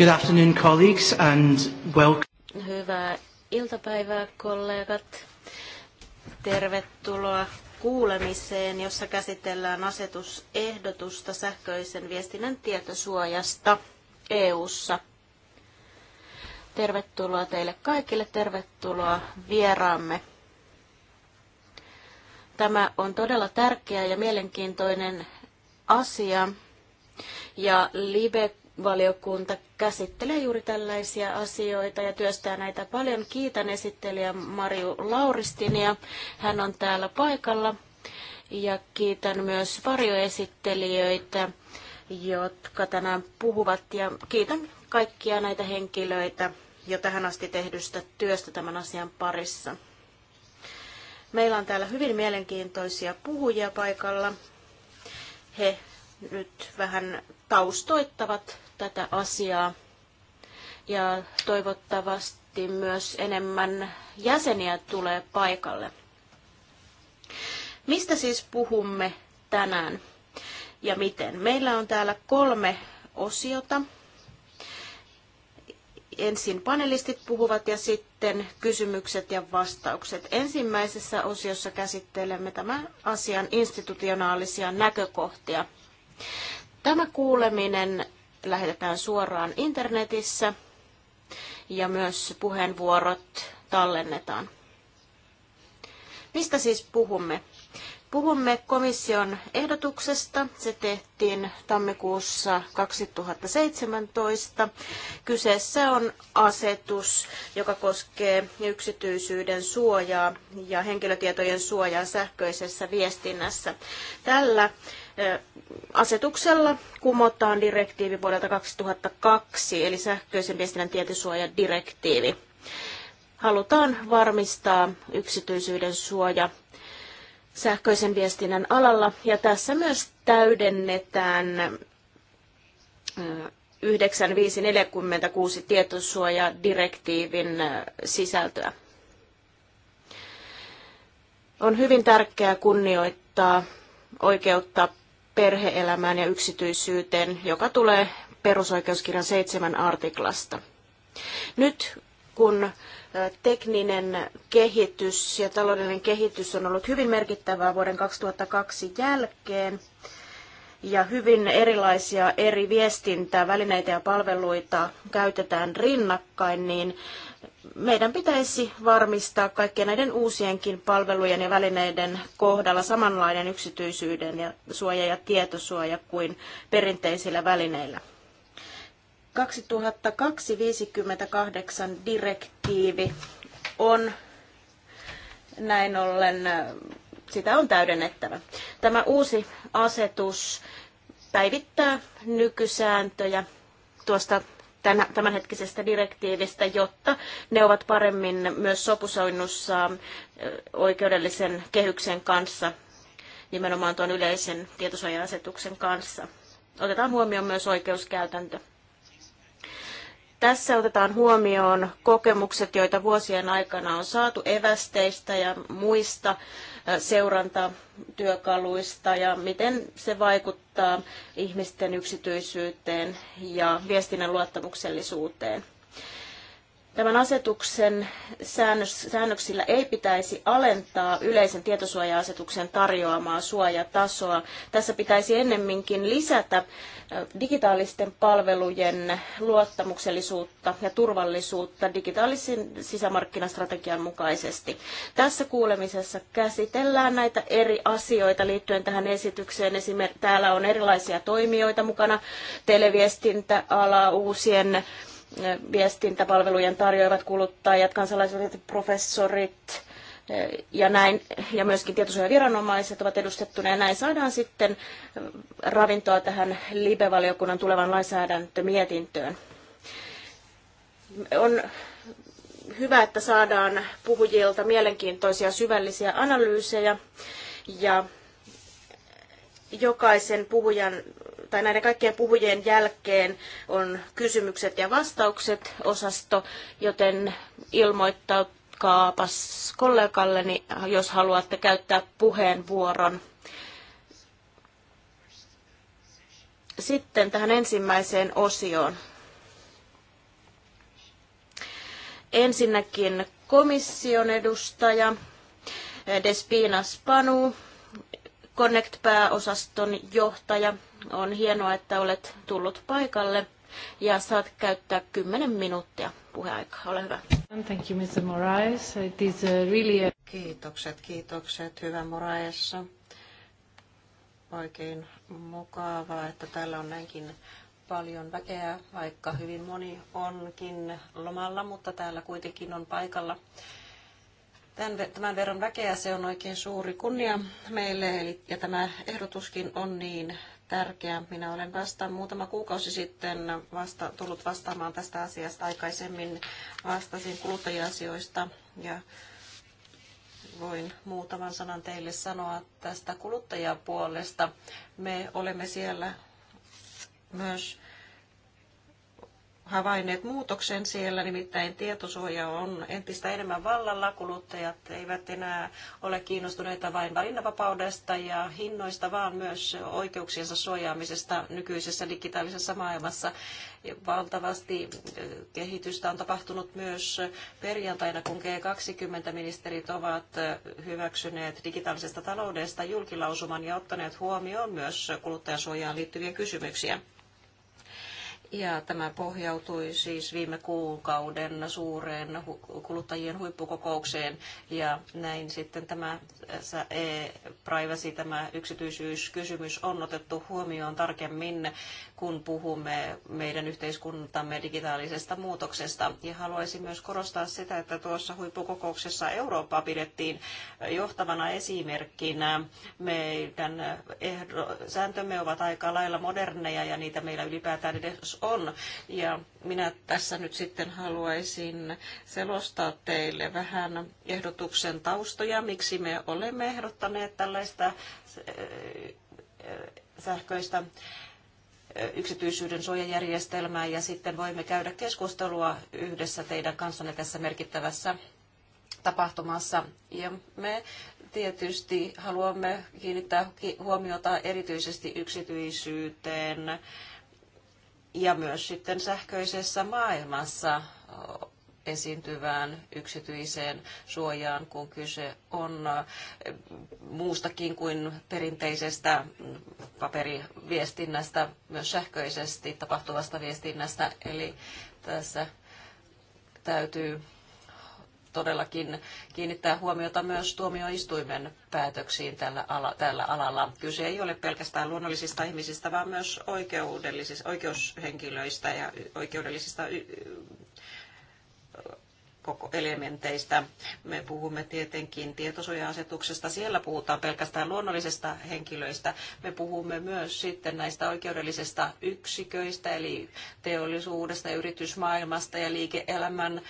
Good afternoon, colleagues, and welcome. Hyvää iltapäivää, kollegat. Tervetuloa kuulemiseen, jossa käsitellään asetusehdotusta sähköisen viestinnän tietosuojasta EU:ssa. Tervetuloa teille kaikille, tervetuloa vieraamme. Tämä on todella tärkeä ja mielenkiintoinen asia. Ja Libe valiokunta käsittelee juuri tällaisia asioita ja työstää näitä paljon. Kiitän esittelijä Marju Lauristinia. Hän on täällä paikalla. Ja kiitän myös varjoesittelijöitä, jotka tänään puhuvat. Ja kiitän kaikkia näitä henkilöitä jo tähän asti tehdystä työstä tämän asian parissa. Meillä on täällä hyvin mielenkiintoisia puhujia paikalla. He nyt vähän taustoittavat tätä asiaa. Ja toivottavasti myös enemmän jäseniä tulee paikalle. Mistä siis puhumme tänään ja miten? Meillä on täällä kolme osiota. Ensin panelistit puhuvat ja sitten kysymykset ja vastaukset. Ensimmäisessä osiossa käsittelemme tämän asian institutionaalisia näkökohtia. Tämä kuuleminen lähetetään suoraan internetissä ja myös puheenvuorot tallennetaan. Mistä siis puhumme? Puhumme komission ehdotuksesta. Se tehtiin tammikuussa 2017. Kyseessä on asetus, joka koskee yksityisyyden suojaa ja henkilötietojen suojaa sähköisessä viestinnässä. Tällä asetuksella kumotaan direktiivi vuodelta 2002, eli sähköisen viestinnän tietosuojadirektiivi. Halutaan varmistaa yksityisyyden suoja sähköisen viestinnän alalla, ja tässä myös täydennetään 9546 tietosuojadirektiivin sisältöä. On hyvin tärkeää kunnioittaa oikeutta perhe-elämään ja yksityisyyteen, joka tulee perusoikeuskirjan seitsemän artiklasta. Nyt kun tekninen kehitys ja taloudellinen kehitys on ollut hyvin merkittävää vuoden 2002 jälkeen, ja hyvin erilaisia eri viestintää, välineitä ja palveluita käytetään rinnakkain, niin meidän pitäisi varmistaa kaikkien näiden uusienkin palvelujen ja välineiden kohdalla samanlainen yksityisyyden ja suoja ja tietosuoja kuin perinteisillä välineillä. 2258 direktiivi on näin ollen, sitä on täydennettävä. Tämä uusi asetus päivittää nykysääntöjä tuosta tämänhetkisestä direktiivistä, jotta ne ovat paremmin myös sopusoinnussa oikeudellisen kehyksen kanssa, nimenomaan tuon yleisen tietosuoja-asetuksen kanssa. Otetaan huomioon myös oikeuskäytäntö. Tässä otetaan huomioon kokemukset, joita vuosien aikana on saatu evästeistä ja muista seurantatyökaluista ja miten se vaikuttaa ihmisten yksityisyyteen ja viestinnän luottamuksellisuuteen. Tämän asetuksen säännös, säännöksillä ei pitäisi alentaa yleisen tietosuoja-asetuksen tarjoamaa suojatasoa. Tässä pitäisi ennemminkin lisätä digitaalisten palvelujen luottamuksellisuutta ja turvallisuutta digitaalisen sisämarkkinastrategian mukaisesti. Tässä kuulemisessa käsitellään näitä eri asioita liittyen tähän esitykseen. Esimerkiksi täällä on erilaisia toimijoita mukana, televiestintäala, uusien viestintäpalvelujen tarjoavat kuluttajat, kansalaiset, professorit eh, ja näin, ja myöskin tietosuojaviranomaiset ovat edustettuina, ja näin saadaan sitten eh, ravintoa tähän LIBE-valiokunnan tulevan lainsäädäntömietintöön. On hyvä, että saadaan puhujilta mielenkiintoisia syvällisiä analyysejä, ja jokaisen puhujan tai näiden kaikkien puhujien jälkeen on kysymykset ja vastaukset osasto, joten ilmoittakaapas kollegalleni, jos haluatte käyttää puheenvuoron. Sitten tähän ensimmäiseen osioon. Ensinnäkin komission edustaja eh, Despina Spanu Connect-pääosaston johtaja. On hienoa, että olet tullut paikalle ja saat käyttää 10 minuuttia puheaikaa. Ole hyvä. Thank you, Mr. Moraes. It is uh, really a... Kiitokset, kiitokset, hyvä Moraes. Oikein mukavaa, että täällä on näinkin paljon väkeä, vaikka hyvin moni onkin lomalla, mutta täällä kuitenkin on paikalla tämän verran väkeä. Se on oikein suuri kunnia meille eli, ja tämä ehdotuskin on niin tärkeä. Minä olen vasta muutama kuukausi sitten vasta, tullut vastaamaan tästä asiasta. Aikaisemmin vastasin kuluttaja-asioista ja voin muutaman sanan teille sanoa tästä kuluttajapuolesta. Me olemme siellä myös havainneet muutoksen siellä, nimittäin tietosuoja on entistä enemmän vallalla. Kuluttajat eivät enää ole kiinnostuneita vain valinnanvapaudesta ja hinnoista, vaan myös oikeuksiensa suojaamisesta nykyisessä digitaalisessa maailmassa. Valtavasti kehitystä on tapahtunut myös perjantaina, kun G20-ministerit ovat hyväksyneet digitaalisesta taloudesta julkilausuman ja ottaneet huomioon myös kuluttajasuojaan liittyviä kysymyksiä. Ja tämä pohjautui siis viime kuukauden suureen kuluttajien huippukokoukseen ja näin sitten tämä e-, privacy, tämä yksityisyyskysymys on otettu huomioon tarkemmin kun puhumme meidän yhteiskuntamme digitaalisesta muutoksesta. Ja haluaisin myös korostaa sitä, että tuossa huippukokouksessa Eurooppa pidettiin johtavana esimerkkinä. Meidän ehdo, sääntömme ovat aika lailla moderneja ja niitä meillä ylipäätään edes on. Ja minä tässä nyt sitten haluaisin selostaa teille vähän ehdotuksen taustoja, miksi me olemme ehdottaneet tällaista sähköistä yksityisyyden suojajärjestelmää ja sitten voimme käydä keskustelua yhdessä teidän kanssanne tässä merkittävässä tapahtumassa. Ja me tietysti haluamme kiinnittää huomiota erityisesti yksityisyyteen ja myös sitten sähköisessä maailmassa esiintyvään yksityiseen suojaan, kun kyse on äh, muustakin kuin perinteisestä paperiviestinnästä, myös sähköisesti tapahtuvasta viestinnästä. Eli tässä täytyy todellakin kiinnittää huomiota myös tuomioistuimen päätöksiin tällä, ala, tällä alalla. Kyse ei ole pelkästään luonnollisista ihmisistä, vaan myös oikeudellisista, oikeushenkilöistä ja oikeudellisista koko elementeistä. Me puhumme tietenkin tietosuoja-asetuksesta. Siellä puhutaan pelkästään luonnollisesta henkilöistä. Me puhumme myös sitten näistä oikeudellisista yksiköistä, eli teollisuudesta, yritysmaailmasta ja liike-elämän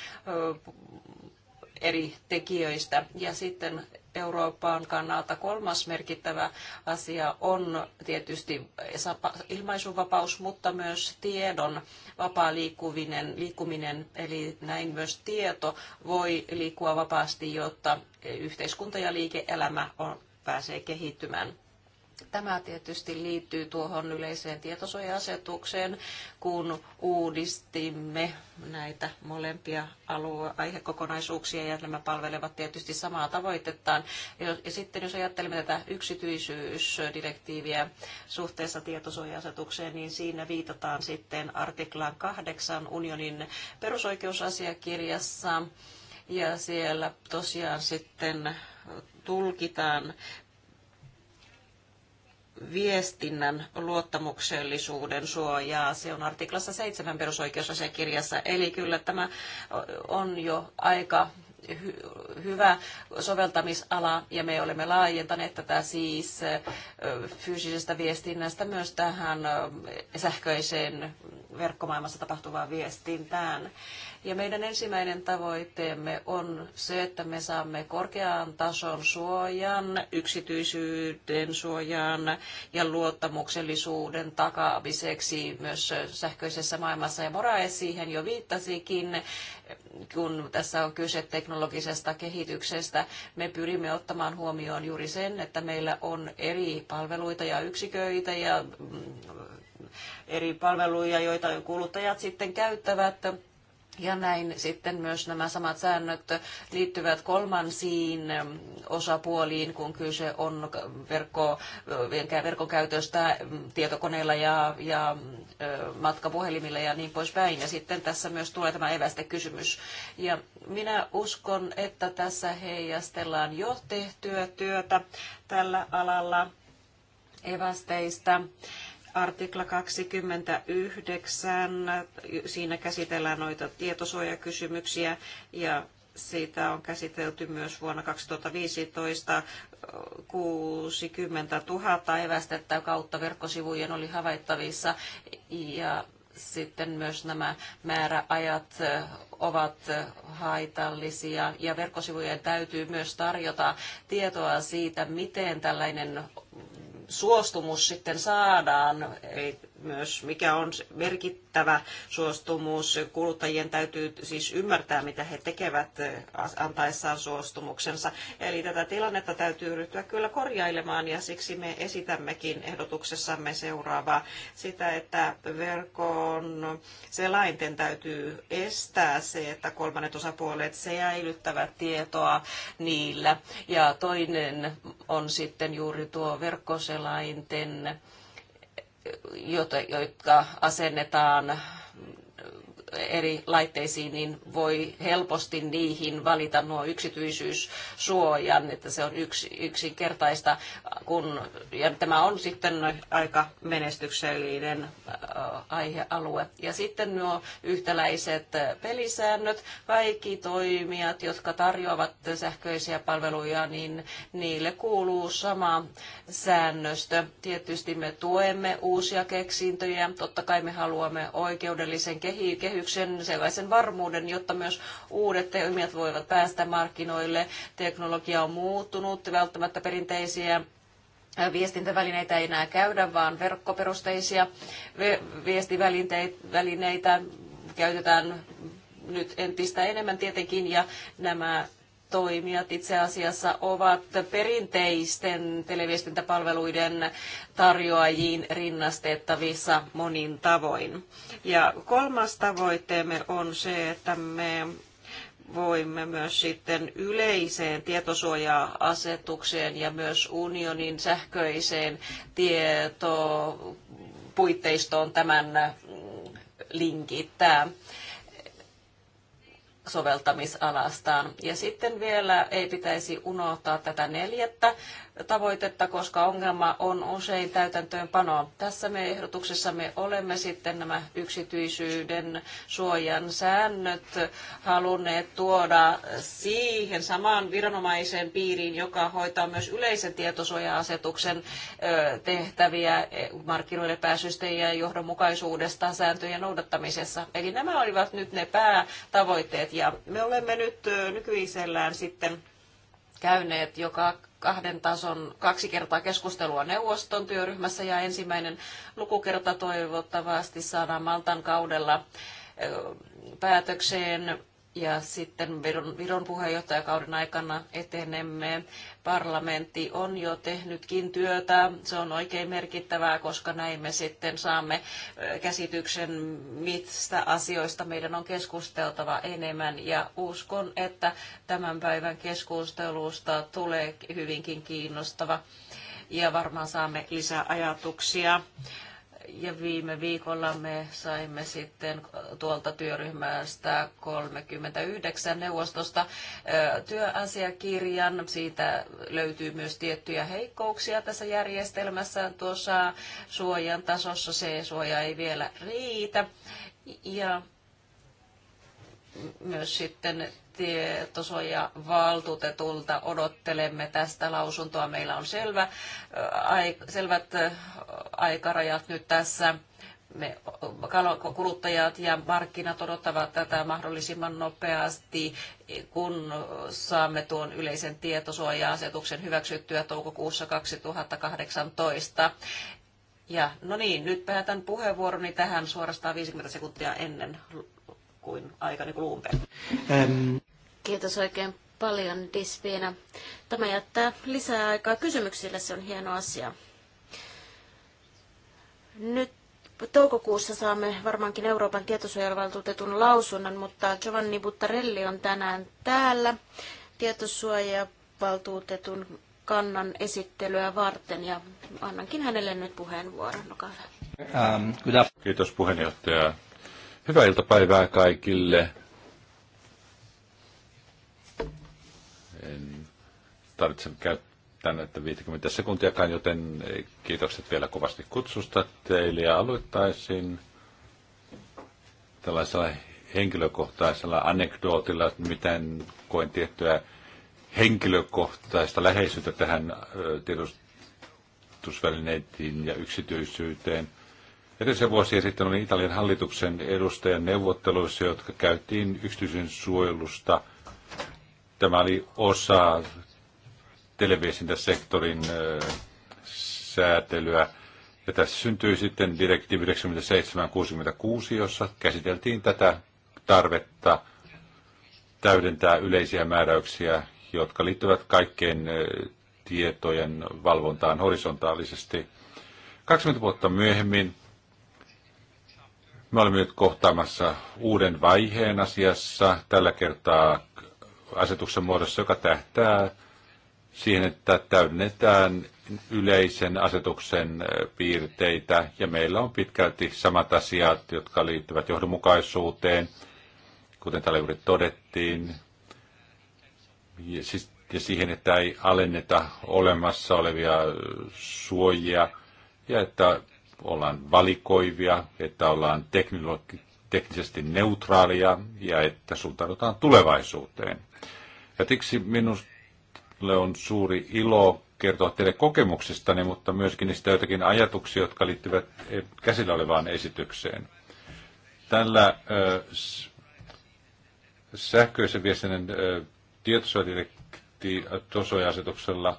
eri tekijöistä. Ja sitten Euroopan kannalta kolmas merkittävä asia on tietysti ilmaisunvapaus, mutta myös tiedon vapaa liikkuminen, liikkuminen, eli näin myös tieto voi liikkua vapaasti, jotta yhteiskunta ja liike-elämä on, pääsee kehittymään. Tämä tietysti liittyy tuohon yleiseen tietosuoja-asetukseen, kun uudistimme näitä molempia aihekokonaisuuksia ja nämä palvelevat tietysti samaa tavoitettaan. Ja sitten jos ajattelemme tätä yksityisyysdirektiiviä suhteessa tietosuoja-asetukseen, niin siinä viitataan sitten artiklaan 8 unionin perusoikeusasiakirjassa ja siellä tosiaan sitten tulkitaan viestinnän luottamuksellisuuden suojaa. Se on artiklassa 7 perusoikeusasiakirjassa. Eli kyllä tämä on jo aika hyvä soveltamisala ja me olemme laajentaneet tätä siis fyysisestä viestinnästä myös tähän sähköiseen verkkomaailmassa tapahtuvaan viestintään. Ja meidän ensimmäinen tavoitteemme on se, että me saamme korkean tason suojan, yksityisyyden suojan ja luottamuksellisuuden takaamiseksi myös sähköisessä maailmassa. Ja Moraes siihen jo viittasikin, kun tässä on kyse teknologisesta kehityksestä. Me pyrimme ottamaan huomioon juuri sen, että meillä on eri palveluita ja yksiköitä ja mm, eri palveluja, joita kuluttajat sitten käyttävät ja näin sitten myös nämä samat säännöt liittyvät kolmansiin ähm, osapuoliin, kun kyse on verkko, äh, verkon käytöstä mm, tietokoneilla ja, ja äh, matkapuhelimilla ja niin poispäin. Ja sitten tässä myös tulee tämä eväste-kysymys Ja minä uskon, että tässä heijastellaan jo tehtyä työtä tällä alalla evästeistä Artikla 29, siinä käsitellään noita tietosuojakysymyksiä ja siitä on käsitelty myös vuonna 2015 60 000 evästettä kautta verkkosivujen oli havaittavissa ja sitten myös nämä määräajat ovat haitallisia ja verkkosivujen täytyy myös tarjota tietoa siitä, miten tällainen suostumus sitten saadaan, myös, mikä on merkittävä suostumus. Kuluttajien täytyy siis ymmärtää, mitä he tekevät eh, antaessaan suostumuksensa. Eli tätä tilannetta täytyy ryhtyä kyllä korjailemaan ja siksi me esitämmekin ehdotuksessamme seuraavaa sitä, että verkon selainten täytyy estää se, että kolmannet osapuolet säilyttävät tietoa niillä. Ja toinen on sitten juuri tuo verkkoselainten jotka asennetaan eri laitteisiin, niin voi helposti niihin valita nuo yksityisyyssuojan, että se on yksi, yksinkertaista. Kun, ja tämä on sitten aika menestyksellinen äh, aihealue. Ja sitten nuo yhtäläiset pelisäännöt, kaikki toimijat, jotka tarjoavat sähköisiä palveluja, niin niille kuuluu sama säännöstö. Tietysti me tuemme uusia keksintöjä, totta kai me haluamme oikeudellisen kehityksen kehityksen, sellaisen varmuuden, jotta myös uudet toimijat voivat päästä markkinoille. Teknologia on muuttunut, välttämättä perinteisiä viestintävälineitä ei enää käydä, vaan verkkoperusteisia viestivälineitä käytetään nyt entistä enemmän tietenkin, ja nämä toimijat itse asiassa ovat perinteisten televiestintäpalveluiden tarjoajiin rinnastettavissa monin tavoin. Ja kolmas tavoitteemme on se, että me voimme myös sitten yleiseen tietosuoja-asetukseen ja myös unionin sähköiseen tietopuitteistoon tämän linkittää soveltamisalastaan. Ja sitten vielä ei pitäisi unohtaa tätä neljättä tavoitetta, koska ongelma on usein täytäntöönpano. Tässä me ehdotuksessamme olemme sitten nämä yksityisyyden suojan säännöt halunneet tuoda siihen samaan viranomaisen piiriin, joka hoitaa myös yleisen tietosuoja-asetuksen tehtäviä e, markkinoille pääsystä ja johdonmukaisuudesta sääntöjen noudattamisessa. Eli nämä olivat nyt ne päätavoitteet ja me olemme nyt nykyisellään sitten käyneet joka kahden tason kaksi kertaa keskustelua neuvoston työryhmässä ja ensimmäinen lukukerta toivottavasti saadaan Maltan kaudella päätökseen ja sitten Viron, Viron puheenjohtajakauden aikana etenemme. Parlamentti on jo tehnytkin työtä. Se on oikein merkittävää, koska näin me sitten saamme käsityksen, mistä asioista meidän on keskusteltava enemmän. Ja uskon, että tämän päivän keskustelusta tulee hyvinkin kiinnostava ja varmaan saamme lisää ajatuksia ja viime viikolla me saimme sitten tuolta työryhmästä 39 neuvostosta työasiakirjan. Siitä löytyy myös tiettyjä heikkouksia tässä järjestelmässä. Tuossa suojan tasossa se suoja ei vielä riitä. Ja myös sitten tietosuojavaltuutetulta odottelemme tästä lausuntoa. Meillä on selvä, äh, selvät äh, aikarajat nyt tässä. Me kuluttajat ja markkinat odottavat tätä mahdollisimman nopeasti, kun saamme tuon yleisen tietosuoja-asetuksen hyväksyttyä toukokuussa 2018. Ja no niin, nyt päätän puheenvuoroni tähän suorastaan 50 sekuntia ennen kuin aikani kuluu Ähm. Kiitos oikein paljon, Dispiina. Tämä jättää lisää aikaa kysymyksille, se on hieno asia. Nyt toukokuussa saamme varmaankin Euroopan tietosuojavaltuutetun lausunnon, mutta Giovanni Buttarelli on tänään täällä tietosuojavaltuutetun kannan esittelyä varten ja annankin hänelle nyt puheenvuoron. Olkaa um, Kiitos puheenjohtaja. Hyvää iltapäivää kaikille. En tarvitse käyttää näitä 50 sekuntiakaan, joten kiitokset vielä kovasti kutsusta teille ja aloittaisin tällaisella henkilökohtaisella anekdootilla, miten koen tiettyä henkilökohtaista läheisyyttä tähän tiedustusvälineisiin ja yksityisyyteen. Edellisen vuosia sitten oli Italian hallituksen edustajan neuvotteluissa, jotka käytiin yksityisen suojelusta Tämä oli osa televisintäsektorin säätelyä. Ja tässä syntyi sitten direktiivi 9766, jossa käsiteltiin tätä tarvetta täydentää yleisiä määräyksiä, jotka liittyvät kaikkeen tietojen valvontaan horisontaalisesti. 20 vuotta myöhemmin me olemme nyt kohtaamassa uuden vaiheen asiassa. Tällä kertaa asetuksen muodossa, joka tähtää siihen, että täydennetään yleisen asetuksen piirteitä ja meillä on pitkälti samat asiat, jotka liittyvät johdonmukaisuuteen, kuten täällä juuri todettiin, ja, siis, ja siihen, että ei alenneta olemassa olevia suojia ja että ollaan valikoivia, että ollaan teknologi- teknisesti neutraalia ja että suuntaudutaan tulevaisuuteen. Ja siksi minulle on suuri ilo kertoa teille kokemuksistani, mutta myöskin niistä joitakin ajatuksia, jotka liittyvät e, käsillä olevaan esitykseen. Tällä sähköisen viestinnän tietosuoja-asetuksella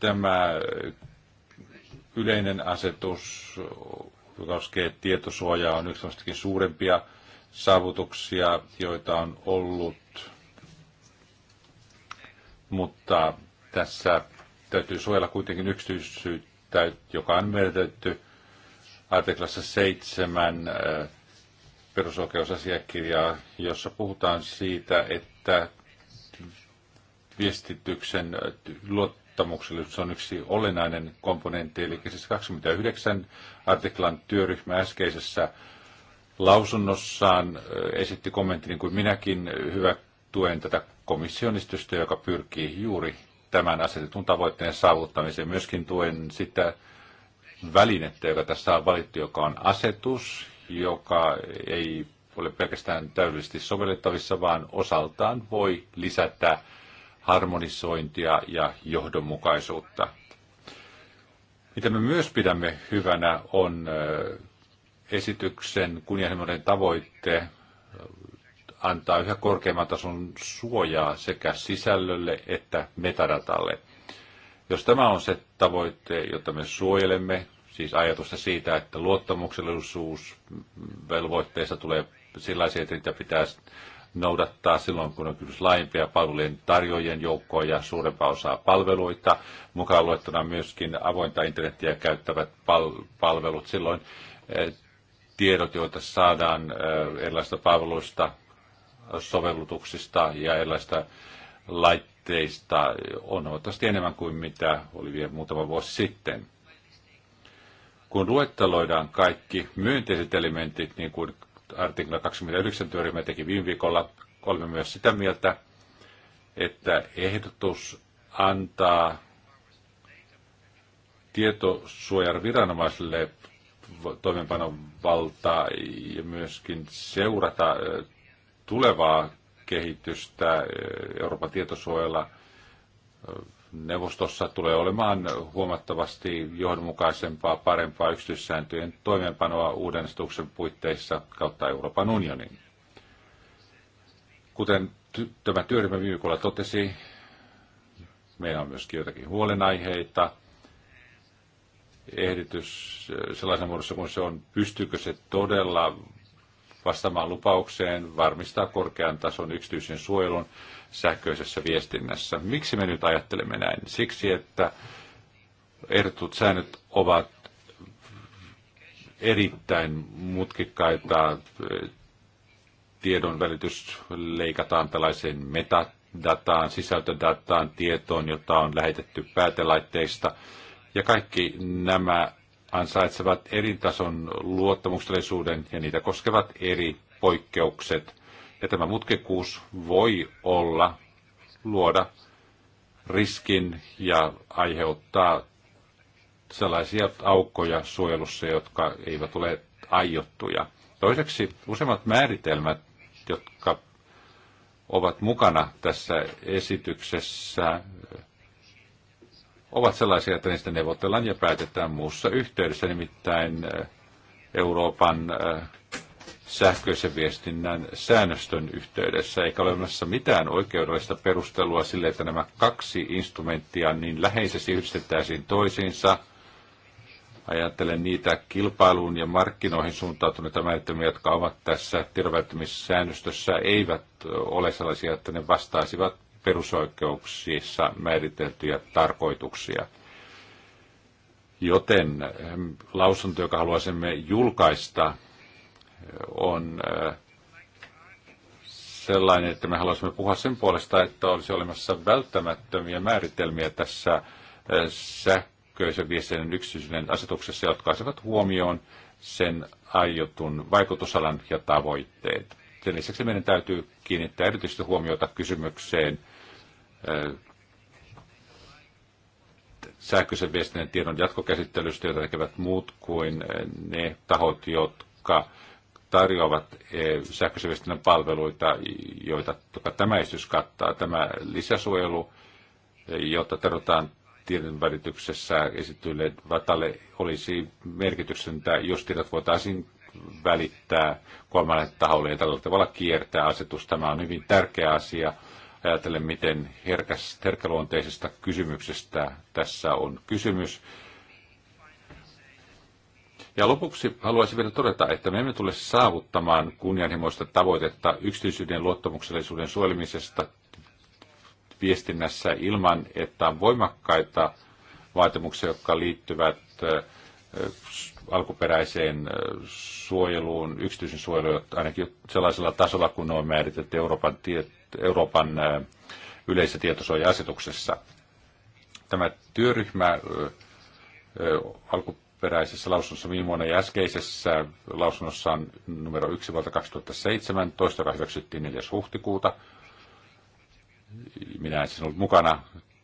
tämä yleinen asetus, joka koskee tietosuojaa, on yksi suurempia saavutuksia, joita on ollut, mutta tässä täytyy suojella kuitenkin yksityisyyttä, joka on menetetty artiklassa 7 äh, perusoikeusasiakirjaa, jossa puhutaan siitä, että viestityksen äh, luottamuksellisuus on yksi olennainen komponentti, eli siis 29 artiklan työryhmä äskeisessä lausunnossaan esitti kommentti, niin kuin minäkin hyvä tuen tätä komissionistystä, joka pyrkii juuri tämän asetetun tavoitteen saavuttamiseen. Myöskin tuen sitä välinettä, joka tässä on valittu, joka on asetus, joka ei ole pelkästään täydellisesti sovellettavissa, vaan osaltaan voi lisätä harmonisointia ja johdonmukaisuutta. Mitä me myös pidämme hyvänä on esityksen kunnianhimoinen tavoitte antaa yhä korkeamman tason suojaa sekä sisällölle että metadatalle. Jos tämä on se tavoite, jota me suojelemme, siis ajatusta siitä, että luottamuksellisuus velvoitteessa tulee sellaisia, että niitä pitää noudattaa silloin, kun on kyllä laajempia palvelujen tarjoajien joukkoa ja suurempaa osaa palveluita, mukaan luettuna myöskin avointa internetiä käyttävät pal- palvelut silloin, eh, tiedot, joita saadaan erilaisista palveluista, sovellutuksista ja erilaisista laitteista, on huomattavasti enemmän kuin mitä oli vielä muutama vuosi sitten. Kun luetteloidaan kaikki myönteiset elementit, niin kuin artikla 29 työryhmä teki viime viikolla, olemme myös sitä mieltä, että ehdotus antaa tietosuojan viranomaisille toimenpanovaltaa ja myöskin seurata tulevaa kehitystä Euroopan tietosuojella neuvostossa tulee olemaan huomattavasti johdonmukaisempaa, parempaa yksityissääntöjen toimeenpanoa uuden asetuksen puitteissa kautta Euroopan unionin. Kuten tämä työryhmä viikolla totesi, meillä on myöskin jotakin huolenaiheita, ehditys äh, sellaisena muodossa kuin se on, pystyykö se todella vastaamaan lupaukseen varmistaa korkean tason yksityisen suojelun sähköisessä viestinnässä. Miksi me nyt ajattelemme näin? Siksi, että ehdotut säännöt ovat erittäin mutkikkaita. Tiedon välitys leikataan tällaiseen metadataan, sisältödataan, tietoon, jota on lähetetty päätelaitteista – ja kaikki nämä ansaitsevat elintason luottamuksellisuuden ja niitä koskevat eri poikkeukset. Ja tämä mutkikkuus voi olla luoda riskin ja aiheuttaa sellaisia aukkoja suojelussa, jotka eivät ole aiottuja. Toiseksi useimmat määritelmät, jotka ovat mukana tässä esityksessä, ovat sellaisia, että niistä neuvotellaan ja päätetään muussa yhteydessä, nimittäin äh, Euroopan äh, sähköisen viestinnän säännöstön yhteydessä, eikä ole olemassa mitään oikeudellista perustelua sille, että nämä kaksi instrumenttia niin läheisesti yhdistettäisiin toisiinsa. Ajattelen niitä kilpailuun ja markkinoihin suuntautuneita määritelmiä, jotka ovat tässä tiedonvälittymis eivät ole sellaisia, että ne vastaisivat perusoikeuksissa määriteltyjä tarkoituksia. Joten ehm, lausunto, joka haluaisimme julkaista, on eh, sellainen, että me haluaisimme puhua sen puolesta, että olisi olemassa välttämättömiä määritelmiä tässä eh, sähköisen viestinnän yksityisyyden asetuksessa, jotka asevat huomioon sen aiotun vaikutusalan ja tavoitteet. Sen lisäksi meidän täytyy kiinnittää erityistä huomiota kysymykseen – sähköisen viestinnän tiedon jatkokäsittelystä, jota tekevät muut kuin ne tahot, jotka tarjoavat sähköisen viestinnän palveluita, joita joka tämä esitys kattaa. Tämä lisäsuojelu, jota tarjotaan tiedon välityksessä esittyille Vatalle, olisi merkityksentä, jos tiedot voitaisiin välittää kolmalle taholle ja tällä tavalla kiertää asetus. Tämä on hyvin tärkeä asia ajatellen, miten herkäs, herkkäluonteisesta kysymyksestä tässä on kysymys. Ja lopuksi haluaisin vielä todeta, että me emme tule saavuttamaan kunnianhimoista tavoitetta yksityisyyden luottamuksellisuuden suojelemisesta viestinnässä ilman, että on voimakkaita vaatimuksia, jotka liittyvät äh, alkuperäiseen äh, suojeluun, yksityisen suojeluun, ainakin sellaisella tasolla, kun ne on määritetty Euroopan Euroopan yleisessä tietosuoja-asetuksessa. Tämä työryhmä alkuperäisessä lausunnossa viime vuonna ja äskeisessä lausunnossaan numero 1 vuotta 2017, joka hyväksyttiin 4. huhtikuuta. Minä en siis ollut mukana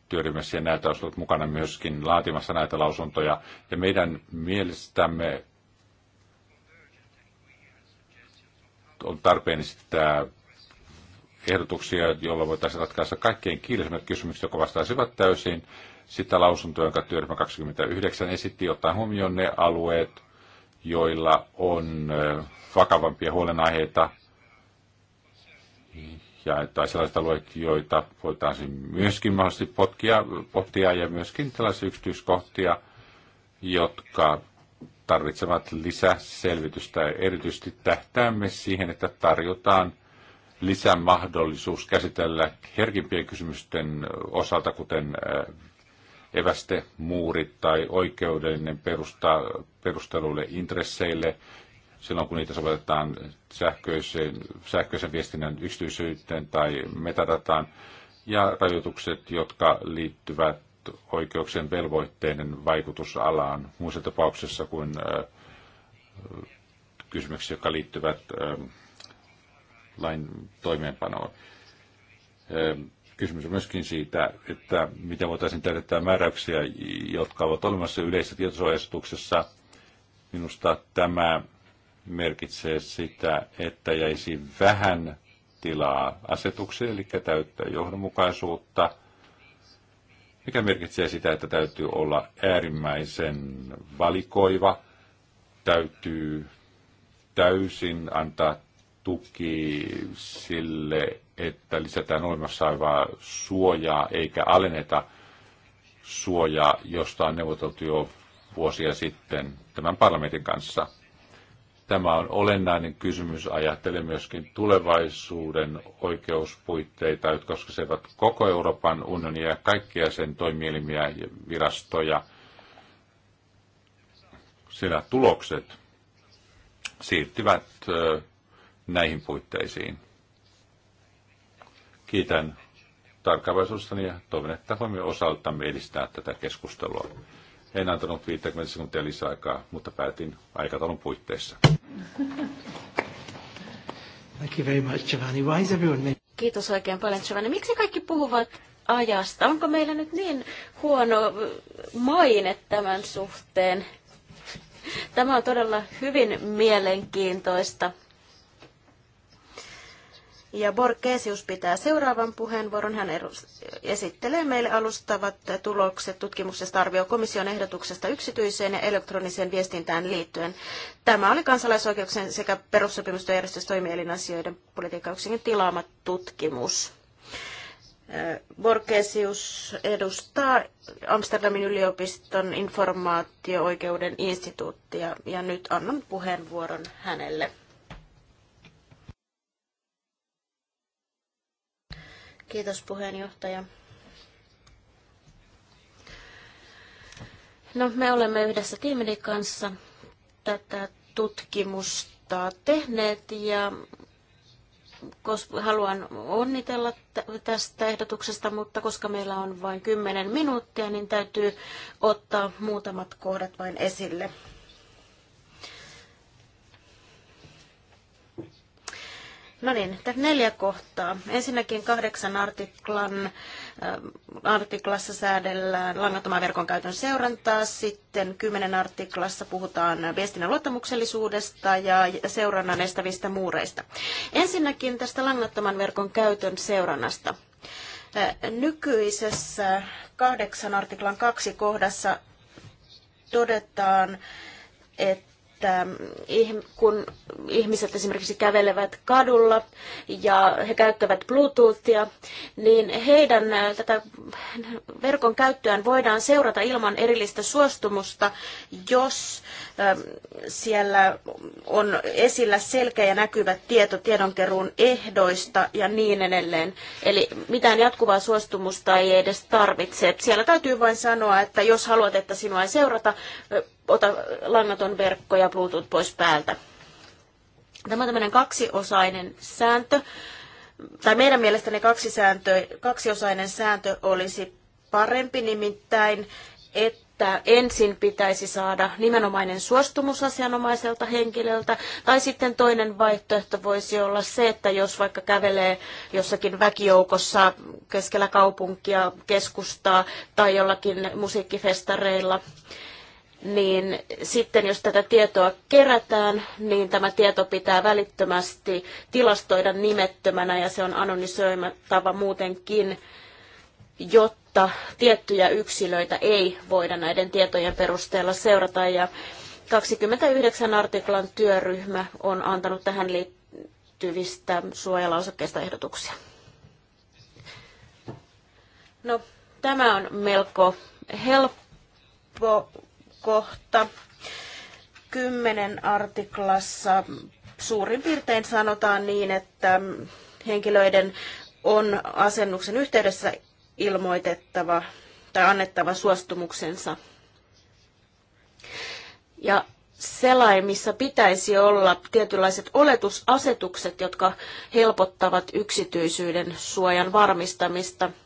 työryhmässä ja näitä olisi ollut mukana myöskin laatimassa näitä lausuntoja. Ja meidän mielestämme on tarpeen esittää ehdotuksia, joilla voitaisiin ratkaista kaikkein kiireisimmät kysymykset, jotka vastaisivat täysin sitä lausuntoa, jonka työryhmä 29 esitti, ottaen huomioon ne alueet, joilla on vakavampia huolenaiheita ja tai sellaiset alueet, joita voitaisiin myöskin mahdollisesti potkia, pottia ja myöskin tällaisia yksityiskohtia, jotka tarvitsevat lisäselvitystä. Erityisesti tähtäämme siihen, että tarjotaan – lisämahdollisuus käsitellä herkimpien kysymysten osalta, kuten äh, eväste, muurit tai oikeudellinen perusta, perusteluille intresseille, silloin kun niitä sovelletaan sähköisen, sähköisen viestinnän yksityisyyteen tai metadataan, ja rajoitukset, jotka liittyvät oikeuksien velvoitteiden vaikutusalaan muissa tapauksissa kuin äh, kysymyksiä, jotka liittyvät ähm, lain toimeenpanoon. Ehm, kysymys on myöskin siitä, että miten voitaisiin täydettää määräyksiä, jotka ovat olemassa yleisessä tietosuojastuksessa. Minusta tämä merkitsee sitä, että jäisi vähän tilaa asetukseen, eli täyttää johdonmukaisuutta, mikä merkitsee sitä, että täytyy olla äärimmäisen valikoiva, täytyy täysin antaa tuki sille, että lisätään olemassa olevaa suojaa eikä alenneta suojaa, josta on neuvoteltu jo vuosia sitten tämän parlamentin kanssa. Tämä on olennainen kysymys. Ajattelen myöskin tulevaisuuden oikeuspuitteita, jotka koskevat koko Euroopan unionia ja kaikkia sen toimielimiä ja virastoja. Sillä tulokset siirtyvät näihin puitteisiin. Kiitän tarkkaavaisuudestani ja toivon, että voimme osaltamme edistää tätä keskustelua. En antanut 50 sekuntia lisäaikaa, mutta päätin aikataulun puitteissa. Thank you very much, Giovanni. Why is everyone... Kiitos oikein paljon, Giovanni. Miksi kaikki puhuvat ajasta? Onko meillä nyt niin huono maine tämän suhteen? Tämä on todella hyvin mielenkiintoista. Ja Borgesius pitää seuraavan puheenvuoron. Hän esittelee meille alustavat tulokset tutkimuksesta arvio komission ehdotuksesta yksityiseen ja elektroniseen viestintään liittyen. Tämä oli kansalaisoikeuksien sekä perussopimusten järjestöstoimielin asioiden politiikkayksikön tilaama tutkimus. Äh, Borgesius edustaa Amsterdamin yliopiston informaatio-oikeuden instituuttia ja nyt annan puheenvuoron hänelle. Kiitos puheenjohtaja. No, me olemme yhdessä tiimini kanssa tätä tutkimusta tehneet ja haluan onnitella tästä ehdotuksesta, mutta koska meillä on vain 10 minuuttia, niin täytyy ottaa muutamat kohdat vain esille. No niin, neljä kohtaa. Ensinnäkin kahdeksan artiklan, äh, artiklassa säädellään langattoman verkon käytön seurantaa, sitten kymmenen artiklassa puhutaan viestinnän luottamuksellisuudesta ja seurannan estävistä muureista. Ensinnäkin tästä langattoman verkon käytön seurannasta. Äh, nykyisessä kahdeksan artiklan kaksi kohdassa todetaan, että että ähm, kun ihmiset esimerkiksi kävelevät kadulla ja he käyttävät Bluetoothia, niin heidän äh, tätä verkon käyttöään voidaan seurata ilman erillistä suostumusta, jos ähm, siellä on esillä selkeä ja näkyvä tieto tiedonkeruun ehdoista ja niin edelleen. Eli mitään jatkuvaa suostumusta ei edes tarvitse. Siellä täytyy vain sanoa, että jos haluat, että sinua ei seurata, ota langaton verkko ja Bluetooth pois päältä. Tämä on tämmöinen kaksiosainen sääntö, tai meidän ne kaksi sääntö, kaksiosainen sääntö olisi parempi nimittäin, että ensin pitäisi saada nimenomainen suostumus asianomaiselta henkilöltä, tai sitten toinen vaihtoehto voisi olla se, että jos vaikka kävelee jossakin väkijoukossa keskellä kaupunkia, keskustaa tai jollakin musiikkifestareilla, niin sitten jos tätä tietoa kerätään, niin tämä tieto pitää välittömästi tilastoida nimettömänä ja se on anonymisoimattava muutenkin, jotta tiettyjä yksilöitä ei voida näiden tietojen perusteella seurata. Ja 29 artiklan työryhmä on antanut tähän liittyvistä suojalausekkeista ehdotuksia. No, tämä on melko helppo kohta. Kymmenen artiklassa suurin piirtein sanotaan niin, että henkilöiden on asennuksen yhteydessä ilmoitettava tai annettava suostumuksensa. Ja selain, missä pitäisi olla tietynlaiset oletusasetukset, jotka helpottavat yksityisyyden suojan varmistamista –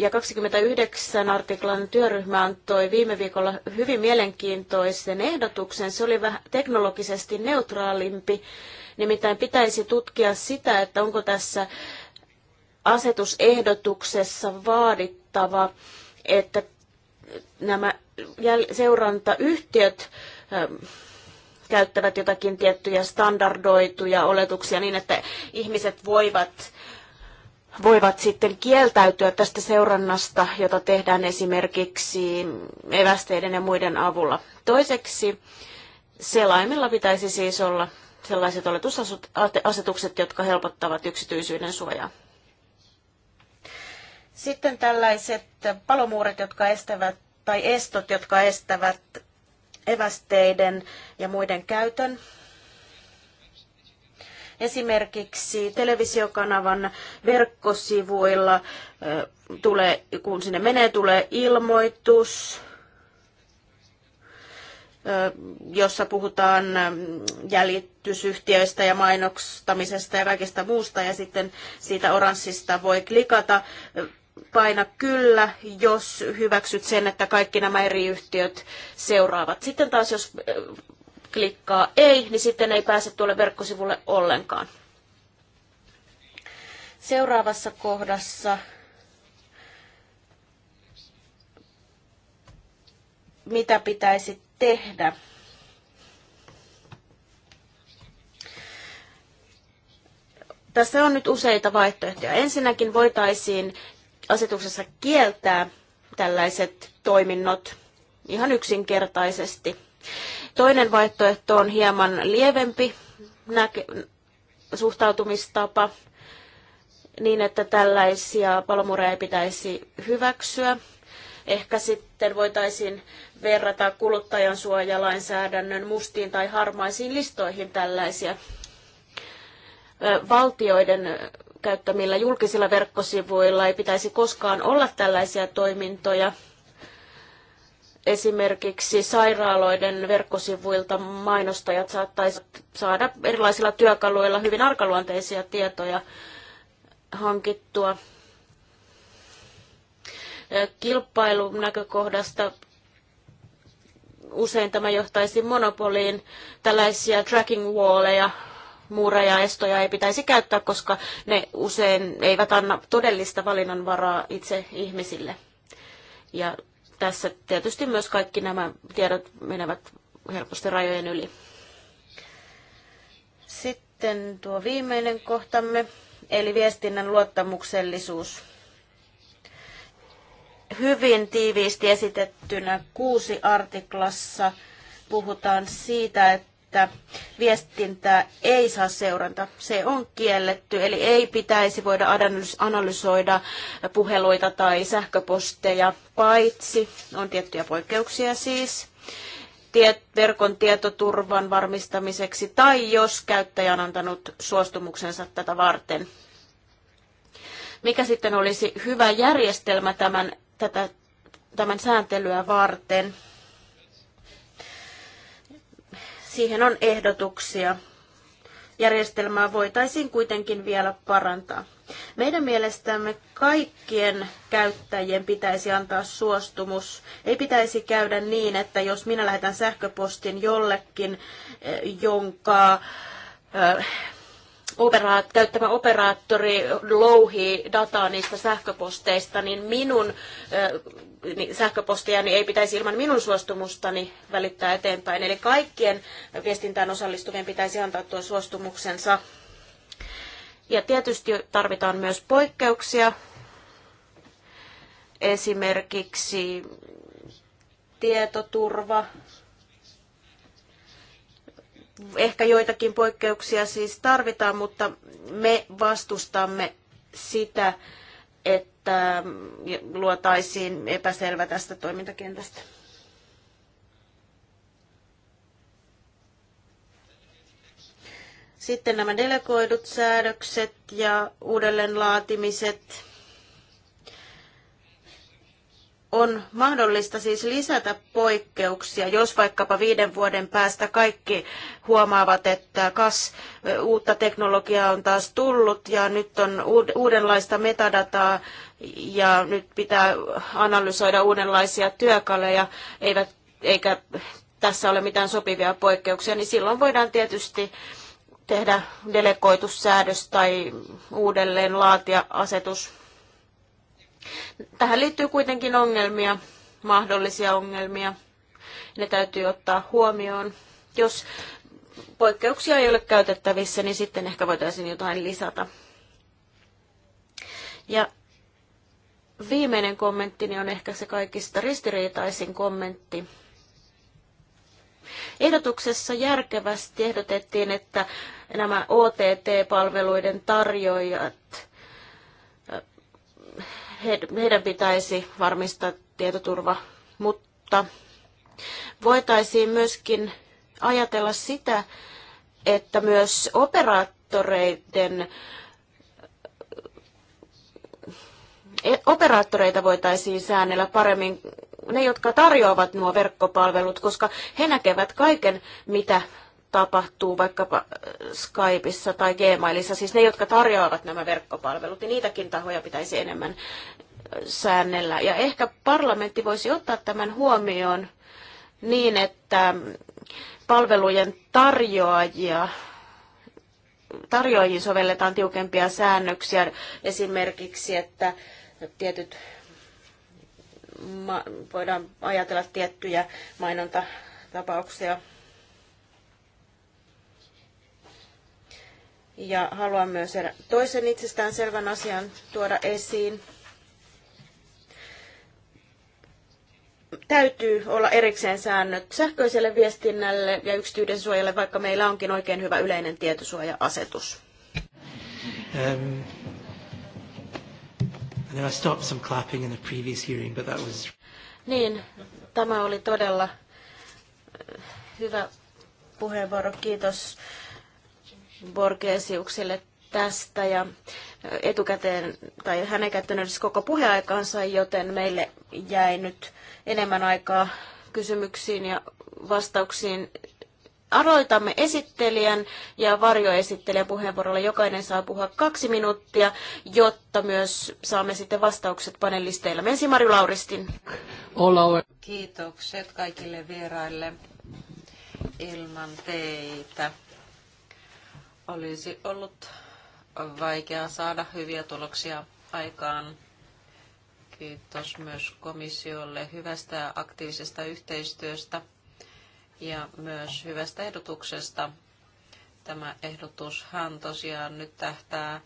ja 29 artiklan työryhmä antoi viime viikolla hyvin mielenkiintoisen ehdotuksen. Se oli vähän teknologisesti neutraalimpi, nimittäin pitäisi tutkia sitä, että onko tässä asetusehdotuksessa vaadittava, että nämä seurantayhtiöt ähm, käyttävät jotakin tiettyjä standardoituja oletuksia niin, että ihmiset voivat voivat sitten kieltäytyä tästä seurannasta, jota tehdään esimerkiksi evästeiden ja muiden avulla. Toiseksi selaimilla pitäisi siis olla sellaiset oletusasetukset, jotka helpottavat yksityisyyden suojaa. Sitten tällaiset palomuuret, jotka estävät, tai estot, jotka estävät evästeiden ja muiden käytön. Esimerkiksi televisiokanavan verkkosivuilla tulee, kun sinne menee, tulee ilmoitus, jossa puhutaan jäljitysyhtiöistä ja mainostamisesta ja kaikesta muusta, ja sitten siitä oranssista voi klikata. Paina kyllä, jos hyväksyt sen, että kaikki nämä eri yhtiöt seuraavat. Sitten taas, jos klikkaa ei, niin sitten ei pääse tuolle verkkosivulle ollenkaan. Seuraavassa kohdassa mitä pitäisi tehdä. Tässä on nyt useita vaihtoehtoja. Ensinnäkin voitaisiin asetuksessa kieltää tällaiset toiminnot ihan yksinkertaisesti. Toinen vaihtoehto on hieman lievempi näke- suhtautumistapa, niin että tällaisia palomureja ei pitäisi hyväksyä. Ehkä sitten voitaisiin verrata kuluttajan suojalainsäädännön mustiin tai harmaisiin listoihin tällaisia valtioiden käyttämillä julkisilla verkkosivuilla ei pitäisi koskaan olla tällaisia toimintoja, Esimerkiksi sairaaloiden verkkosivuilta mainostajat saattaisivat saada erilaisilla työkaluilla hyvin arkaluonteisia tietoja hankittua. Kilpailun näkökohdasta usein tämä johtaisi monopoliin. Tällaisia tracking walleja, muureja, estoja ei pitäisi käyttää, koska ne usein eivät anna todellista valinnanvaraa itse ihmisille. Ja tässä tietysti myös kaikki nämä tiedot menevät helposti rajojen yli. Sitten tuo viimeinen kohtamme, eli viestinnän luottamuksellisuus. Hyvin tiiviisti esitettynä kuusi artiklassa puhutaan siitä, että että viestintää ei saa seuranta. Se on kielletty, eli ei pitäisi voida analysoida puheluita tai sähköposteja, paitsi on tiettyjä poikkeuksia siis verkon tietoturvan varmistamiseksi tai jos käyttäjä on antanut suostumuksensa tätä varten. Mikä sitten olisi hyvä järjestelmä tämän, tätä, tämän sääntelyä varten? Siihen on ehdotuksia. Järjestelmää voitaisiin kuitenkin vielä parantaa. Meidän mielestämme kaikkien käyttäjien pitäisi antaa suostumus. Ei pitäisi käydä niin, että jos minä lähetän sähköpostin jollekin, eh, jonka eh, operaat, käyttämä operaattori louhii dataa niistä sähköposteista, niin minun niin sähköpostiani ei pitäisi ilman minun suostumustani välittää eteenpäin. Eli kaikkien viestintään osallistuvien pitäisi antaa tuo suostumuksensa. Ja tietysti tarvitaan myös poikkeuksia. Esimerkiksi tietoturva, Ehkä joitakin poikkeuksia siis tarvitaan, mutta me vastustamme sitä, että luotaisiin epäselvä tästä toimintakentästä. Sitten nämä delegoidut säädökset ja uudelleenlaatimiset on mahdollista siis lisätä poikkeuksia, jos vaikkapa viiden vuoden päästä kaikki huomaavat, että kas uutta teknologiaa on taas tullut ja nyt on uudenlaista metadataa ja nyt pitää analysoida uudenlaisia työkaluja, eivät, eikä tässä ole mitään sopivia poikkeuksia, niin silloin voidaan tietysti tehdä delegoitussäädös tai uudelleen laatia asetus Tähän liittyy kuitenkin ongelmia, mahdollisia ongelmia. Ne täytyy ottaa huomioon. Jos poikkeuksia ei ole käytettävissä, niin sitten ehkä voitaisiin jotain lisätä. Ja viimeinen kommentti on ehkä se kaikista ristiriitaisin kommentti. Ehdotuksessa järkevästi ehdotettiin, että nämä OTT-palveluiden tarjoajat heidän pitäisi varmistaa tietoturva, mutta voitaisiin myöskin ajatella sitä, että myös operaattoreiden e, operaattoreita voitaisiin säännellä paremmin, ne jotka tarjoavat nuo verkkopalvelut, koska he näkevät kaiken, mitä tapahtuu vaikkapa äh, Skypeissa tai Gmailissa, siis ne, jotka tarjoavat nämä verkkopalvelut, niin niitäkin tahoja pitäisi enemmän äh, säännellä. Ja ehkä parlamentti voisi ottaa tämän huomioon niin, että mm, palvelujen tarjoajia tarjoajiin sovelletaan tiukempia säännöksiä, esimerkiksi, että tietyt voidaan ajatella tiettyjä mainontatapauksia Ja haluan myös toisen itsestään selvän asian tuoda esiin. Täytyy olla erikseen säännöt sähköiselle viestinnälle ja yksityisen suojalle, vaikka meillä onkin oikein hyvä yleinen tietosuoja-asetus. Um, and I stopped some clapping in the previous hearing, but that was... Niin, tämä oli todella eh, hyvä puheenvuoro. Kiitos Borgesiukselle tästä ja etukäteen, tai hän ei käyttänyt edes siis koko puheaikansa, joten meille jäi nyt enemmän aikaa kysymyksiin ja vastauksiin. Aloitamme esittelijän ja varjoesittelijän puheenvuorolla. Jokainen saa puhua kaksi minuuttia, jotta myös saamme sitten vastaukset panelisteilla. Ensin Marju Lauristin. Kiitokset kaikille vieraille ilman teitä olisi ollut vaikea saada hyviä tuloksia aikaan. Kiitos myös komissiolle hyvästä aktiivisesta yhteistyöstä ja myös hyvästä ehdotuksesta. Tämä ehdotushan tosiaan nyt tähtää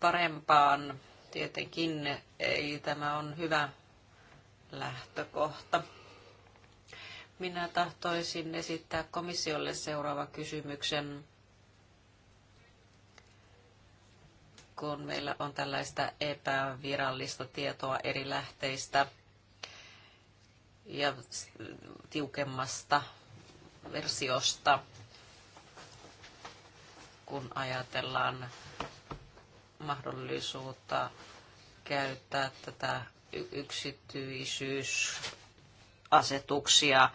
parempaan. Tietenkin ei tämä on hyvä lähtökohta. Minä tahtoisin esittää komissiolle seuraava kysymyksen kun meillä on tällaista epävirallista tietoa eri lähteistä ja tiukemmasta versiosta, kun ajatellaan mahdollisuutta käyttää tätä yksityisyysasetuksia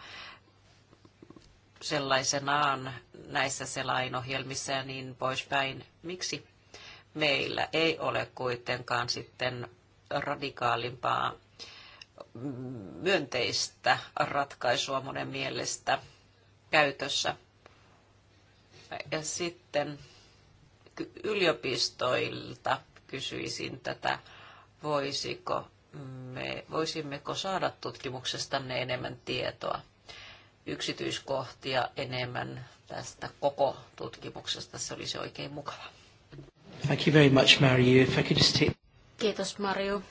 sellaisenaan näissä selainohjelmissa ja niin poispäin. Miksi meillä ei ole kuitenkaan sitten radikaalimpaa mm, myönteistä ratkaisua monen mielestä käytössä. Ja sitten yliopistoilta kysyisin tätä, voisiko me, voisimmeko saada tutkimuksestanne enemmän tietoa, yksityiskohtia enemmän tästä koko tutkimuksesta. Se olisi oikein mukavaa. Thank you very much, Mario. If I could just take... Kiitos, Mario.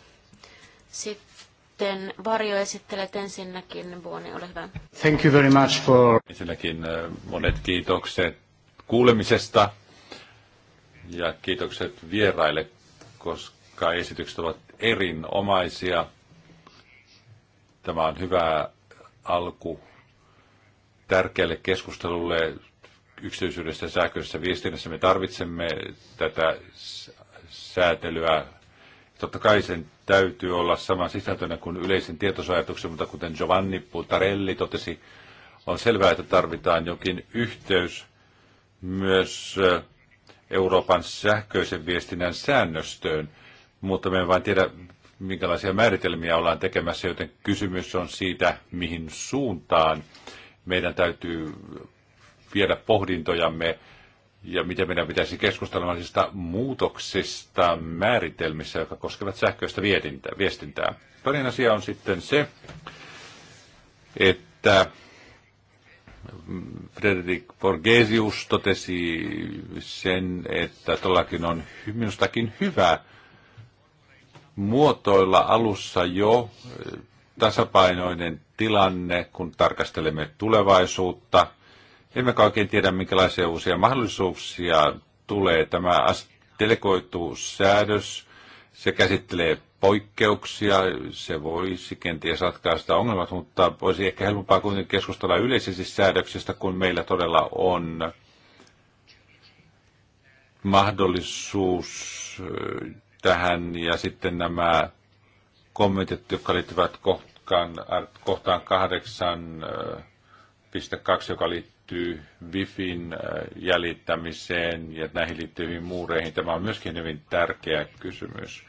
Sitten Varjo esittelet ensinnäkin, Vuoni, ole hyvä. Thank you very much for... Ensinnäkin äh, monet kiitokset kuulemisesta ja kiitokset vieraille, koska esitykset ovat erinomaisia. Tämä on hyvä alku tärkeälle keskustelulle yksityisyydestä sähköisessä viestinnässä. Me tarvitsemme tätä säätelyä. Totta kai sen täytyy olla sama sisältöinen kuin yleisin tietosuojatuksen, mutta kuten Giovanni Putarelli totesi, on selvää, että tarvitaan jokin yhteys myös eh, Euroopan sähköisen viestinnän säännöstöön, mutta me en vain tiedä, minkälaisia määritelmiä ollaan tekemässä, joten kysymys on siitä, mihin suuntaan meidän täytyy viedä pohdintojamme ja miten meidän pitäisi keskustella muutoksista määritelmissä, jotka koskevat sähköistä viestintää. Toinen asia on sitten se, että Frederik Borgesius totesi sen, että todellakin on minustakin hyvä muotoilla alussa jo eh, tasapainoinen tilanne, kun tarkastelemme tulevaisuutta – emme oikein tiedä, minkälaisia uusia mahdollisuuksia tulee. Tämä delegoitu säädös, se käsittelee poikkeuksia, se voisi kenties ratkaista ongelmat, mutta voisi ehkä helpompaa kuitenkin keskustella yleisesti säädöksistä, kun meillä todella on mahdollisuus tähän ja sitten nämä kommentit, jotka liittyvät kohtaan, kohtaan 8.2, joka liittyy liittyy Wifin äh, jäljittämiseen ja näihin liittyviin muureihin. Tämä on myöskin hyvin tärkeä kysymys.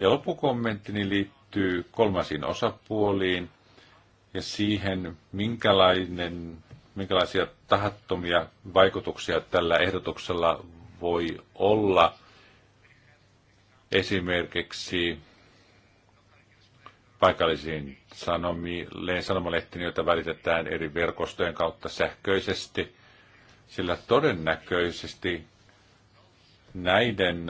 Ja lopukommenttini liittyy kolmasiin osapuoliin ja siihen, minkälainen, minkälaisia tahattomia vaikutuksia tällä ehdotuksella voi olla esimerkiksi paikallisiin sanomalehtiin, joita välitetään eri verkostojen kautta sähköisesti, sillä todennäköisesti näiden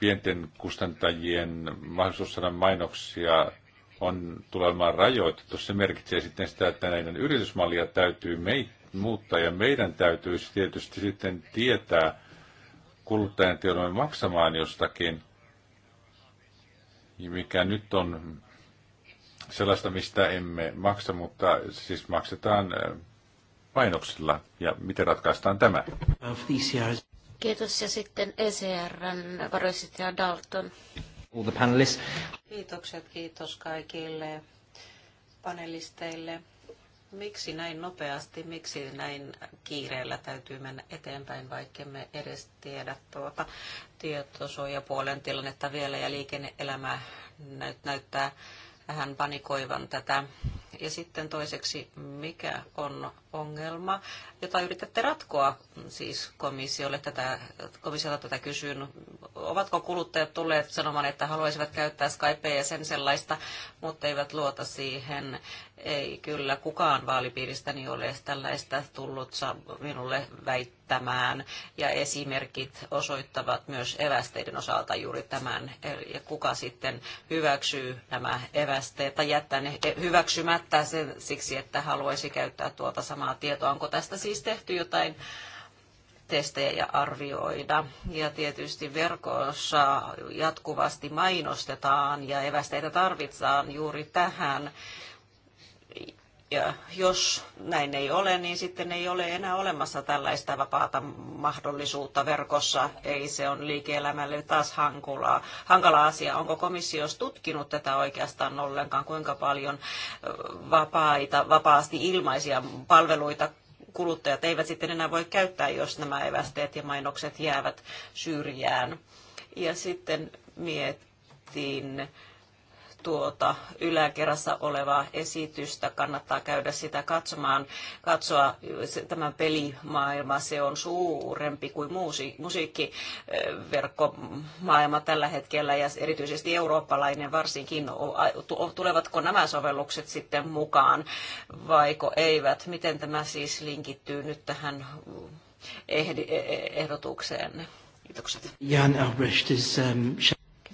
pienten kustantajien mahdollisuus saada mainoksia on tulemaan rajoitettu. Se merkitsee sitten sitä, että näiden yritysmallia täytyy mei- muuttaa ja meidän täytyy tietysti sitten tietää kuluttajan tiedon maksamaan jostakin mikä nyt on sellaista, mistä emme maksa, mutta siis maksetaan painoksilla. Ja miten ratkaistaan tämä? Kiitos ja sitten ECRn ja Dalton. All the panelists. Kiitokset, kiitos kaikille panelisteille Miksi näin nopeasti, miksi näin kiireellä täytyy mennä eteenpäin, vaikka me edes tiedä tuota tietosuojapuolen tilannetta vielä ja liikenneelämä näyttää vähän panikoivan tätä. Ja sitten toiseksi, mikä on ongelma, jota yritätte ratkoa mm, siis komissiolle tätä, komissiolta tätä kysyn. Ovatko kuluttajat tulleet sanomaan, että haluaisivat käyttää Skypea ja sen sellaista, mutta eivät luota siihen? Ei kyllä kukaan vaalipiiristäni ole tällaista tullut minulle väittämään. Ja esimerkit osoittavat myös evästeiden osalta juuri tämän. Ja kuka sitten hyväksyy nämä evästeet tai jättää ne e- hyväksymättä sen, siksi, että haluaisi käyttää tuota samaa samaa tietoa. Onko tästä siis tehty jotain testejä ja arvioida. Ja tietysti verkossa jatkuvasti mainostetaan ja evästeitä tarvitaan juuri tähän ja jos näin ei ole, niin sitten ei ole enää olemassa tällaista vapaata mahdollisuutta verkossa. Ei se on liike-elämälle taas hankulaa. hankala asia. Onko komissio tutkinut tätä oikeastaan ollenkaan, kuinka paljon vapaita, vapaasti ilmaisia palveluita kuluttajat eivät sitten enää voi käyttää, jos nämä evästeet ja mainokset jäävät syrjään. Ja sitten miettiin tuota yläkerrassa olevaa esitystä. Kannattaa käydä sitä katsomaan, katsoa tämä pelimaailma. Se on suurempi kuin musiikkiverkkomaailma eh, tällä hetkellä ja erityisesti eurooppalainen varsinkin. Tulevatko nämä sovellukset sitten mukaan vaiko eivät? Miten tämä siis linkittyy nyt tähän eh, eh, ehdotukseen? Kiitokset. Jan Albrecht is, um...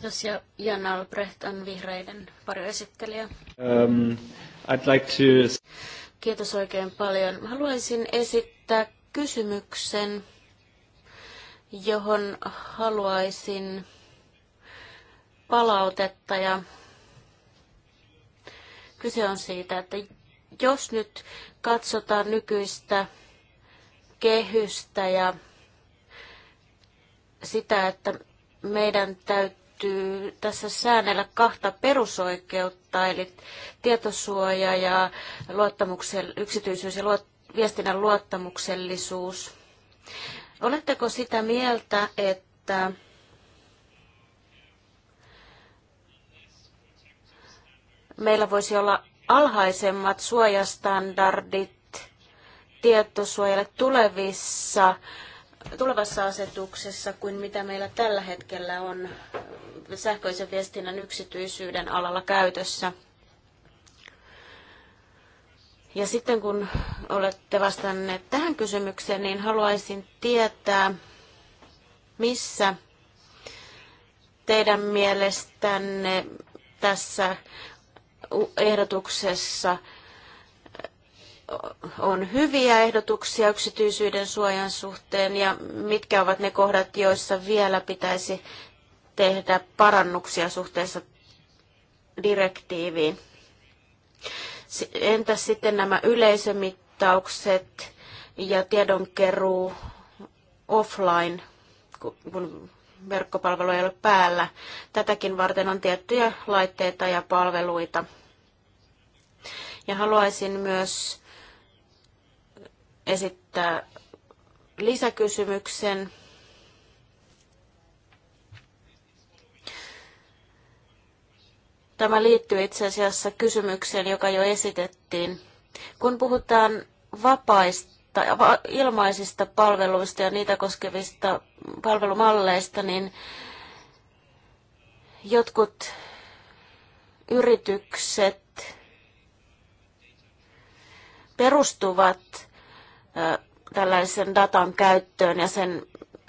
Kiitos ja Jan Albrecht on vihreiden varjoesittelijä. Um, I'd like to... Kiitos oikein paljon. Haluaisin esittää kysymyksen, johon haluaisin palautetta ja kyse on siitä, että jos nyt katsotaan nykyistä kehystä ja sitä, että meidän täytyy täytyy tässä säännellä kahta perusoikeutta, eli tietosuoja ja luottamuksen, yksityisyys ja luot, viestinnän luottamuksellisuus. Oletteko sitä mieltä, että meillä voisi olla alhaisemmat suojastandardit tietosuojalle tulevissa tulevassa asetuksessa kuin mitä meillä tällä hetkellä on sähköisen viestinnän yksityisyyden alalla käytössä. Ja sitten kun olette vastanneet tähän kysymykseen, niin haluaisin tietää, missä teidän mielestänne tässä ehdotuksessa on hyviä ehdotuksia yksityisyyden suojan suhteen ja mitkä ovat ne kohdat, joissa vielä pitäisi tehdä parannuksia suhteessa direktiiviin. Entä sitten nämä yleisömittaukset ja tiedonkeruu offline, kun verkkopalvelu ei ole päällä. Tätäkin varten on tiettyjä laitteita ja palveluita. Ja haluaisin myös esittää lisäkysymyksen. Tämä liittyy itse asiassa kysymykseen, joka jo esitettiin. Kun puhutaan vapaista, ilmaisista palveluista ja niitä koskevista palvelumalleista, niin jotkut yritykset perustuvat tällaisen datan käyttöön ja sen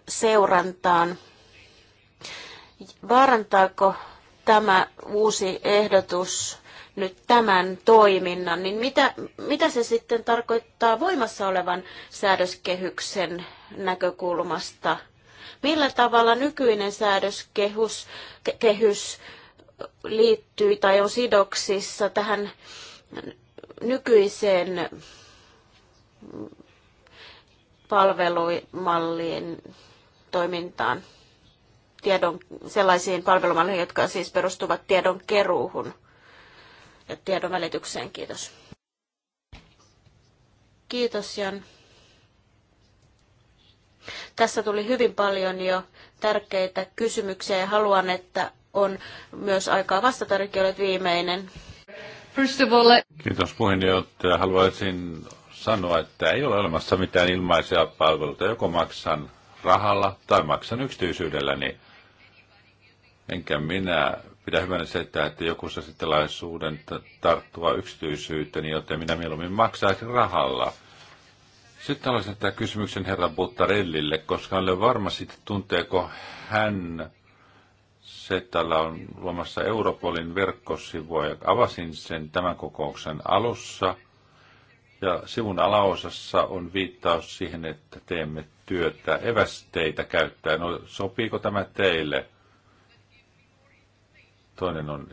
seurantaan. Vaarantaako tämä uusi ehdotus nyt tämän toiminnan, niin mitä, mitä se sitten tarkoittaa voimassa olevan säädöskehyksen näkökulmasta? Millä tavalla nykyinen säädöskehys kehys liittyy tai on sidoksissa tähän nykyiseen palvelumalliin toimintaan, tiedon, sellaisiin palvelumalleihin, jotka siis perustuvat tiedon keruuhun ja tiedon välitykseen. Kiitos. Kiitos Jan. Tässä tuli hyvin paljon jo tärkeitä kysymyksiä ja haluan, että on myös aikaa vastata, olet viimeinen. First of all, Kiitos puheenjohtaja. Haluaisin sanoa, että ei ole olemassa mitään ilmaisia palveluita. Joko maksan rahalla tai maksan yksityisyydellä, Niin enkä minä pidä hyvänä sitä, että joku saa sitten laisuuden tarttua yksityisyyteen, joten minä mieluummin maksaisin rahalla. Sitten haluaisin jättää kysymyksen herra Buttarellille, koska olen varma siitä, tunteeko hän se, että täällä on luomassa Europolin verkkosivua, ja avasin sen tämän kokouksen alussa. Ja sivun alaosassa on viittaus siihen, että teemme työtä evästeitä käyttäen. No, sopiiko tämä teille? Toinen on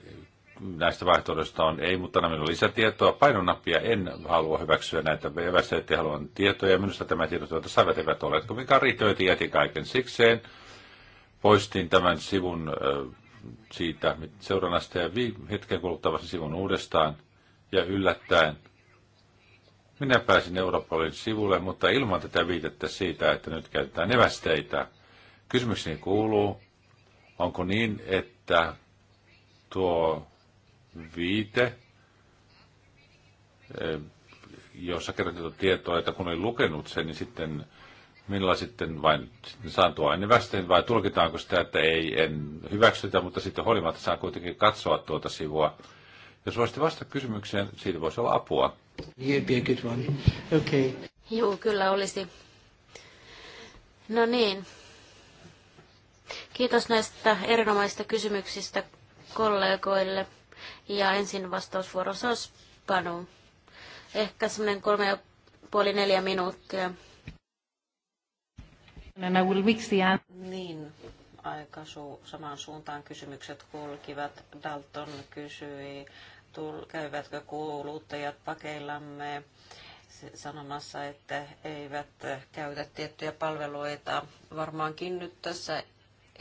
näistä vaihtoehdoista on ei, mutta nämä on lisätietoa. Painonappia en halua hyväksyä näitä evästeitä, haluan tietoja. Minusta tämä tieto joita saivat, eivät ole. Kun mikä riitöiti, jätin kaiken sikseen. Poistin tämän sivun siitä seurannasta ja hetken kuluttavasti sivun uudestaan. Ja yllättäen minä pääsin Europolin sivulle, mutta ilman tätä viitettä siitä, että nyt käytetään nevästeitä. Kysymykseni kuuluu, onko niin, että tuo viite, e, jossa kerrottiin tuota tietoa, että kun olin lukenut sen, niin sitten minulla sitten vain saan tuo nevästeen, vai tulkitaanko sitä, että ei, en hyväksytä, mutta sitten huolimatta saan kuitenkin katsoa tuota sivua. Jos voisitte vastata kysymykseen, siitä voisi olla apua. You'd be a good one. Okay. Joo, kyllä olisi. No niin. Kiitos näistä erinomaisista kysymyksistä kollegoille. Ja ensin vastausvuoro olisi Panu. Ehkä semmoinen kolme ja puoli neljä minuuttia. And I will mix the niin, aika su- samaan suuntaan kysymykset kulkivat. Dalton kysyi käyvätkö kuluttajat pakeillamme sanomassa, että eivät käytä tiettyjä palveluita. Varmaankin nyt tässä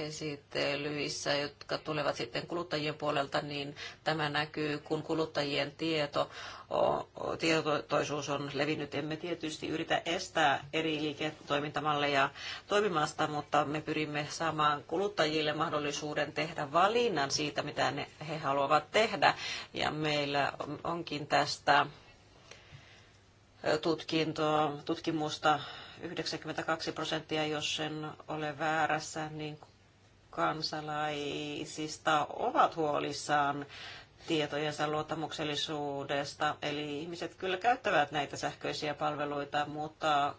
esittelyissä, jotka tulevat sitten kuluttajien puolelta, niin tämä näkyy, kun kuluttajien tieto, tietoisuus on levinnyt. Emme tietysti yritä estää eri liiketoimintamalleja toimimasta, mutta me pyrimme saamaan kuluttajille mahdollisuuden tehdä valinnan siitä, mitä ne, he haluavat tehdä. Ja meillä onkin tästä tutkintoa, tutkimusta 92 prosenttia, jos en ole väärässä, niin kansalaisista ovat huolissaan tietojensa luottamuksellisuudesta. Eli ihmiset kyllä käyttävät näitä sähköisiä palveluita, mutta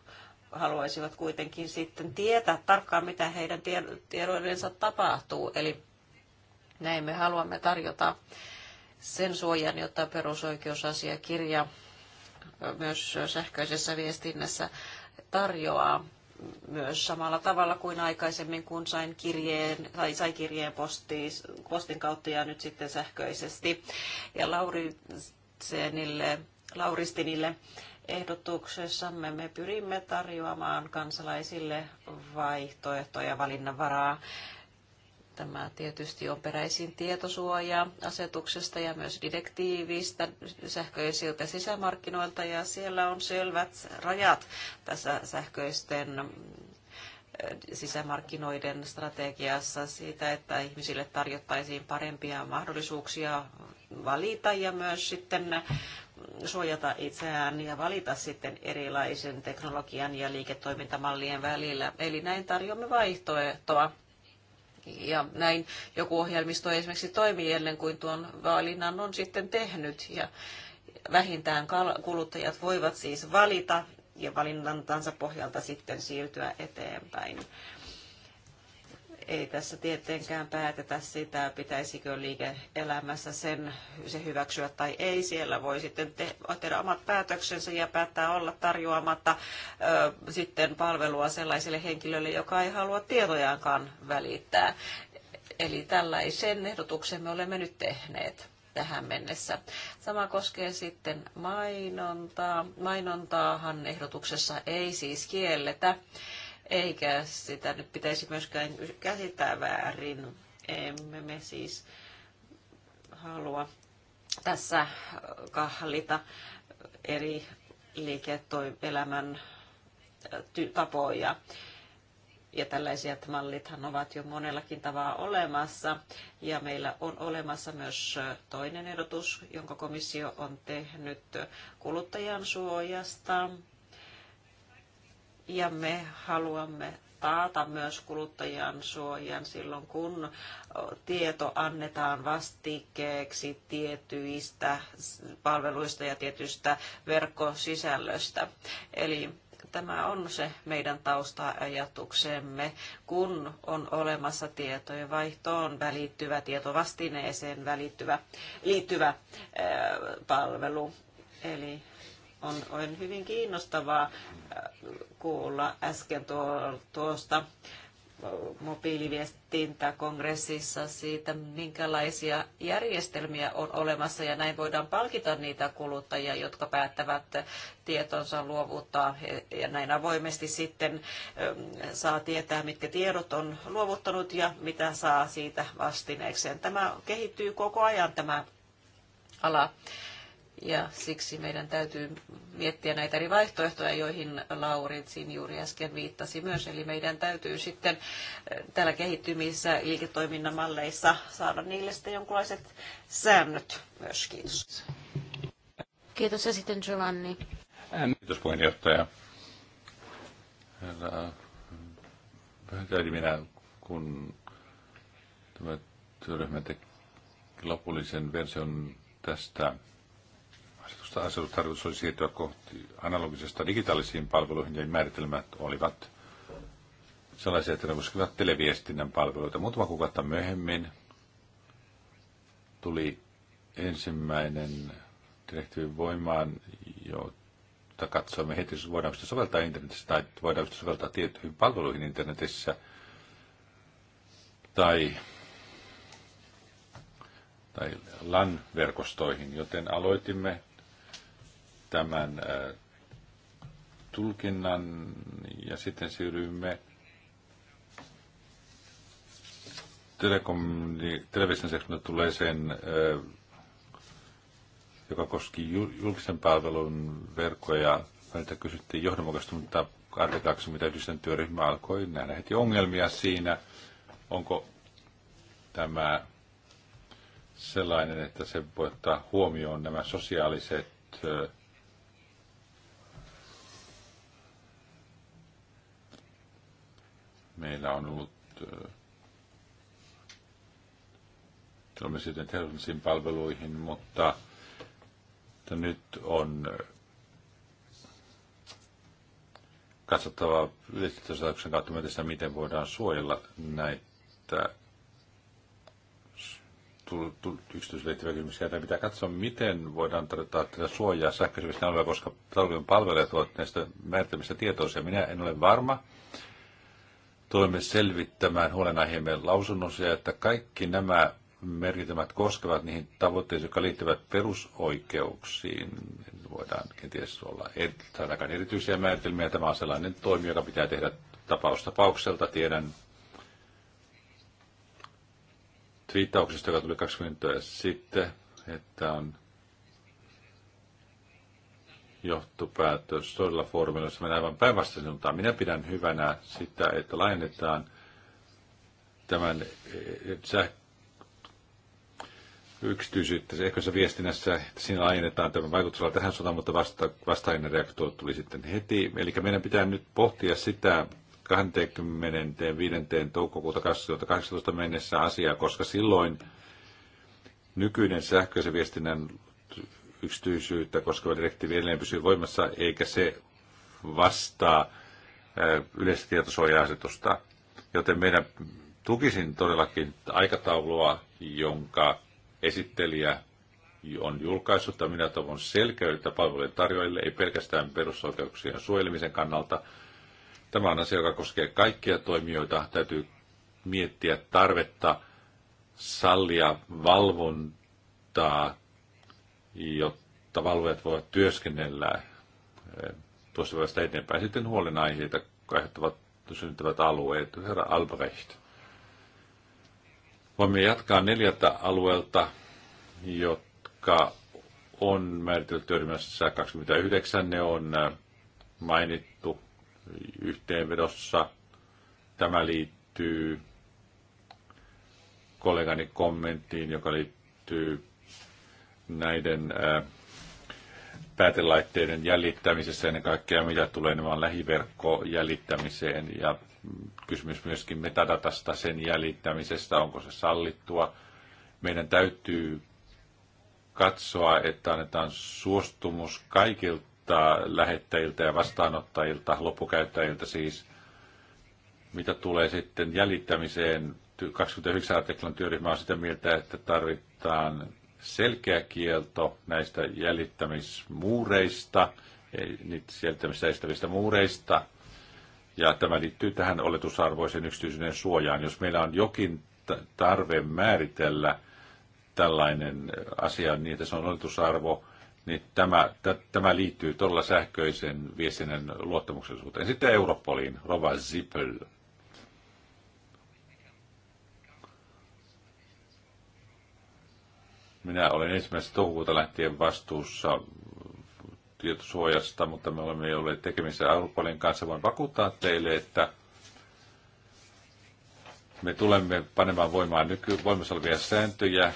haluaisivat kuitenkin sitten tietää tarkkaan, mitä heidän tiedoillensa tapahtuu. Eli näin me haluamme tarjota sen suojan, jotta perusoikeusasiakirja myös sähköisessä viestinnässä tarjoaa myös samalla tavalla kuin aikaisemmin, kun sain kirjeen, tai sai kirjeen postiin, postin kautta ja nyt sitten sähköisesti. Ja Lauri Senille, Lauristinille ehdotuksessamme me pyrimme tarjoamaan kansalaisille vaihtoehtoja valinnanvaraa Tämä tietysti on peräisin tietosuoja-asetuksesta ja myös direktiivistä sähköisiltä sisämarkkinoilta ja siellä on selvät rajat tässä sähköisten sisämarkkinoiden strategiassa siitä, että ihmisille tarjottaisiin parempia mahdollisuuksia valita ja myös sitten suojata itseään ja valita sitten erilaisen teknologian ja liiketoimintamallien välillä. Eli näin tarjoamme vaihtoehtoa ja näin joku ohjelmisto ei esimerkiksi toimi ennen kuin tuon valinnan on sitten tehnyt. Ja vähintään kuluttajat voivat siis valita ja valinnantansa pohjalta sitten siirtyä eteenpäin ei tässä tietenkään päätetä sitä, pitäisikö liike-elämässä sen, se hyväksyä tai ei. Siellä voi sitten te, tehdä omat päätöksensä ja päättää olla tarjoamatta ö, sitten palvelua sellaiselle henkilölle, joka ei halua tietojaankaan välittää. Eli tällaisen ehdotuksen me olemme nyt tehneet tähän mennessä. Sama koskee sitten mainontaa. Mainontaahan ehdotuksessa ei siis kielletä eikä sitä nyt pitäisi myöskään käsittää väärin. Emme me siis halua tässä kahlita eri liiketoimielämän tapoja. Ja tällaisia mallithan ovat jo monellakin tavalla olemassa. Ja meillä on olemassa myös toinen ehdotus, jonka komissio on tehnyt kuluttajan suojasta ja me haluamme taata myös kuluttajan suojan silloin, kun tieto annetaan vastikkeeksi tietyistä palveluista ja tietystä verkkosisällöstä. Eli tämä on se meidän tausta-ajatuksemme, kun on olemassa tietojen vaihtoon välittyvä, tietovastineeseen välittyvä, liittyvä palvelu. Eli on, on hyvin kiinnostavaa äh, kuulla äsken tuo, tuosta äh, mobiiliviestintäkongressissa siitä, minkälaisia järjestelmiä on olemassa ja näin voidaan palkita niitä kuluttajia, jotka päättävät tietonsa luovuttaa ja näin avoimesti sitten ähm, saa tietää, mitkä tiedot on luovuttanut ja mitä saa siitä vastineekseen. Tämä kehittyy koko ajan tämä ala ja siksi meidän täytyy miettiä näitä eri vaihtoehtoja, joihin Lauritsin juuri äsken viittasi myös. Eli meidän täytyy sitten eh, täällä kehittymissä liiketoiminnan malleissa saada niille sitten jonkinlaiset säännöt myös. Kiitos. Kiitos ja sitten Giovanni. Ähm, kiitos puheenjohtaja. Vähän minä, kun tämä työryhmä teki lopullisen version tästä Minusta asetustarkoitus oli siirtyä kohti analogisesta digitaalisiin palveluihin ja määritelmät olivat sellaisia, että ne koskivat televiestinnän palveluita. Muutama kuukautta myöhemmin tuli ensimmäinen direktiivi voimaan, jota katsoimme heti, jos voidaanko sitä soveltaa internetissä tai voidaanko sitä soveltaa tiettyihin palveluihin internetissä tai, tai LAN-verkostoihin, joten aloitimme tämän äh, tulkinnan ja sitten siirrymme television sektorilla tulee sen, äh, joka koski julkisen palvelun verkkoja. Meiltä kysyttiin mutta arvitaanko, mitä yhdistön työryhmä alkoi nähdä heti ongelmia siinä. Onko tämä sellainen, että se voi ottaa huomioon nämä sosiaaliset äh, Meillä on ollut äh, tuomioistuinten terveellisiin palveluihin, mutta nyt on äh, katsottava yleisötasauksen kautta myötä miten voidaan suojella näitä yksityisliittyviä kysymyksiä, että pitää katsoa, miten voidaan tarjota tätä suojaa sähköisyydestä alueella, koska palvelujen palvelijat ovat näistä määritelmistä tietoisia. Minä en ole varma, toimme selvittämään huolenaiheemme lausunnossa, että kaikki nämä merkitämät koskevat niihin tavoitteisiin, jotka liittyvät perusoikeuksiin. Voidaan kenties olla ainakaan erityisiä määritelmiä. Tämä on sellainen toimi, joka pitää tehdä tapaustapaukselta. Tiedän twiittauksesta, joka tuli 20 sitten, että on johtopäätös todella foorumilla, jossa mennään aivan päinvastaisen suuntaan. Minä pidän hyvänä sitä, että laajennetaan tämän eh, yksityisyyttä se viestinnässä, että siinä laajennetaan tämä vaikutusala tähän suuntaan, mutta vasta, vastainen reaktio tuli sitten heti. Eli meidän pitää nyt pohtia sitä 25. toukokuuta 2018 mennessä asiaa, koska silloin nykyinen sähköisen viestinnän yksityisyyttä koskeva direktiivi edelleen pysyy voimassa, eikä se vastaa yleistä tietosuoja-asetusta. Joten meidän tukisin todellakin aikataulua, jonka esittelijä on julkaissut, ja minä toivon selkeyttä palvelujen tarjoajille, ei pelkästään perusoikeuksien suojelemisen kannalta. Tämä on asia, joka koskee kaikkia toimijoita. Täytyy miettiä tarvetta sallia valvontaa jotta valvojat voivat työskennellä eh, tuossa vaiheessa eteenpäin. Sitten huolenaiheita aiheuttavat syntyvät alueet. Herra Albrecht. Voimme jatkaa neljältä alueelta, jotka on määritelty työryhmässä 29. Ne on eh, mainittu yhteenvedossa. Tämä liittyy kollegani kommenttiin, joka liittyy näiden päätelaitteiden jäljittämisessä ennen kaikkea, mitä tulee nimenomaan lähiverkkojäljittämiseen ja mm, kysymys myöskin metadatasta, sen jäljittämisestä, onko se sallittua. Meidän täytyy katsoa, että annetaan suostumus kaikilta lähettäjiltä ja vastaanottajilta, loppukäyttäjiltä siis, mitä tulee sitten jäljittämiseen. 29 artiklan työryhmä on sitä mieltä, että tarvitaan selkeä kielto näistä jäljittämismuureista, niitä jäljittämistä estävistä muureista. Ja tämä liittyy tähän oletusarvoisen yksityisyyden suojaan. Jos meillä on jokin tarve määritellä tällainen asia niin, että se on oletusarvo, niin tämä, tämä liittyy todella sähköisen viestinnän luottamuksellisuuteen. Sitten Europoliin, Rova Zippel. Minä olen ensimmäisestä toukokuuta lähtien vastuussa tietosuojasta, mutta me olemme olleet tekemisissä Europolin kanssa. Voin vakuuttaa teille, että me tulemme panemaan voimaan nyky voimassa olevia sääntöjä,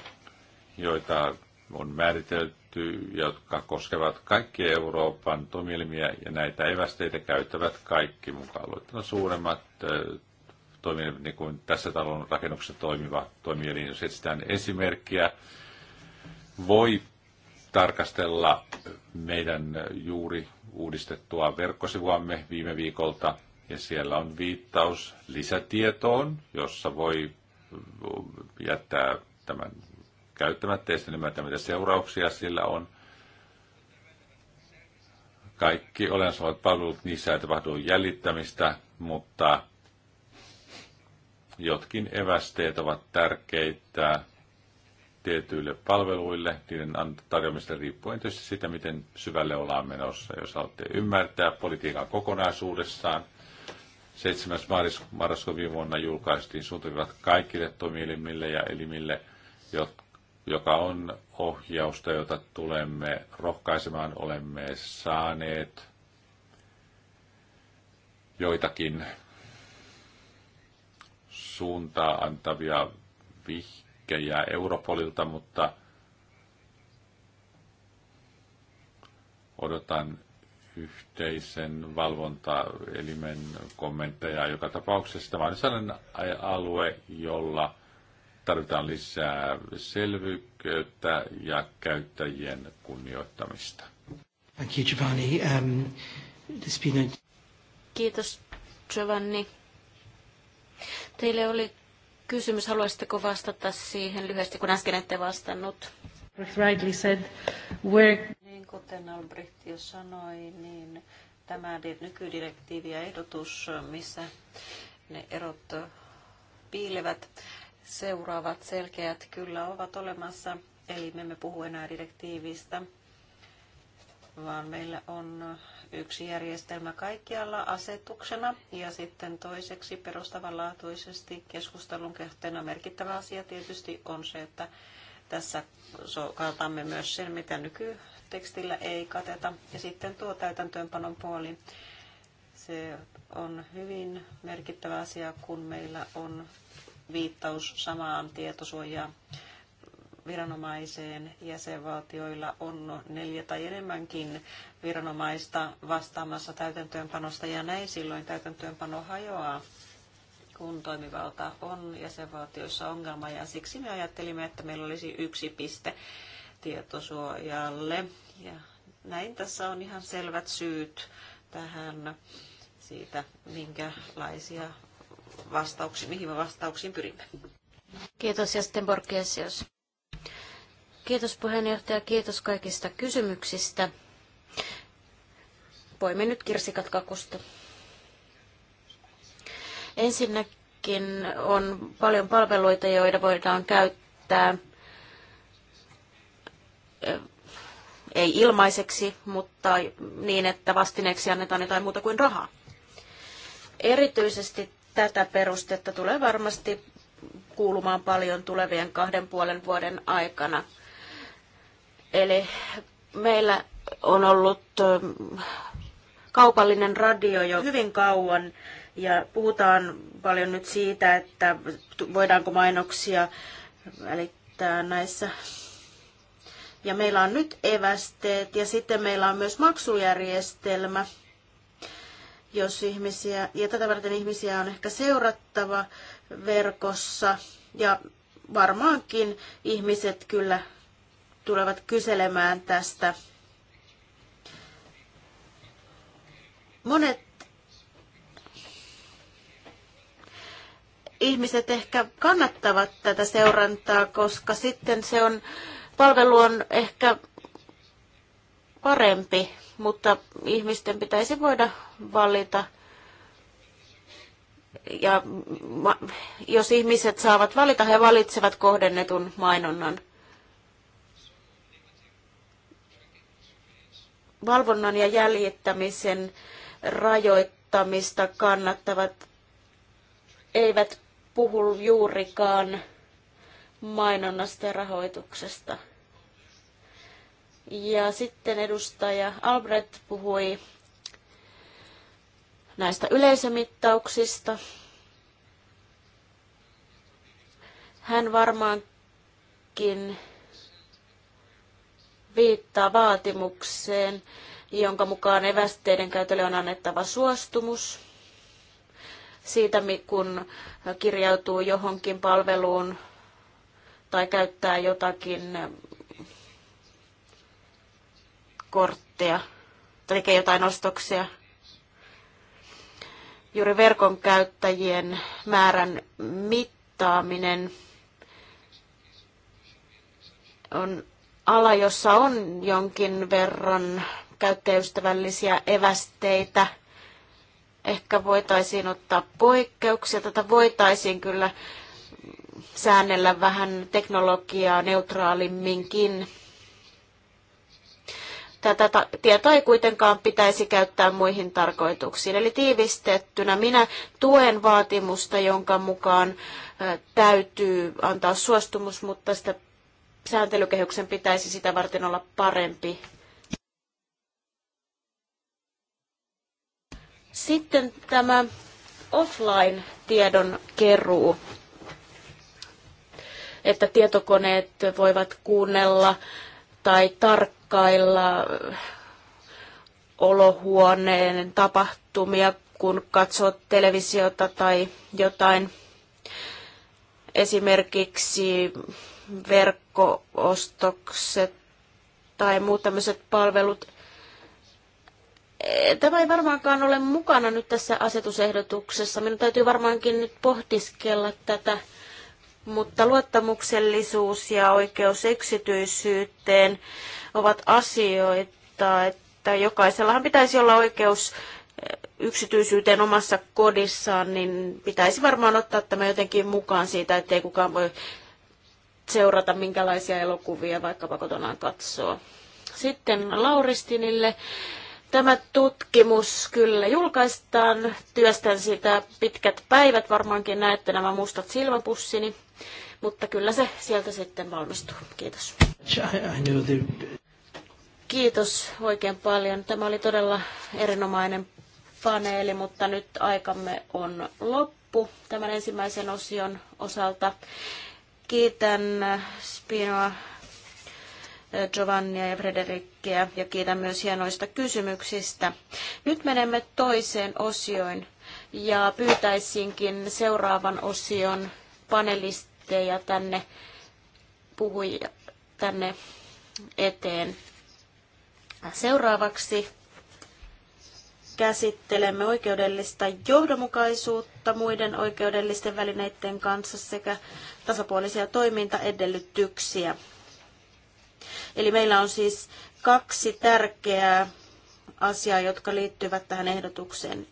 joita on määritelty, jotka koskevat kaikkia Euroopan toimielimiä, ja näitä evästeitä käyttävät kaikki mukaan luettuna suuremmat toimielimet, niin kuin tässä talon rakennuksessa toimiva toimielin, jos etsitään esimerkkiä, voi tarkastella meidän juuri uudistettua verkkosivuamme viime viikolta, ja siellä on viittaus lisätietoon, jossa voi jättää tämän käyttämättä ja ymmärtää, mitä seurauksia sillä on. Kaikki Olen sanonut palvelut, niissä ei tapahdu jäljittämistä, mutta jotkin evästeet ovat tärkeitä tietyille palveluille, niiden tarjoamista riippuen tietysti sitä, miten syvälle ollaan menossa. Jos haluatte ymmärtää politiikan kokonaisuudessaan, 7. marraskuun viime vuonna julkaistiin suuntaviivat kaikille toimielimille ja elimille, joka on ohjausta, jota tulemme rohkaisemaan. Olemme saaneet joitakin suuntaa antavia vihjeitä vinkkejä Europolilta, mutta odotan yhteisen valvontaelimen kommentteja joka tapauksessa. Tämä on sellainen alue, jolla tarvitaan lisää selvyyttä ja käyttäjien kunnioittamista. Thank you, Giovanni. Um, Kiitos, Giovanni. Teille oli kysymys. Haluaisitteko vastata siihen lyhyesti, kun äsken ette vastannut? said, where... Niin kuten Albrecht jo sanoi, niin tämä nykydirektiivi ja ehdotus, missä ne erot piilevät, seuraavat selkeät kyllä ovat olemassa. Eli me emme puhu enää direktiivistä, vaan meillä on yksi järjestelmä kaikkialla asetuksena ja sitten toiseksi perustavanlaatuisesti keskustelun kohteena merkittävä asia tietysti on se, että tässä katamme myös sen, mitä nykytekstillä ei kateta. Ja sitten tuo täytäntöönpanon puoli, se on hyvin merkittävä asia, kun meillä on viittaus samaan tietosuojaan viranomaiseen. Jäsenvaltioilla on neljä tai enemmänkin viranomaista vastaamassa täytäntöönpanosta ja näin silloin täytäntöönpano hajoaa kun toimivalta on jäsenvaltioissa ongelma ja siksi me ajattelimme, että meillä olisi yksi piste tietosuojalle. Ja näin tässä on ihan selvät syyt tähän siitä, minkälaisia vastauksia, mihin vastauksiin pyrimme. Kiitos ja sitten Borgesius. Kiitos puheenjohtaja, kiitos kaikista kysymyksistä. Poimme nyt kirsikat kakusta. Ensinnäkin on paljon palveluita, joita voidaan käyttää ei ilmaiseksi, mutta niin, että vastineeksi annetaan jotain muuta kuin rahaa. Erityisesti tätä perustetta tulee varmasti kuulumaan paljon tulevien kahden puolen vuoden aikana. Eli meillä on ollut ähm, kaupallinen radio jo hyvin kauan ja puhutaan paljon nyt siitä, että voidaanko mainoksia välittää näissä. Ja meillä on nyt evästeet ja sitten meillä on myös maksujärjestelmä, jos ihmisiä, ja tätä varten ihmisiä on ehkä seurattava verkossa ja varmaankin ihmiset kyllä tulevat kyselemään tästä. Monet ihmiset ehkä kannattavat tätä seurantaa, koska sitten se on, palvelu on ehkä parempi, mutta ihmisten pitäisi voida valita. Ja jos ihmiset saavat valita, he valitsevat kohdennetun mainonnan. valvonnan ja jäljittämisen rajoittamista kannattavat eivät puhu juurikaan mainonnasta ja rahoituksesta. Ja sitten edustaja Albrecht puhui näistä yleisömittauksista. Hän varmaankin viittaa vaatimukseen, jonka mukaan evästeiden käytölle on annettava suostumus siitä, kun kirjautuu johonkin palveluun tai käyttää jotakin ähm, korttia tai tekee jotain ostoksia. Juuri verkon käyttäjien määrän mittaaminen on ala, jossa on jonkin verran käyttäjäystävällisiä evästeitä. Ehkä voitaisiin ottaa poikkeuksia. Tätä voitaisiin kyllä säännellä vähän teknologiaa neutraalimminkin. Tätä tietoa ei kuitenkaan pitäisi käyttää muihin tarkoituksiin. Eli tiivistettynä minä tuen vaatimusta, jonka mukaan täytyy antaa suostumus, mutta sitä sääntelykehyksen pitäisi sitä varten olla parempi. Sitten tämä offline-tiedon keruu, että tietokoneet voivat kuunnella tai tarkkailla olohuoneen tapahtumia, kun katsoo televisiota tai jotain. Esimerkiksi verkkoostokset tai muut tämmöiset palvelut. Eh, tämä ei varmaankaan ole mukana nyt tässä asetusehdotuksessa. Minun täytyy varmaankin nyt pohtiskella tätä, mutta luottamuksellisuus ja oikeus yksityisyyteen ovat asioita, että jokaisellahan pitäisi olla oikeus eh, yksityisyyteen omassa kodissaan, niin pitäisi varmaan ottaa tämä jotenkin mukaan siitä, ettei kukaan voi seurata, minkälaisia elokuvia vaikkapa kotonaan katsoo. Sitten Lauristinille. Tämä tutkimus kyllä julkaistaan. Työstän sitä pitkät päivät. Varmaankin näette nämä mustat silmäpussini. Mutta kyllä se sieltä sitten valmistuu. Kiitos. Kiitos oikein paljon. Tämä oli todella erinomainen paneeli, mutta nyt aikamme on loppu tämän ensimmäisen osion osalta. Kiitän Spinoa, eh, Giovannia ja Frederikkiä ja kiitän myös hienoista kysymyksistä. Nyt menemme toiseen osioon ja pyytäisinkin seuraavan osion panelisteja tänne puhujia tänne eteen. Seuraavaksi käsittelemme oikeudellista johdonmukaisuutta muiden oikeudellisten välineiden kanssa sekä tasapuolisia toimintaedellytyksiä. Eli meillä on siis kaksi tärkeää asiaa, jotka liittyvät tähän ehdotukseen.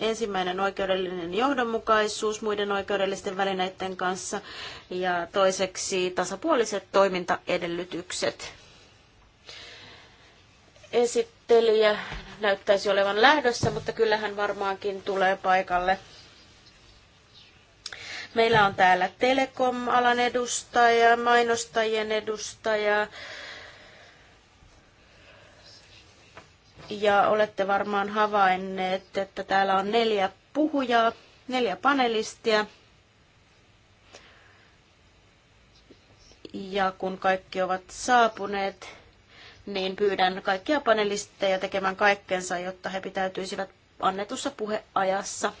Ensimmäinen oikeudellinen johdonmukaisuus muiden oikeudellisten välineiden kanssa ja toiseksi tasapuoliset toimintaedellytykset. Esittelijä näyttäisi olevan lähdössä, mutta kyllähän varmaankin tulee paikalle. Meillä on täällä telekom-alan edustaja, mainostajien edustaja, ja olette varmaan havainneet, että täällä on neljä puhujaa, neljä panelistia. Ja kun kaikki ovat saapuneet, niin pyydän kaikkia panelisteja tekemään kaikkensa, jotta he pitäytyisivät annetussa puheajassa.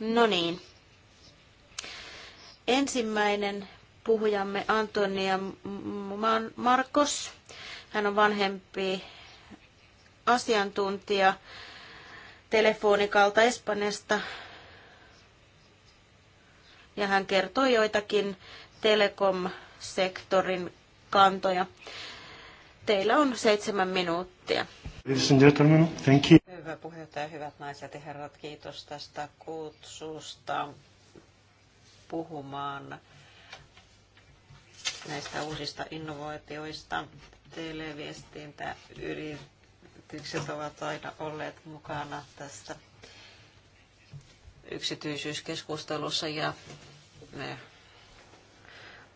No niin. Ensimmäinen puhujamme Antonia Markos. Hän on vanhempi asiantuntija telefonikalta Espanjasta. Ja hän kertoi joitakin telekom-sektorin kantoja. Teillä on seitsemän minuuttia. thank you. Hyvä puheenjohtaja, hyvät naiset ja herrat, kiitos tästä kutsusta puhumaan näistä uusista innovaatioista. yritykset ovat aina olleet mukana tästä yksityisyyskeskustelussa ja me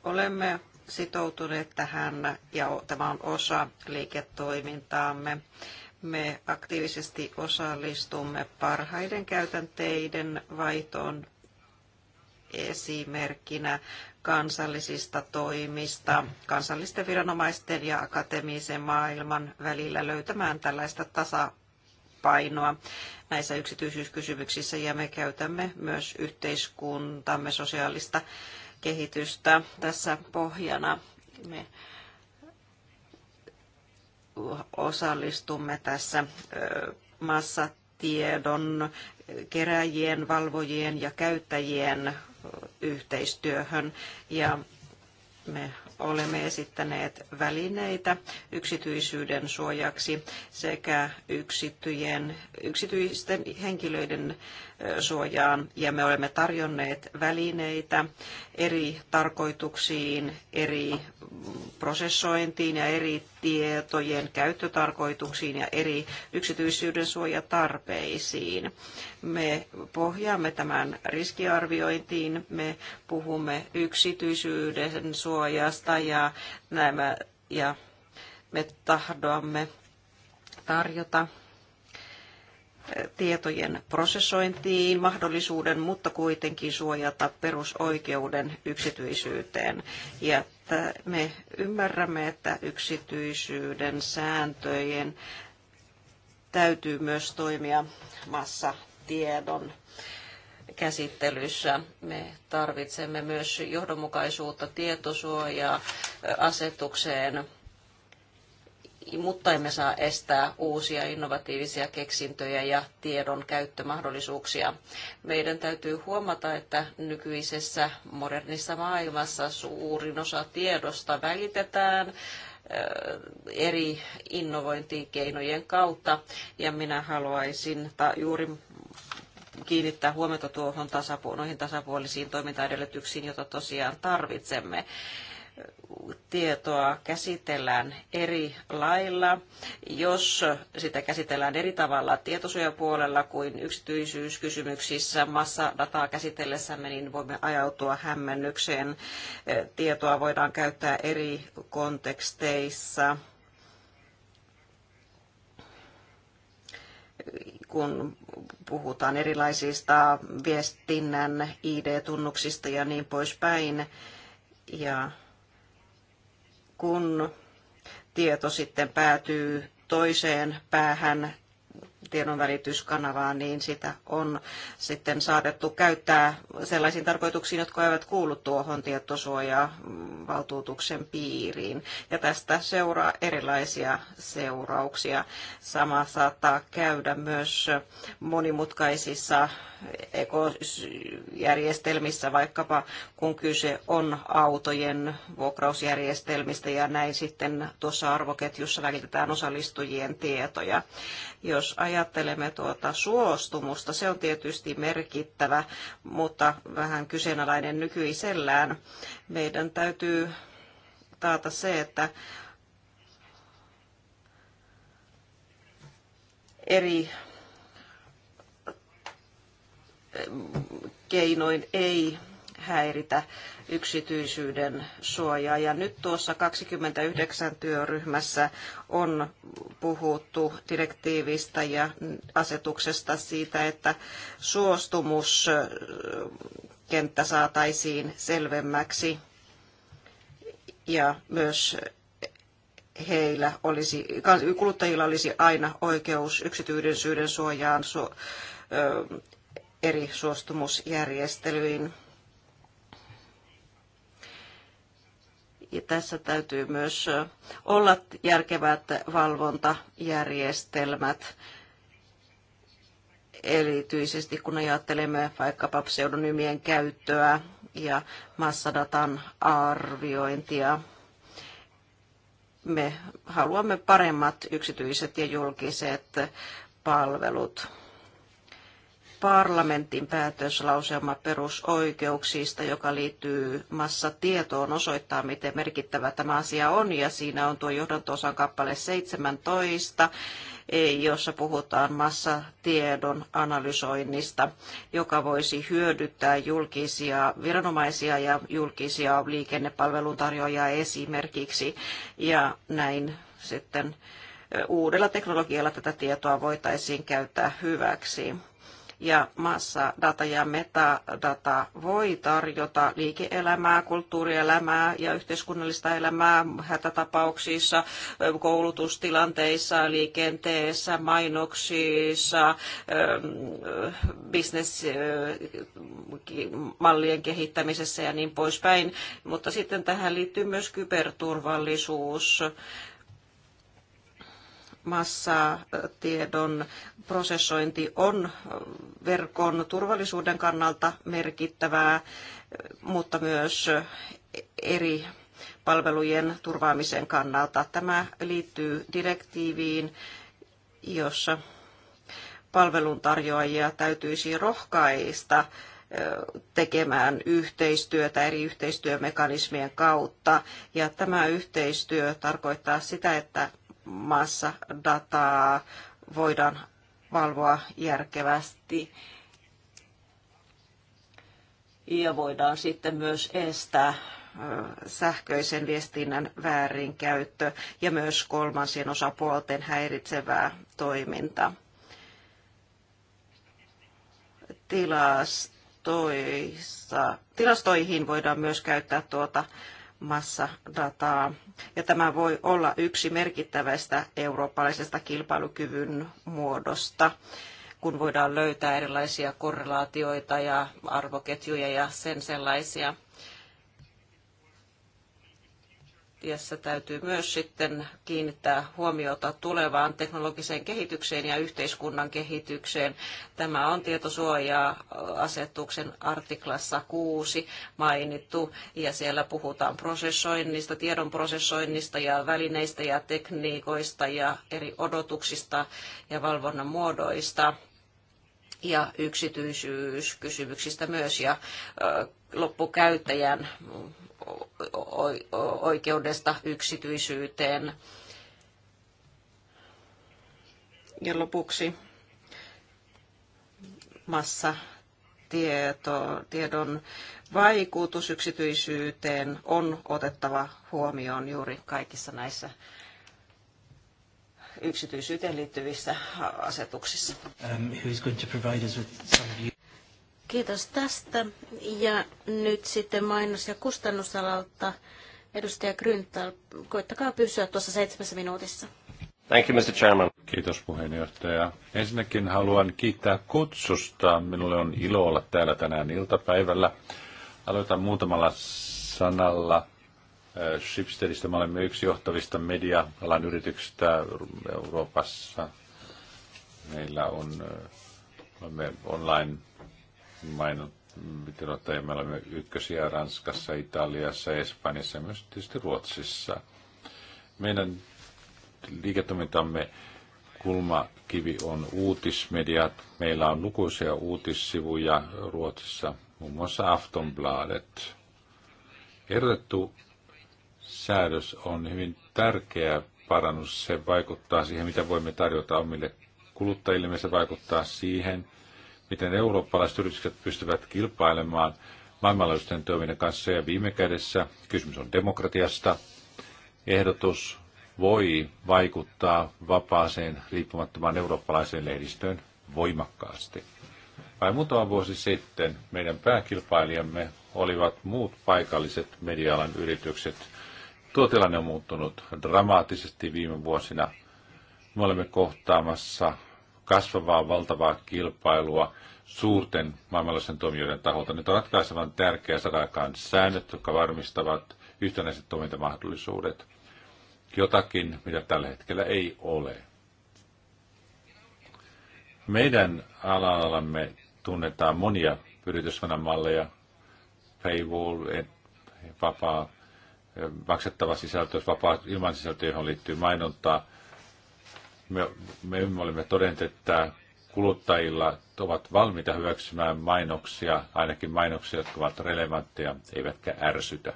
olemme sitoutuneet tähän ja tämä on osa liiketoimintaamme. Me aktiivisesti osallistumme parhaiden käytänteiden vaihtoon esimerkkinä kansallisista toimista kansallisten viranomaisten ja akateemisen maailman välillä löytämään tällaista tasapainoa näissä yksityisyyskysymyksissä ja me käytämme myös yhteiskuntamme sosiaalista kehitystä tässä pohjana. Me osallistumme tässä massatiedon keräjien, valvojien ja käyttäjien yhteistyöhön ja me olemme esittäneet välineitä yksityisyyden suojaksi sekä yksityjen, yksityisten henkilöiden suojaan ja me olemme tarjonneet välineitä eri tarkoituksiin, eri prosessointiin ja eri tietojen käyttötarkoituksiin ja eri yksityisyyden suojatarpeisiin. Me pohjaamme tämän riskiarviointiin, me puhumme yksityisyyden suojasta ja, nämä, ja me tahdoamme tarjota tietojen prosessointiin mahdollisuuden, mutta kuitenkin suojata perusoikeuden yksityisyyteen. Ja me ymmärrämme, että yksityisyyden sääntöjen täytyy myös toimia massatiedon käsittelyssä. Me tarvitsemme myös johdonmukaisuutta tietosuojaa asetukseen mutta emme saa estää uusia innovatiivisia keksintöjä ja tiedon käyttömahdollisuuksia. Meidän täytyy huomata, että nykyisessä modernissa maailmassa suurin osa tiedosta välitetään eri innovointikeinojen kautta, ja minä haluaisin ta, juuri kiinnittää huomiota tuohon tasapu- noihin tasapuolisiin toimintaedellytyksiin, joita tosiaan tarvitsemme tietoa käsitellään eri lailla, jos sitä käsitellään eri tavalla tietosuojapuolella kuin yksityisyyskysymyksissä massadataa käsitellessämme, niin voimme ajautua hämmennykseen. Tietoa voidaan käyttää eri konteksteissa. kun puhutaan erilaisista viestinnän ID-tunnuksista ja niin poispäin. Ja kun tieto sitten päätyy toiseen päähän tiedonvälityskanavaa, niin sitä on sitten saatettu käyttää sellaisiin tarkoituksiin, jotka eivät kuulu tuohon tietosuojavaltuutuksen piiriin. Ja tästä seuraa erilaisia seurauksia. Sama saattaa käydä myös monimutkaisissa ekojärjestelmissä, vaikkapa kun kyse on autojen vuokrausjärjestelmistä ja näin sitten tuossa arvoketjussa välitetään osallistujien tietoja. Jos ajattelemme tuota suostumusta, se on tietysti merkittävä, mutta vähän kyseenalainen nykyisellään. Meidän täytyy taata se, että eri keinoin ei häiritä yksityisyyden suojaa. Ja nyt tuossa 29 työryhmässä on puhuttu direktiivistä ja asetuksesta siitä, että suostumuskenttä saataisiin selvemmäksi ja myös heillä olisi, kuluttajilla olisi aina oikeus yksityisyyden suojaan eri suostumusjärjestelyin. tässä täytyy myös olla järkevät valvontajärjestelmät, erityisesti kun ajattelemme vaikkapa pseudonymien käyttöä ja massadatan arviointia. Me haluamme paremmat yksityiset ja julkiset palvelut parlamentin päätöslauselma perusoikeuksista, joka liittyy massatietoon, osoittaa, miten merkittävä tämä asia on. Ja siinä on tuo johdantoosan kappale 17, jossa puhutaan massatiedon analysoinnista, joka voisi hyödyttää julkisia viranomaisia ja julkisia liikennepalveluntarjoajia esimerkiksi. Ja näin sitten uudella teknologialla tätä tietoa voitaisiin käyttää hyväksi ja massadata ja metadata voi tarjota liike-elämää, kulttuurielämää ja yhteiskunnallista elämää hätätapauksissa, koulutustilanteissa, liikenteessä, mainoksissa, ähm, bisnesmallien äh, kehittämisessä ja niin poispäin. Mutta sitten tähän liittyy myös kyberturvallisuus massatiedon prosessointi on verkon turvallisuuden kannalta merkittävää, mutta myös eri palvelujen turvaamisen kannalta. Tämä liittyy direktiiviin, jossa palveluntarjoajia täytyisi rohkaista tekemään yhteistyötä eri yhteistyömekanismien kautta. Ja tämä yhteistyö tarkoittaa sitä, että maassa dataa voidaan valvoa järkevästi ja voidaan sitten myös estää sähköisen viestinnän väärinkäyttö ja myös kolmansien osapuolten häiritsevää toimintaa. Tilastoissa, tilastoihin voidaan myös käyttää tuota massadataa. Ja tämä voi olla yksi merkittävästä eurooppalaisesta kilpailukyvyn muodosta kun voidaan löytää erilaisia korrelaatioita ja arvoketjuja ja sen sellaisia. miettiessä täytyy myös sitten kiinnittää huomiota tulevaan teknologiseen kehitykseen ja yhteiskunnan kehitykseen. Tämä on tietosuoja-asetuksen artiklassa 6 mainittu ja siellä puhutaan prosessoinnista, tiedon prosessoinnista ja välineistä ja tekniikoista ja eri odotuksista ja valvonnan muodoista ja yksityisyyskysymyksistä myös ja loppukäyttäjän oikeudesta yksityisyyteen. Ja lopuksi massa tieto, tiedon vaikutus yksityisyyteen on otettava huomioon juuri kaikissa näissä yksityisyyteen liittyvissä asetuksissa. Um, Kiitos tästä. Ja nyt sitten mainos- ja kustannusalalta edustaja Grünthal, Koittakaa pysyä tuossa seitsemässä minuutissa. Thank you, Mr. Chairman. Kiitos puheenjohtaja. Ensinnäkin haluan kiittää kutsusta. Minulle on ilo olla täällä tänään iltapäivällä. Aloitan muutamalla sanalla äh, Shipsteadista. Me olemme yksi johtavista media-alan yrityksistä Euroopassa. Meillä on äh, olemme online mainon, että me olemme ykkösiä Ranskassa, Italiassa, Espanjassa ja myös tietysti Ruotsissa. Meidän liiketoimintamme kulmakivi on uutismediat. Meillä on lukuisia uutissivuja Ruotsissa, muun muassa Aftonbladet. Erotettu säädös on hyvin tärkeä parannus. Se vaikuttaa siihen, mitä voimme tarjota omille kuluttajille. Se vaikuttaa siihen, miten eurooppalaiset yritykset pystyvät kilpailemaan maailmanlaajuisten toiminnan kanssa. Ja viime kädessä kysymys on demokratiasta. Ehdotus voi vaikuttaa vapaaseen riippumattomaan eurooppalaiseen lehdistöön voimakkaasti. Vai muutama vuosi sitten meidän pääkilpailijamme olivat muut paikalliset medialan yritykset. Tuo tilanne on muuttunut dramaattisesti viime vuosina. Me olemme kohtaamassa kasvavaa valtavaa kilpailua suurten maailmanlaisen toimijoiden taholta. Nyt on ratkaisevan tärkeää saada aikaan säännöt, jotka varmistavat yhtenäiset toimintamahdollisuudet. Jotakin, mitä tällä hetkellä ei ole. Meidän alallamme tunnetaan monia malleja, paywall, vapaa, eh, maksettava sisältö, vapaa ilman sisältö, johon liittyy mainontaa – me, me, me olemme todenneet, että kuluttajilla ovat valmiita hyväksymään mainoksia, ainakin mainoksia, jotka ovat relevantteja, eivätkä ärsytä.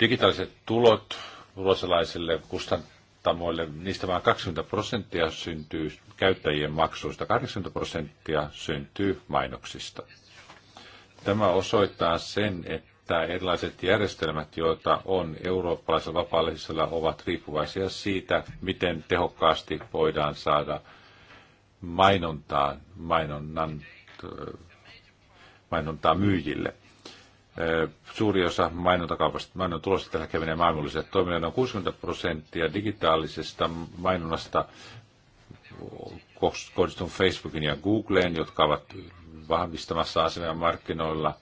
Digitaaliset tulot ulosalaisille kustantamoille, niistä vain 20 prosenttia syntyy käyttäjien maksuista, 80 prosenttia syntyy mainoksista. Tämä osoittaa sen, että että erilaiset järjestelmät, joita on eurooppalaisella vapaallisella, ovat riippuvaisia siitä, miten tehokkaasti voidaan saada mainontaa, mainonnan, mainontaa myyjille. Suuri osa mainontakaupasta, mainon tulosta tällä kevenee maailmalliselle toimijoille. on 60 prosenttia digitaalisesta mainonnasta kohdistunut Facebookin ja Googleen, jotka ovat vahvistamassa asemia markkinoilla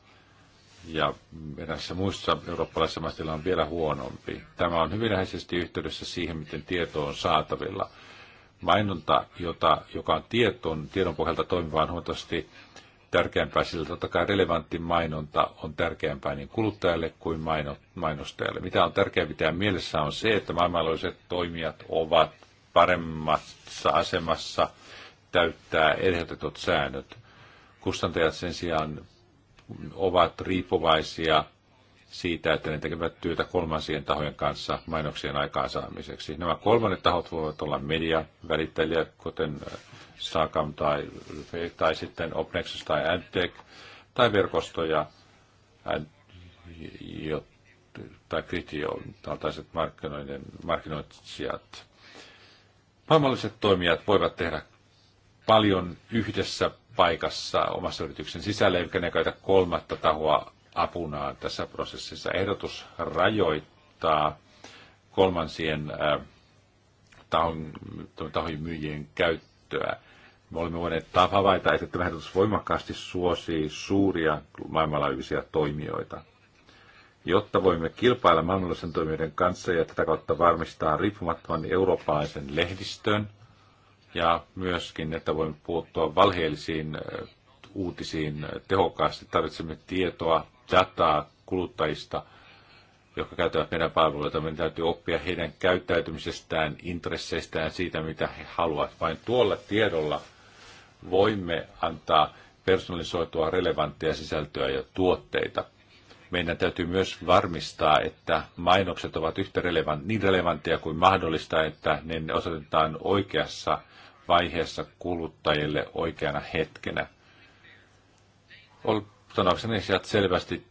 ja erässä muissa eurooppalaisissa maissa on vielä huonompi. Tämä on hyvin läheisesti yhteydessä siihen, miten tieto on saatavilla. Mainonta, jota, joka on tieton, tiedon pohjalta toimivaan huomattavasti tärkeämpää, sillä totta kai relevantti mainonta on tärkeämpää niin kuluttajalle kuin maino, mainostajalle. Mitä on tärkeää pitää mielessä on se, että maailmanlaajuiset toimijat ovat paremmassa asemassa täyttää ehdotetut säännöt. Kustantajat sen sijaan ovat riippuvaisia siitä, että ne tekevät työtä kolmansien tahojen kanssa mainoksien aikaansaamiseksi. Nämä kolmannet tahot voivat olla media, välittäjät, kuten Sakam tai, tai sitten Opnexus tai AdTech, tai verkostoja tai kritioon taltaiset markkinoiden, markkinoitsijat. Maailmalliset toimijat voivat tehdä paljon yhdessä paikassa omassa yrityksen sisällä, eikä ne käytä kolmatta tahoa apunaan tässä prosessissa. Ehdotus rajoittaa kolmansien tahojen myyjien käyttöä. Me olemme voineet havaita, että tämä ehdotus voimakkaasti suosii suuria maailmanlaajuisia toimijoita. Jotta voimme kilpailla maailmanlaajuisen toimijoiden kanssa ja tätä kautta varmistaa riippumattoman eurooppalaisen lehdistön – ja myöskin, että voimme puuttua valheellisiin uutisiin tehokkaasti. Tarvitsemme tietoa, dataa kuluttajista, jotka käyttävät meidän palveluita. Meidän täytyy oppia heidän käyttäytymisestään, intresseistään, siitä mitä he haluavat. Vain tuolla tiedolla voimme antaa personalisoitua relevanttia sisältöä ja tuotteita. Meidän täytyy myös varmistaa, että mainokset ovat yhtä relevant, niin relevantteja kuin mahdollista, että ne osoitetaan oikeassa vaiheessa kuluttajille oikeana hetkenä. Sanoakseni sieltä selvästi,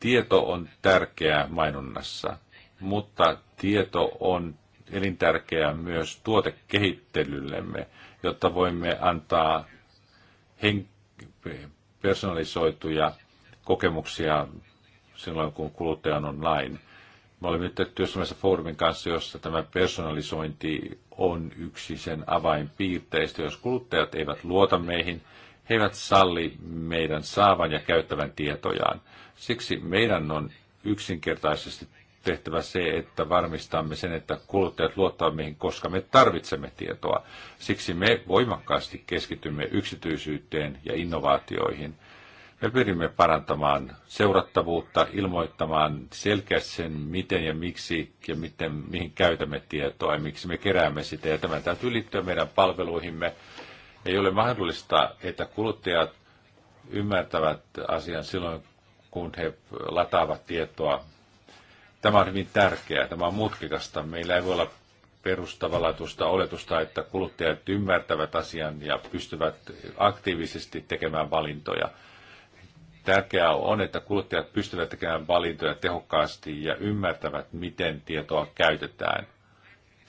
tieto on tärkeää mainonnassa, mutta tieto on elintärkeää myös tuotekehittelyllemme, jotta voimme antaa hen- personalisoituja kokemuksia silloin, kun kuluttaja on online. Me olemme nyt työskennellyt foorumin kanssa, jossa tämä personalisointi on yksi sen avainpiirteistä. Jos kuluttajat eivät luota meihin, he eivät salli meidän saavan ja käyttävän tietojaan. Siksi meidän on yksinkertaisesti tehtävä se, että varmistamme sen, että kuluttajat luottavat meihin, koska me tarvitsemme tietoa. Siksi me voimakkaasti keskitymme yksityisyyteen ja innovaatioihin – me pyrimme parantamaan seurattavuutta, ilmoittamaan selkeästi sen, miten ja miksi ja miten, mihin käytämme tietoa ja miksi me keräämme sitä. Ja tämä täytyy liittyä meidän palveluihimme. Ei ole mahdollista, että kuluttajat ymmärtävät asian silloin, kun he lataavat tietoa. Tämä on hyvin tärkeää, tämä on mutkikasta. Meillä ei voi olla perustavanlaatuista oletusta, että kuluttajat ymmärtävät asian ja pystyvät aktiivisesti tekemään valintoja. Tärkeää on, että kuluttajat pystyvät tekemään valintoja tehokkaasti ja ymmärtävät, miten tietoa käytetään.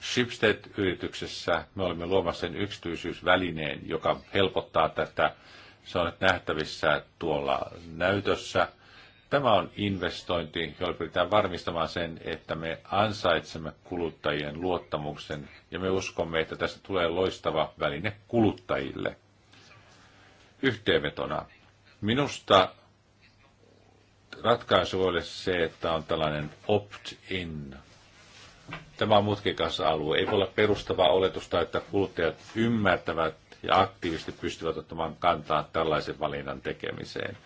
Shipstead-yrityksessä me olemme luomassa sen yksityisyysvälineen, joka helpottaa tätä. Se on nyt nähtävissä tuolla näytössä. Tämä on investointi, jolla pyritään varmistamaan sen, että me ansaitsemme kuluttajien luottamuksen ja me uskomme, että tästä tulee loistava väline kuluttajille. Yhteenvetona. Minusta ratkaisu ole se, että on tällainen opt-in. Tämä on mutkikas alue. Ei voi olla perustavaa oletusta, että kuluttajat ymmärtävät ja aktiivisesti pystyvät ottamaan kantaa tällaisen valinnan tekemiseen.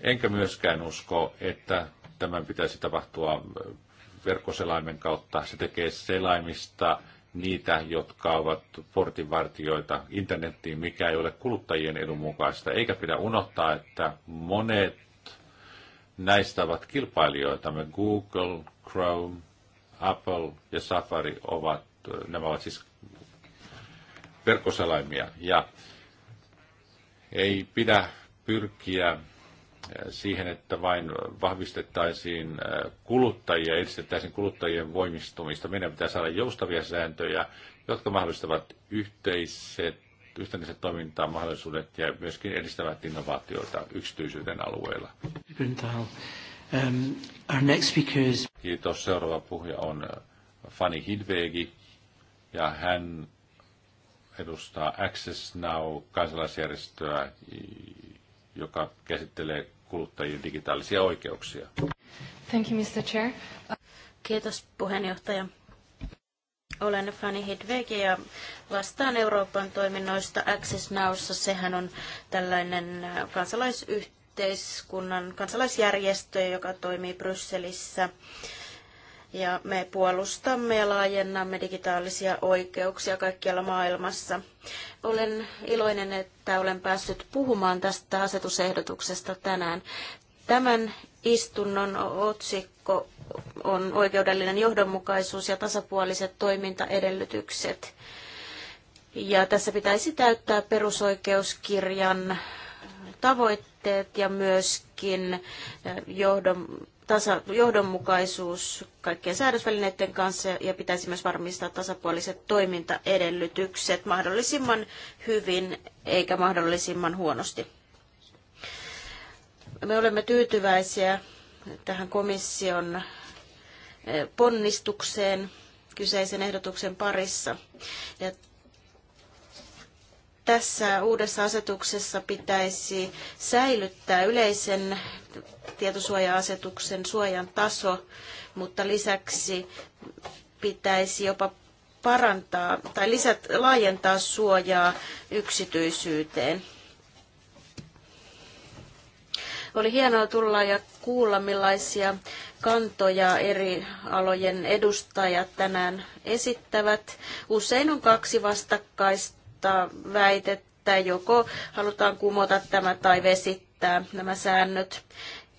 Enkä myöskään usko, että tämän pitäisi tapahtua äh, verkkoselaimen kautta. Se tekee selaimista niitä, jotka ovat portinvartijoita internettiin, mikä ei ole kuluttajien edun mukaista. Eikä pidä unohtaa, että monet näistä ovat kilpailijoitamme. Google, Chrome, Apple ja Safari ovat, nämä ovat siis verkkosalaimia. Ja ei pidä pyrkiä siihen, että vain vahvistettaisiin kuluttajia, edistettäisiin kuluttajien voimistumista. Meidän pitää saada joustavia sääntöjä, jotka mahdollistavat yhteiset yhtenäiset mahdollisuudet ja myöskin edistävät innovaatioita yksityisyyden alueella. Um, Kiitos. Seuraava puhuja on uh, Fanny Hidvegi ja hän edustaa Access Now kansalaisjärjestöä, joka käsittelee kuluttajien digitaalisia oikeuksia. Thank you, Mr. Chair. Kiitos puheenjohtaja. Olen Fanny Hidvegi ja vastaan Euroopan toiminnoista Access Nowssa. Sehän on tällainen äh, kansalaisyhteiskunnan kansalaisjärjestö, joka toimii Brysselissä. Ja me puolustamme ja laajennamme digitaalisia oikeuksia kaikkialla maailmassa. Olen iloinen, että olen päässyt puhumaan tästä asetusehdotuksesta tänään. Tämän istunnon otsikko on oikeudellinen johdonmukaisuus ja tasapuoliset toimintaedellytykset. Ja tässä pitäisi täyttää perusoikeuskirjan tavoitteet ja myöskin eh, johdon, tasa, johdonmukaisuus kaikkien säädösvälineiden kanssa ja pitäisi myös varmistaa tasapuoliset toimintaedellytykset mahdollisimman hyvin eikä mahdollisimman huonosti. Me olemme tyytyväisiä tähän komission ponnistukseen kyseisen ehdotuksen parissa. Ja tässä uudessa asetuksessa pitäisi säilyttää yleisen tietosuoja-asetuksen suojan taso, mutta lisäksi pitäisi jopa parantaa tai lisät, laajentaa suojaa yksityisyyteen. Oli hienoa tulla ja kuulla, millaisia kantoja eri alojen edustajat tänään esittävät. Usein on kaksi vastakkaista väitettä, joko halutaan kumota tämä tai vesittää nämä säännöt.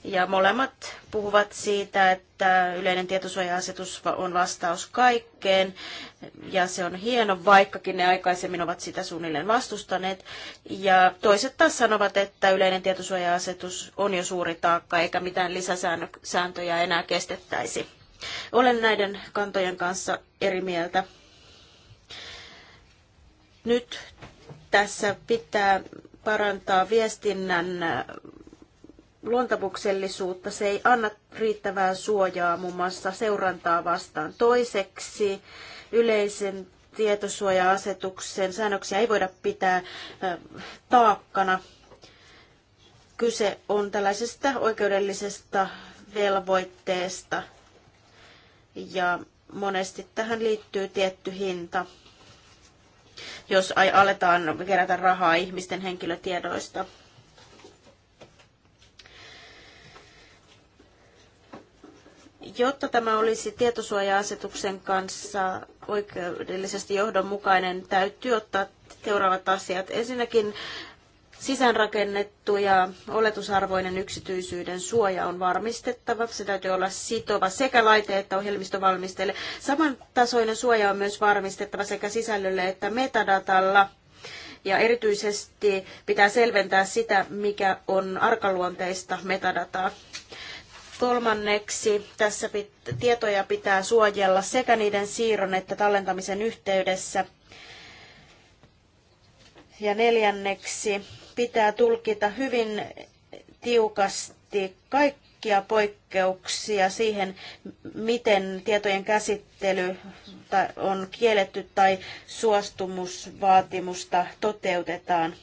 Ja molemmat puhuvat siitä, että yleinen tietosuoja-asetus on vastaus kaikkeen, ja se on hieno, vaikkakin ne aikaisemmin ovat sitä suunnilleen vastustaneet. Ja toiset taas sanovat, että yleinen tietosuoja-asetus on jo suuri taakka, eikä mitään lisäsääntöjä enää kestettäisi. Olen näiden kantojen kanssa eri mieltä. Nyt tässä pitää parantaa viestinnän luontavuksellisuutta, se ei anna riittävää suojaa muun mm. muassa seurantaa vastaan. Toiseksi yleisen tietosuoja-asetuksen säännöksiä ei voida pitää taakkana. Kyse on tällaisesta oikeudellisesta velvoitteesta ja monesti tähän liittyy tietty hinta, jos aletaan kerätä rahaa ihmisten henkilötiedoista. Jotta tämä olisi tietosuoja-asetuksen kanssa oikeudellisesti johdonmukainen, täytyy ottaa seuraavat asiat. Ensinnäkin sisäänrakennettu ja oletusarvoinen yksityisyyden suoja on varmistettava. Se täytyy olla sitova sekä laite- että ohjelmistovalmistajille. Samantasoinen suoja on myös varmistettava sekä sisällölle että metadatalla. Ja erityisesti pitää selventää sitä, mikä on arkaluonteista metadataa. Kolmanneksi tässä pit- tietoja pitää suojella sekä niiden siirron että tallentamisen yhteydessä. Ja neljänneksi pitää tulkita hyvin tiukasti kaikkia poikkeuksia siihen, miten tietojen käsittely on kielletty tai suostumusvaatimusta toteutetaan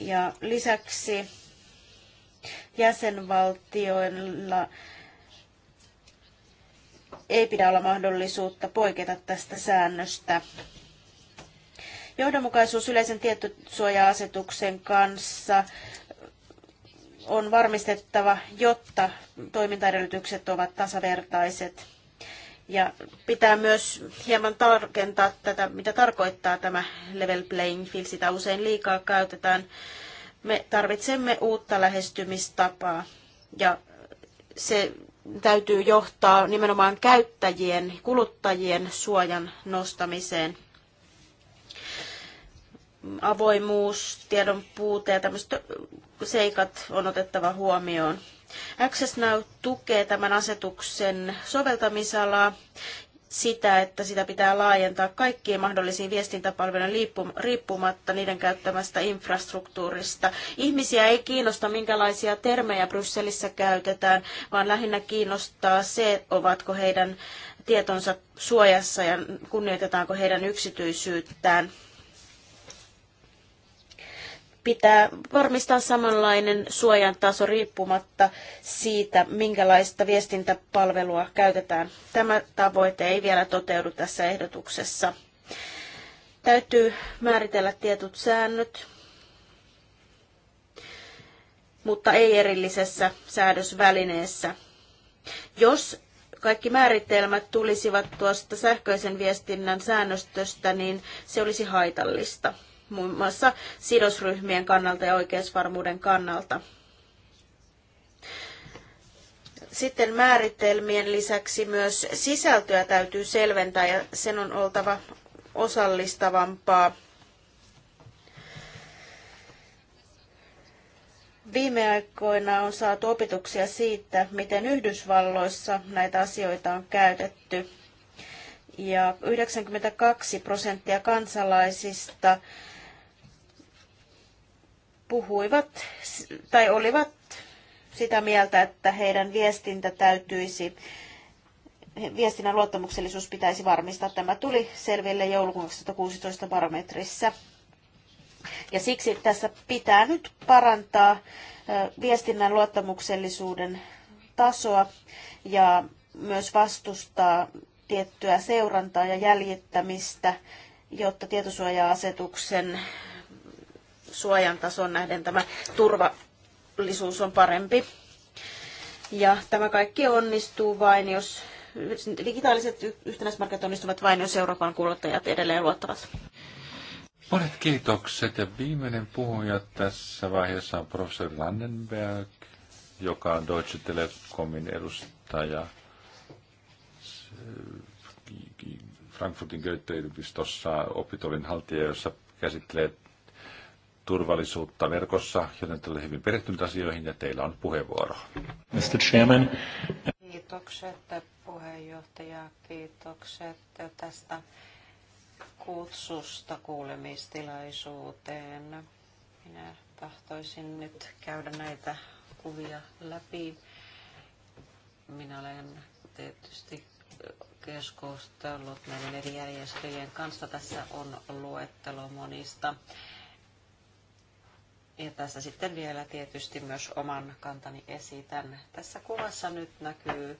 Ja lisäksi jäsenvaltioilla ei pidä olla mahdollisuutta poiketa tästä säännöstä. Johdonmukaisuus yleisen tietosuoja-asetuksen kanssa on varmistettava, jotta toimintaedellytykset ovat tasavertaiset. Ja pitää myös hieman tarkentaa tätä, mitä tarkoittaa tämä level playing field. Sitä usein liikaa käytetään. Me tarvitsemme uutta lähestymistapaa ja se täytyy johtaa nimenomaan käyttäjien, kuluttajien suojan nostamiseen. Avoimuus, tiedon puute ja tämmöiset seikat on otettava huomioon. Access Now tukee tämän asetuksen soveltamisalaa sitä, että sitä pitää laajentaa kaikkiin mahdollisiin viestintäpalveluihin riippumatta niiden käyttämästä infrastruktuurista. Ihmisiä ei kiinnosta, minkälaisia termejä Brysselissä käytetään, vaan lähinnä kiinnostaa se, ovatko heidän tietonsa suojassa ja kunnioitetaanko heidän yksityisyyttään pitää varmistaa samanlainen suojan taso riippumatta siitä, minkälaista viestintäpalvelua käytetään. Tämä tavoite ei vielä toteudu tässä ehdotuksessa. Täytyy määritellä tietyt säännöt, mutta ei erillisessä säädösvälineessä. Jos kaikki määritelmät tulisivat tuosta sähköisen viestinnän säännöstöstä, niin se olisi haitallista muun muassa sidosryhmien kannalta ja oikeusvarmuuden kannalta. Sitten määritelmien lisäksi myös sisältöä täytyy selventää ja sen on oltava osallistavampaa. Viime aikoina on saatu opetuksia siitä, miten Yhdysvalloissa näitä asioita on käytetty. Ja 92 prosenttia kansalaisista puhuivat tai olivat sitä mieltä, että heidän viestintä täytyisi, viestinnän luottamuksellisuus pitäisi varmistaa. Tämä tuli selville joulukuun 2016 barometrissä. Ja siksi tässä pitää nyt parantaa viestinnän luottamuksellisuuden tasoa ja myös vastustaa tiettyä seurantaa ja jäljittämistä, jotta tietosuoja-asetuksen suojan tason nähden tämä turvallisuus on parempi. Ja tämä kaikki onnistuu vain, jos digitaaliset yhtenäismarkkinat onnistuvat vain, jos Euroopan kuluttajat edelleen luottavat. Monet kiitokset ja viimeinen puhuja tässä vaiheessa on professori Landenberg, joka on Deutsche Telekomin edustaja Frankfurtin Goethe-yliopistossa opitolin haltija, jossa käsittelee turvallisuutta verkossa, joten olette hyvin perehtyneet asioihin ja teillä on puheenvuoro. Mr. Chairman. Kiitokset puheenjohtaja, kiitokset tästä kutsusta kuulemistilaisuuteen. Minä tahtoisin nyt käydä näitä kuvia läpi. Minä olen tietysti keskustellut näiden eri järjestöjen kanssa. Tässä on luettelo monista ja tässä sitten vielä tietysti myös oman kantani esitän. Tässä kuvassa nyt näkyy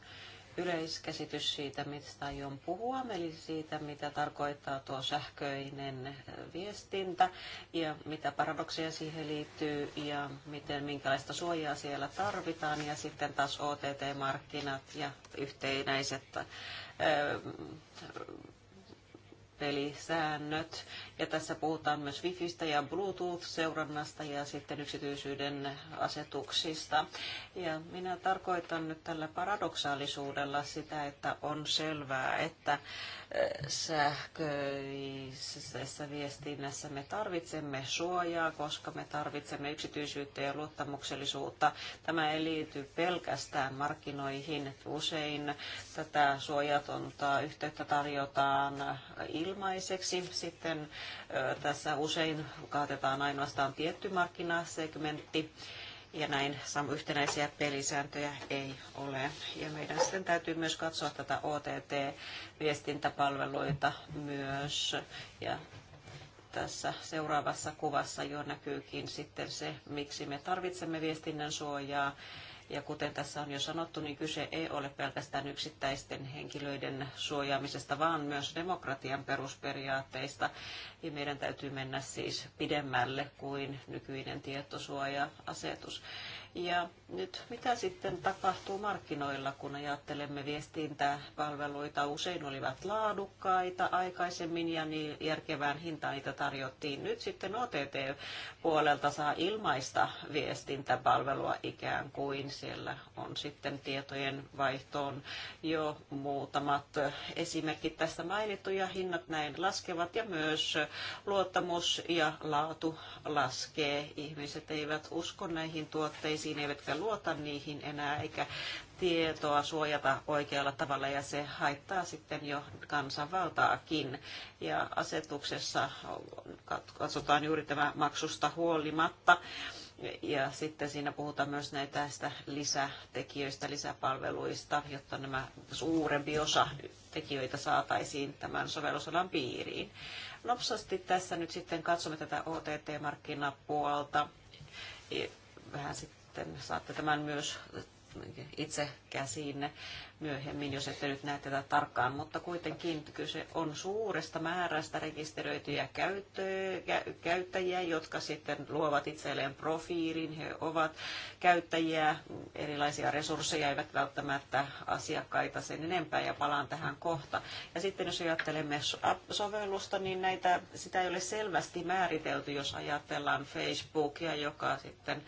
yleiskäsitys siitä, mistä aion puhua, eli siitä, mitä tarkoittaa tuo sähköinen äh, viestintä ja mitä paradoksia siihen liittyy ja miten, minkälaista suojaa siellä tarvitaan ja sitten taas OTT-markkinat ja yhteinäiset öö, äh, pelisäännöt ja tässä puhutaan myös Wifistä ja Bluetooth-seurannasta ja sitten yksityisyyden asetuksista. Ja minä tarkoitan nyt tällä paradoksaalisuudella sitä, että on selvää, että sähköisessä viestinnässä me tarvitsemme suojaa, koska me tarvitsemme yksityisyyttä ja luottamuksellisuutta. Tämä ei liity pelkästään markkinoihin. Usein tätä suojatonta yhteyttä tarjotaan ilmaiseksi. Sitten tässä usein katetaan ainoastaan tietty markkinasegmentti ja näin yhtenäisiä pelisääntöjä ei ole. Ja meidän sitten täytyy myös katsoa tätä OTT-viestintäpalveluita myös. Ja tässä seuraavassa kuvassa jo näkyykin sitten se, miksi me tarvitsemme viestinnän suojaa ja kuten tässä on jo sanottu, niin kyse ei ole pelkästään yksittäisten henkilöiden suojaamisesta, vaan myös demokratian perusperiaatteista. Ja meidän täytyy mennä siis pidemmälle kuin nykyinen tietosuoja-asetus. Ja nyt mitä sitten tapahtuu markkinoilla, kun ajattelemme viestintäpalveluita? Usein olivat laadukkaita aikaisemmin ja niin järkevään hintaan niitä tarjottiin. Nyt sitten OTT-puolelta saa ilmaista viestintäpalvelua ikään kuin. Siellä on sitten tietojen vaihtoon jo muutamat esimerkit tässä mainittu ja hinnat näin laskevat ja myös luottamus ja laatu laskee. Ihmiset eivät usko näihin tuotteisiin välineisiin, eivätkä luota niihin enää, eikä tietoa suojata oikealla tavalla ja se haittaa sitten jo kansanvaltaakin. Ja asetuksessa katsotaan juuri tämä maksusta huolimatta. Ja sitten siinä puhutaan myös näistä lisätekijöistä, lisäpalveluista, jotta nämä suurempi osa tekijöitä saataisiin tämän sovellusalan piiriin. Nopsasti tässä nyt sitten katsomme tätä OTT-markkinapuolta vähän sit sitten saatte tämän myös itse käsiinne myöhemmin, jos ette nyt näe tätä tarkkaan, mutta kuitenkin kyse on suuresta määrästä rekisteröityjä käyttäjiä, jotka sitten luovat itselleen profiilin. He ovat käyttäjiä, erilaisia resursseja, eivät välttämättä asiakkaita sen enempää ja palaan tähän kohta. Ja sitten jos ajattelemme sovellusta, niin näitä, sitä ei ole selvästi määritelty, jos ajatellaan Facebookia, joka sitten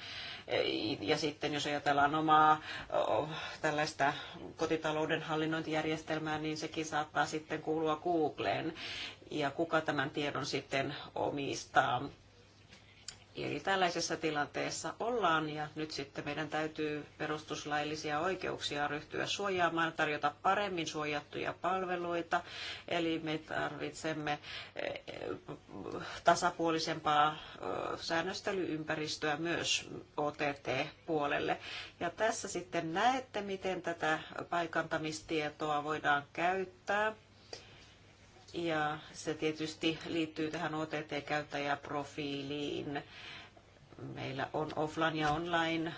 ja sitten jos ajatellaan omaa tällaista koti digitalouden hallinnointijärjestelmää, niin sekin saattaa sitten kuulua Googleen. Ja kuka tämän tiedon sitten omistaa? Eli tällaisessa tilanteessa ollaan ja nyt sitten meidän täytyy perustuslaillisia oikeuksia ryhtyä suojaamaan, tarjota paremmin suojattuja palveluita. Eli me tarvitsemme eh, tasapuolisempaa eh, säännöstelyympäristöä myös OTT-puolelle. Ja tässä sitten näette, miten tätä paikantamistietoa voidaan käyttää ja se tietysti liittyy tähän OTT-käyttäjäprofiiliin. Meillä on offline ja online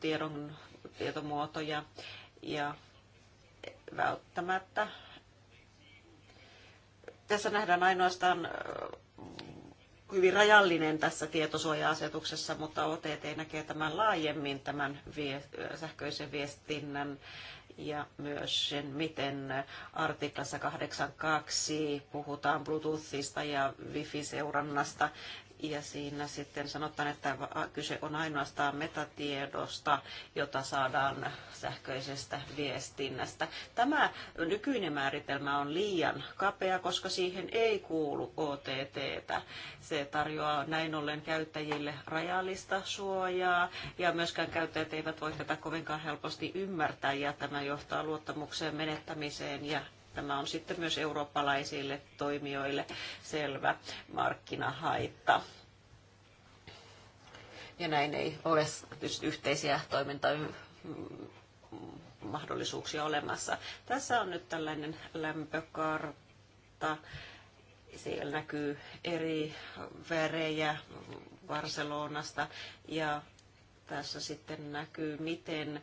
tiedon, tietomuotoja ja välttämättä tässä nähdään ainoastaan hyvin rajallinen tässä tietosuoja-asetuksessa, mutta OTT näkee tämän laajemmin tämän vie- sähköisen viestinnän ja myös sen, miten artiklassa 8.2 puhutaan Bluetoothista ja Wi-Fi-seurannasta ja siinä sitten sanotaan, että kyse on ainoastaan metatiedosta, jota saadaan sähköisestä viestinnästä. Tämä nykyinen määritelmä on liian kapea, koska siihen ei kuulu OTTtä. Se tarjoaa näin ollen käyttäjille rajallista suojaa ja myöskään käyttäjät eivät voi tätä kovinkaan helposti ymmärtää ja tämä johtaa luottamuksen menettämiseen ja Tämä on sitten myös eurooppalaisille toimijoille selvä markkinahaitta ja näin ei ole yhteisiä toimintamahdollisuuksia olemassa. Tässä on nyt tällainen lämpökartta. Siellä näkyy eri värejä Barcelonasta ja tässä sitten näkyy, miten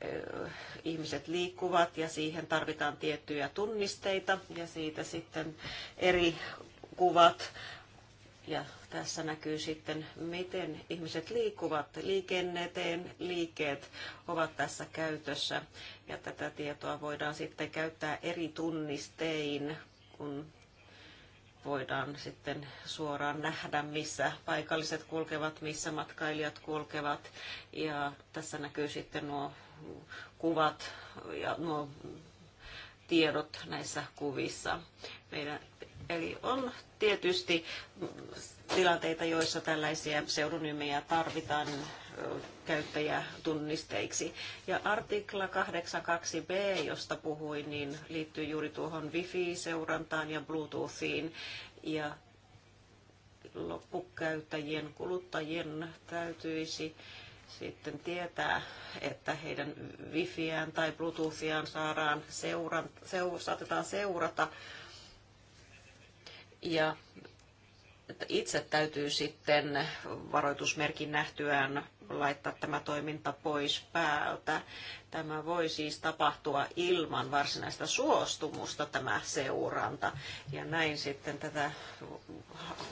Eh, ihmiset liikkuvat ja siihen tarvitaan tiettyjä tunnisteita ja siitä sitten eri kuvat. Ja tässä näkyy sitten, miten ihmiset liikkuvat. Liikenneteen liikkeet ovat tässä käytössä ja tätä tietoa voidaan sitten käyttää eri tunnistein, kun voidaan sitten suoraan nähdä, missä paikalliset kulkevat, missä matkailijat kulkevat. Ja tässä näkyy sitten nuo kuvat ja nuo tiedot näissä kuvissa. Meidän, eli on tietysti tilanteita, joissa tällaisia pseudonyymejä tarvitaan käyttäjätunnisteiksi. Ja artikla 82b, josta puhuin, niin liittyy juuri tuohon Wi-Fi-seurantaan ja Bluetoothiin. Ja loppukäyttäjien, kuluttajien täytyisi sitten tietää, että heidän wifiään tai bluetoothiaan saadaan seuran, seu, saatetaan seurata. Ja itse täytyy sitten varoitusmerkin nähtyään laittaa tämä toiminta pois päältä. Tämä voi siis tapahtua ilman varsinaista suostumusta tämä seuranta. Ja näin sitten tätä,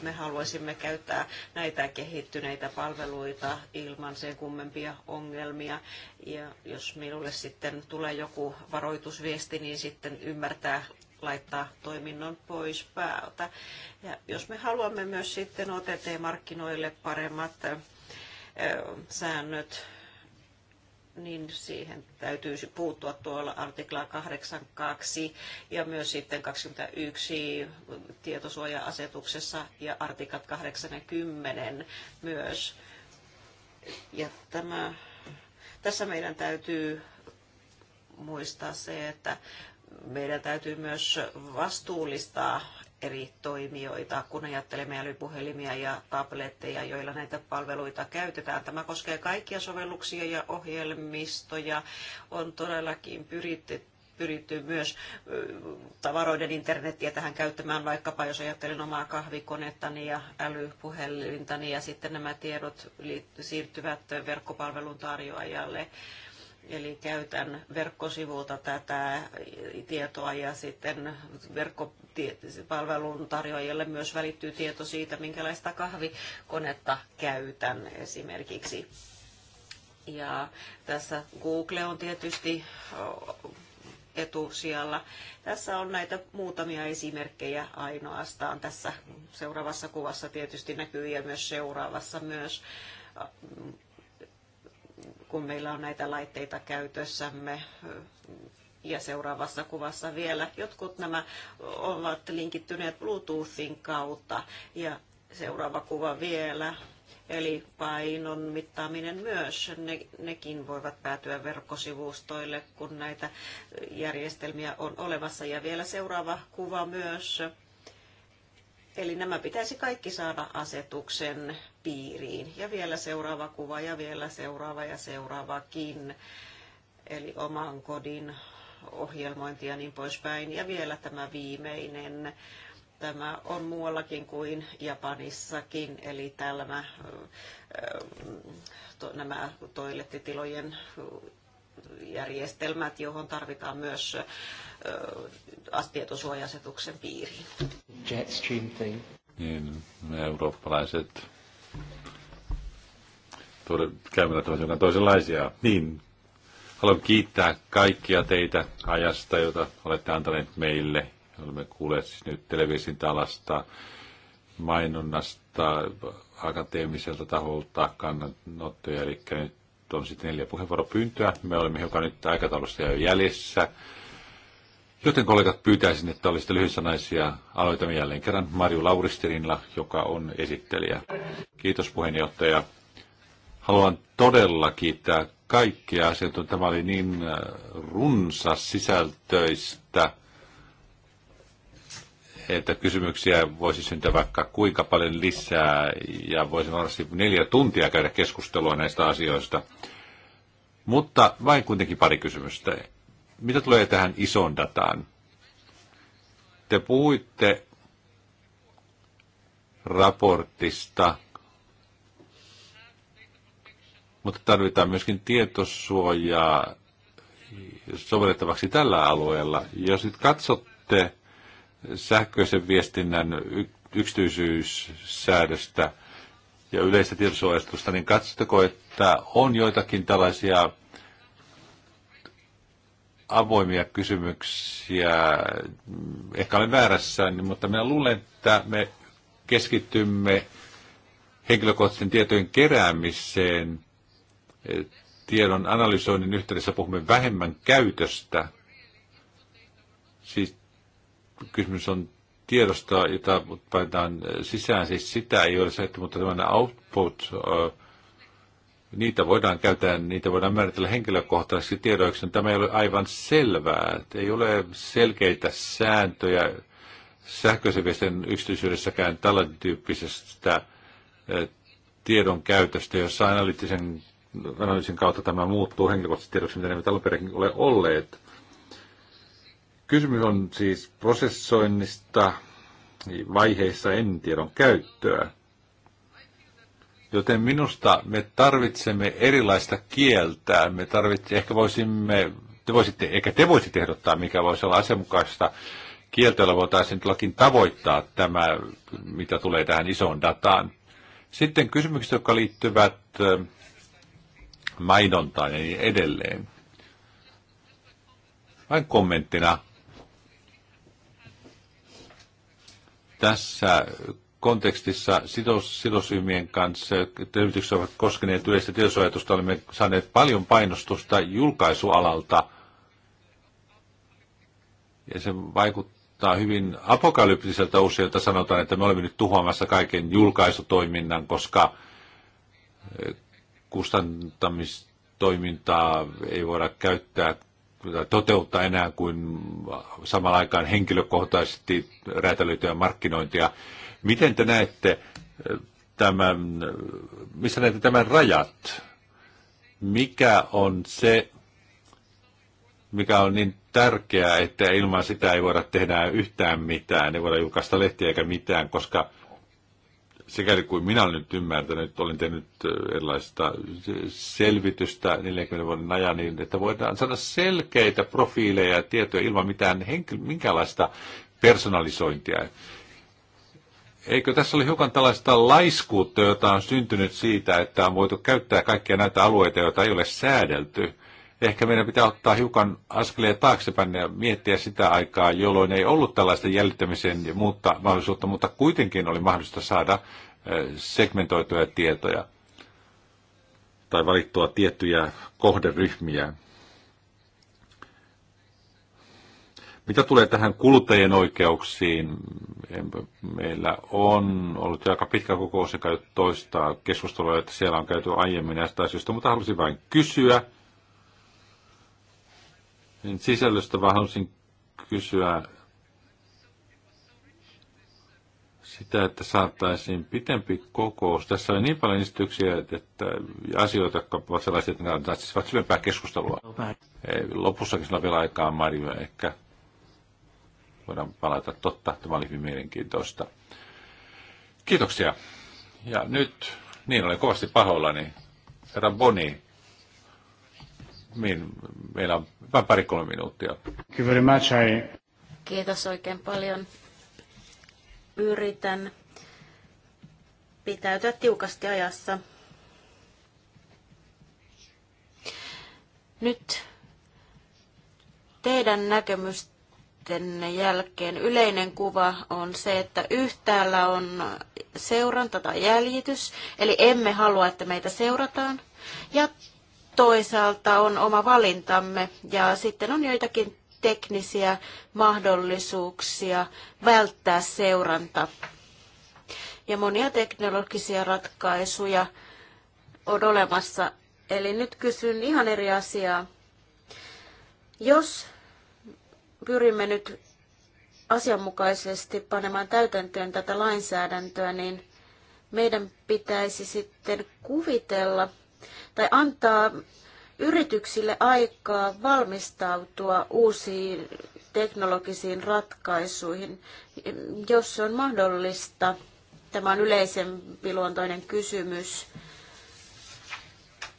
me haluaisimme käyttää näitä kehittyneitä palveluita ilman sen kummempia ongelmia. Ja jos minulle sitten tulee joku varoitusviesti, niin sitten ymmärtää laittaa toiminnon pois päältä. Ja jos me haluamme myös sitten OTT-markkinoille paremmat säännöt, niin siihen täytyisi puuttua tuolla artikla 82 ja myös sitten 21 tietosuoja-asetuksessa ja artiklat 80 myös. Ja tämä, tässä meidän täytyy muistaa se, että meidän täytyy myös vastuullistaa eri toimijoita, kun ajattelemme älypuhelimia ja tabletteja, joilla näitä palveluita käytetään. Tämä koskee kaikkia sovelluksia ja ohjelmistoja. On todellakin pyritty pyritty myös tavaroiden internettiä tähän käyttämään, vaikkapa jos ajattelen omaa kahvikonettani ja älypuhelintani, ja sitten nämä tiedot siirtyvät verkkopalvelun tarjoajalle Eli käytän verkkosivuilta tätä tietoa ja sitten verkkopalvelun tarjoajille myös välittyy tieto siitä, minkälaista kahvikonetta käytän esimerkiksi. Ja tässä Google on tietysti etusijalla. Tässä on näitä muutamia esimerkkejä ainoastaan. Tässä seuraavassa kuvassa tietysti näkyy ja myös seuraavassa myös kun meillä on näitä laitteita käytössämme. Ja seuraavassa kuvassa vielä jotkut nämä ovat linkittyneet Bluetoothin kautta. Ja seuraava kuva vielä. Eli painon mittaaminen myös, ne, nekin voivat päätyä verkkosivustoille, kun näitä järjestelmiä on olemassa. Ja vielä seuraava kuva myös. Eli nämä pitäisi kaikki saada asetuksen piiriin. Ja vielä seuraava kuva ja vielä seuraava ja seuraavakin. Eli oman kodin ohjelmointi ja niin poispäin. Ja vielä tämä viimeinen. Tämä on muuallakin kuin Japanissakin, eli tämä, to, nämä toilettitilojen järjestelmät, johon tarvitaan myös tietosuojasetuksen piiriin. Jetstream thing. Niin, me eurooppalaiset käymällä ovat jotain toisenlaisia. Niin, haluan kiittää kaikkia teitä ajasta, jota olette antaneet meille. Olemme kuulleet siis nyt talasta, mainonnasta, akateemiselta taholta kannanottoja, eli nyt on sitten neljä puheenvuoropyyntöä. Me olemme hiukan nyt aikataulusta jo jäljessä. Joten kollegat pyytäisin, että olisitte lyhytsanaisia. Aloitamme jälleen kerran Marju Lauristerinilla, joka on esittelijä. Kiitos puheenjohtaja. Haluan todella kiittää kaikkia asioita. Tämä oli niin äh, runsas sisältöistä, että kysymyksiä voisi syntyä vaikka kuinka paljon lisää ja voisi varmasti neljä tuntia käydä keskustelua näistä asioista. Mutta vain kuitenkin pari kysymystä. Mitä tulee tähän isoon dataan? Te puhuitte raportista, mutta tarvitaan myöskin tietosuojaa sovellettavaksi tällä alueella. Jos nyt katsotte sähköisen viestinnän yksityisyyssäädöstä ja yleistä tietosuojastusta, niin katsotteko, että on joitakin tällaisia avoimia kysymyksiä. Ehkä olen väärässä, mutta minä luulen, että me keskittymme henkilökohtaisten tietojen keräämiseen. Tiedon analysoinnin yhteydessä puhumme vähemmän käytöstä. Siis kysymys on tiedosta, jota painetaan sisään, siis sitä ei ole se, mutta tämmöinen output, uh, niitä voidaan käyttää, niitä voidaan määritellä henkilökohtaisesti tiedoiksi. Tämä ei ole aivan selvää, että ei ole selkeitä sääntöjä sähköisen viestin yksityisyydessäkään tällä tyyppisestä eh, tiedon käytöstä, jossa analyyttisen analyysin kautta tämä muuttuu henkilökohtaisesti tiedoksi, mitä ne alun perin ole olleet. Kysymys on siis prosessoinnista vaiheissa en tiedon käyttöä. Joten minusta me tarvitsemme erilaista kieltä. Me tarvitsemme, ehkä voisimme, te voisitte, ehkä te voisitte ehdottaa, mikä voisi olla asianmukaista jolla voitaisiin todellakin tavoittaa tämä, mitä tulee tähän isoon dataan. Sitten kysymykset, jotka liittyvät mainontaan ja niin edelleen. Vain kommenttina. Tässä kontekstissa sidos, sidosryhmien kanssa, että ovat koskeneet yleistä tietosuojatusta, olemme saaneet paljon painostusta julkaisualalta. Ja se vaikuttaa hyvin apokalyptiseltä usein, että sanotaan, että me olemme nyt tuhoamassa kaiken julkaisutoiminnan, koska e, kustantamistoimintaa ei voida käyttää toteuttaa enää kuin samalla aikaan henkilökohtaisesti räätälöityä markkinointia. Miten te näette eh, tämän, eh, missä näette tämän rajat? Mikä on se, mikä on niin tärkeää, että ilman sitä ei voida tehdä yhtään mitään, ei voida julkaista lehtiä eikä mitään, koska sikäli kuin minä olen nyt ymmärtänyt, olin tehnyt eh, erilaista selvitystä 40 vuoden ajan, niin että voidaan saada selkeitä profiileja ja tietoja ilman mitään henkil- minkälaista personalisointia. Eikö tässä ole hiukan tällaista laiskuutta, jota on syntynyt siitä, että on voitu käyttää kaikkia näitä alueita, joita ei ole säädelty? Ehkä meidän pitää ottaa hiukan askeleen taaksepäin ja miettiä sitä aikaa, jolloin ei ollut tällaista jäljittämisen muutta mahdollisuutta, mutta kuitenkin oli mahdollista saada eh, segmentoituja tietoja tai valittua tiettyjä kohderyhmiä. Mitä tulee tähän kuluttajien oikeuksiin, meillä on ollut aika pitkä kokous, käyty toista keskustelua, että siellä on käyty aiemmin näistä asioista, mutta halusin vain kysyä sisällöstä, vaan halusin kysyä sitä, että saattaisiin pitempi kokous. Tässä oli niin paljon esityksiä että asioita, jotka ovat sellaisia, että ne siis syvempää keskustelua. Lopussakin sillä on vielä aikaa, Marjo, ehkä voidaan palata. Totta, tämä oli hyvin mielenkiintoista. Kiitoksia. Ja nyt, niin olen kovasti pahoillani, herra Boni, niin, meillä on vain pari kolme minuuttia. Kiitos oikein paljon. Yritän pitäytyä tiukasti ajassa. Nyt teidän näkemystä sitten jälkeen yleinen kuva on se, että yhtäällä on seuranta tai jäljitys, eli emme halua, että meitä seurataan, ja toisaalta on oma valintamme, ja sitten on joitakin teknisiä mahdollisuuksia välttää seuranta. Ja monia teknologisia ratkaisuja on olemassa. Eli nyt kysyn ihan eri asiaa. Jos pyrimme nyt asianmukaisesti panemaan täytäntöön tätä lainsäädäntöä, niin meidän pitäisi sitten kuvitella tai antaa yrityksille aikaa valmistautua uusiin teknologisiin ratkaisuihin, jos se on mahdollista. Tämä on yleisempi luontoinen kysymys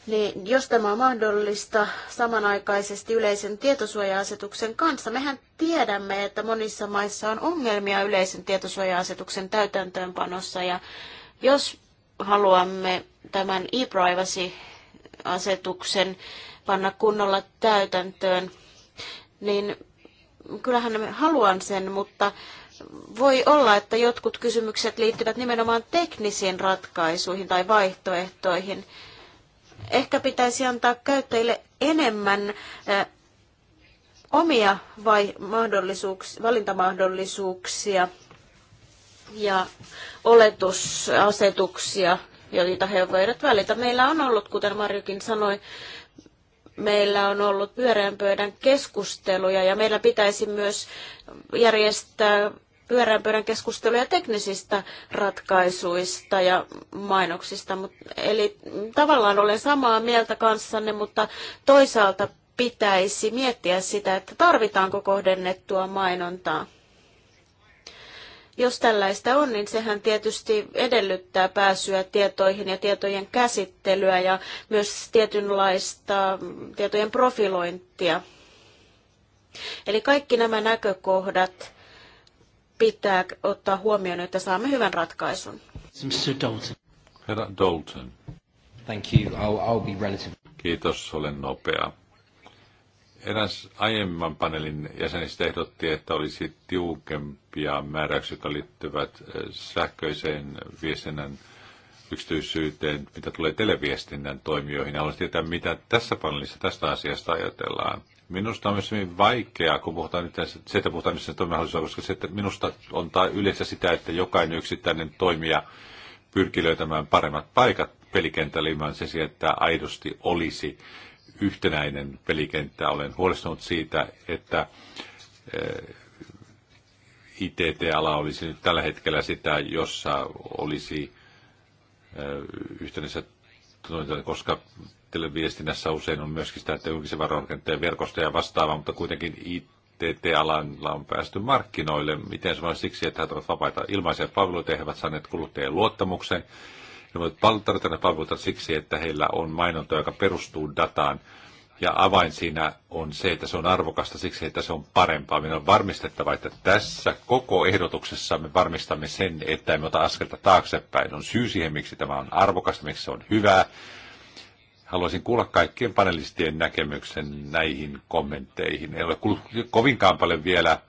niin jos tämä on mahdollista samanaikaisesti yleisen tietosuoja-asetuksen kanssa, mehän tiedämme, että monissa maissa on ongelmia yleisen tietosuoja-asetuksen täytäntöönpanossa ja jos haluamme tämän e-privacy-asetuksen panna kunnolla täytäntöön, niin kyllähän haluan sen, mutta voi olla, että jotkut kysymykset liittyvät nimenomaan teknisiin ratkaisuihin tai vaihtoehtoihin. Ehkä pitäisi antaa käyttäjille enemmän omia vai mahdollisuuksia, valintamahdollisuuksia ja oletusasetuksia, joita he voivat välitä. Meillä on ollut, kuten Marjukin sanoi, meillä on ollut pyöreän pöydän keskusteluja ja meillä pitäisi myös järjestää pyörän pyörän keskusteluja teknisistä ratkaisuista ja mainoksista. Eli tavallaan olen samaa mieltä kanssanne, mutta toisaalta pitäisi miettiä sitä, että tarvitaanko kohdennettua mainontaa. Jos tällaista on, niin sehän tietysti edellyttää pääsyä tietoihin ja tietojen käsittelyä ja myös tietynlaista tietojen profilointia. Eli kaikki nämä näkökohdat pitää ottaa huomioon, että saamme hyvän ratkaisun. Mr. Dalton. Herra Dalton. Thank you. I'll, I'll be relative. Kiitos, olen nopea. Eräs aiemman paneelin jäsenistä ehdotti, että olisi tiukempia määräyksiä, jotka liittyvät eh, sähköiseen viestinnän yksityisyyteen, mitä tulee televiestinnän toimijoihin. Haluaisin tietää, mitä tässä paneelissa tästä asiasta ajatellaan. Minusta on myös hyvin vaikeaa, kun puhutaan nyt se, että puhutaan nyt toiminnallisuudesta, koska se, että minusta on tai yleensä sitä, että jokainen yksittäinen toimija pyrkii löytämään paremmat paikat pelikentällä ilman se, että aidosti olisi yhtenäinen pelikenttä. Olen huolestunut siitä, että eh, ITT-ala olisi nyt tällä hetkellä sitä, jossa olisi eh, yhtenäiset koska televiestinnässä usein on myöskin sitä, että julkisen vararakenteen verkostoja vastaava, mutta kuitenkin ITT-alalla on päästy markkinoille. Miten se on siksi, että he ovat vapaita ilmaisia palveluita ja he ovat saaneet kuluttajien luottamuksen. He ovat tarjota palveluita siksi, että heillä on mainonta, joka perustuu dataan. Ja avain siinä on se, että se on arvokasta siksi, että se on parempaa. Meidän on varmistettava, että tässä koko ehdotuksessa me varmistamme sen, että emme ota askelta taaksepäin. On syy siihen, miksi tämä on arvokasta, miksi se on hyvää. Haluaisin kuulla kaikkien panelistien näkemyksen näihin kommentteihin. Ei ole kovinkaan paljon vielä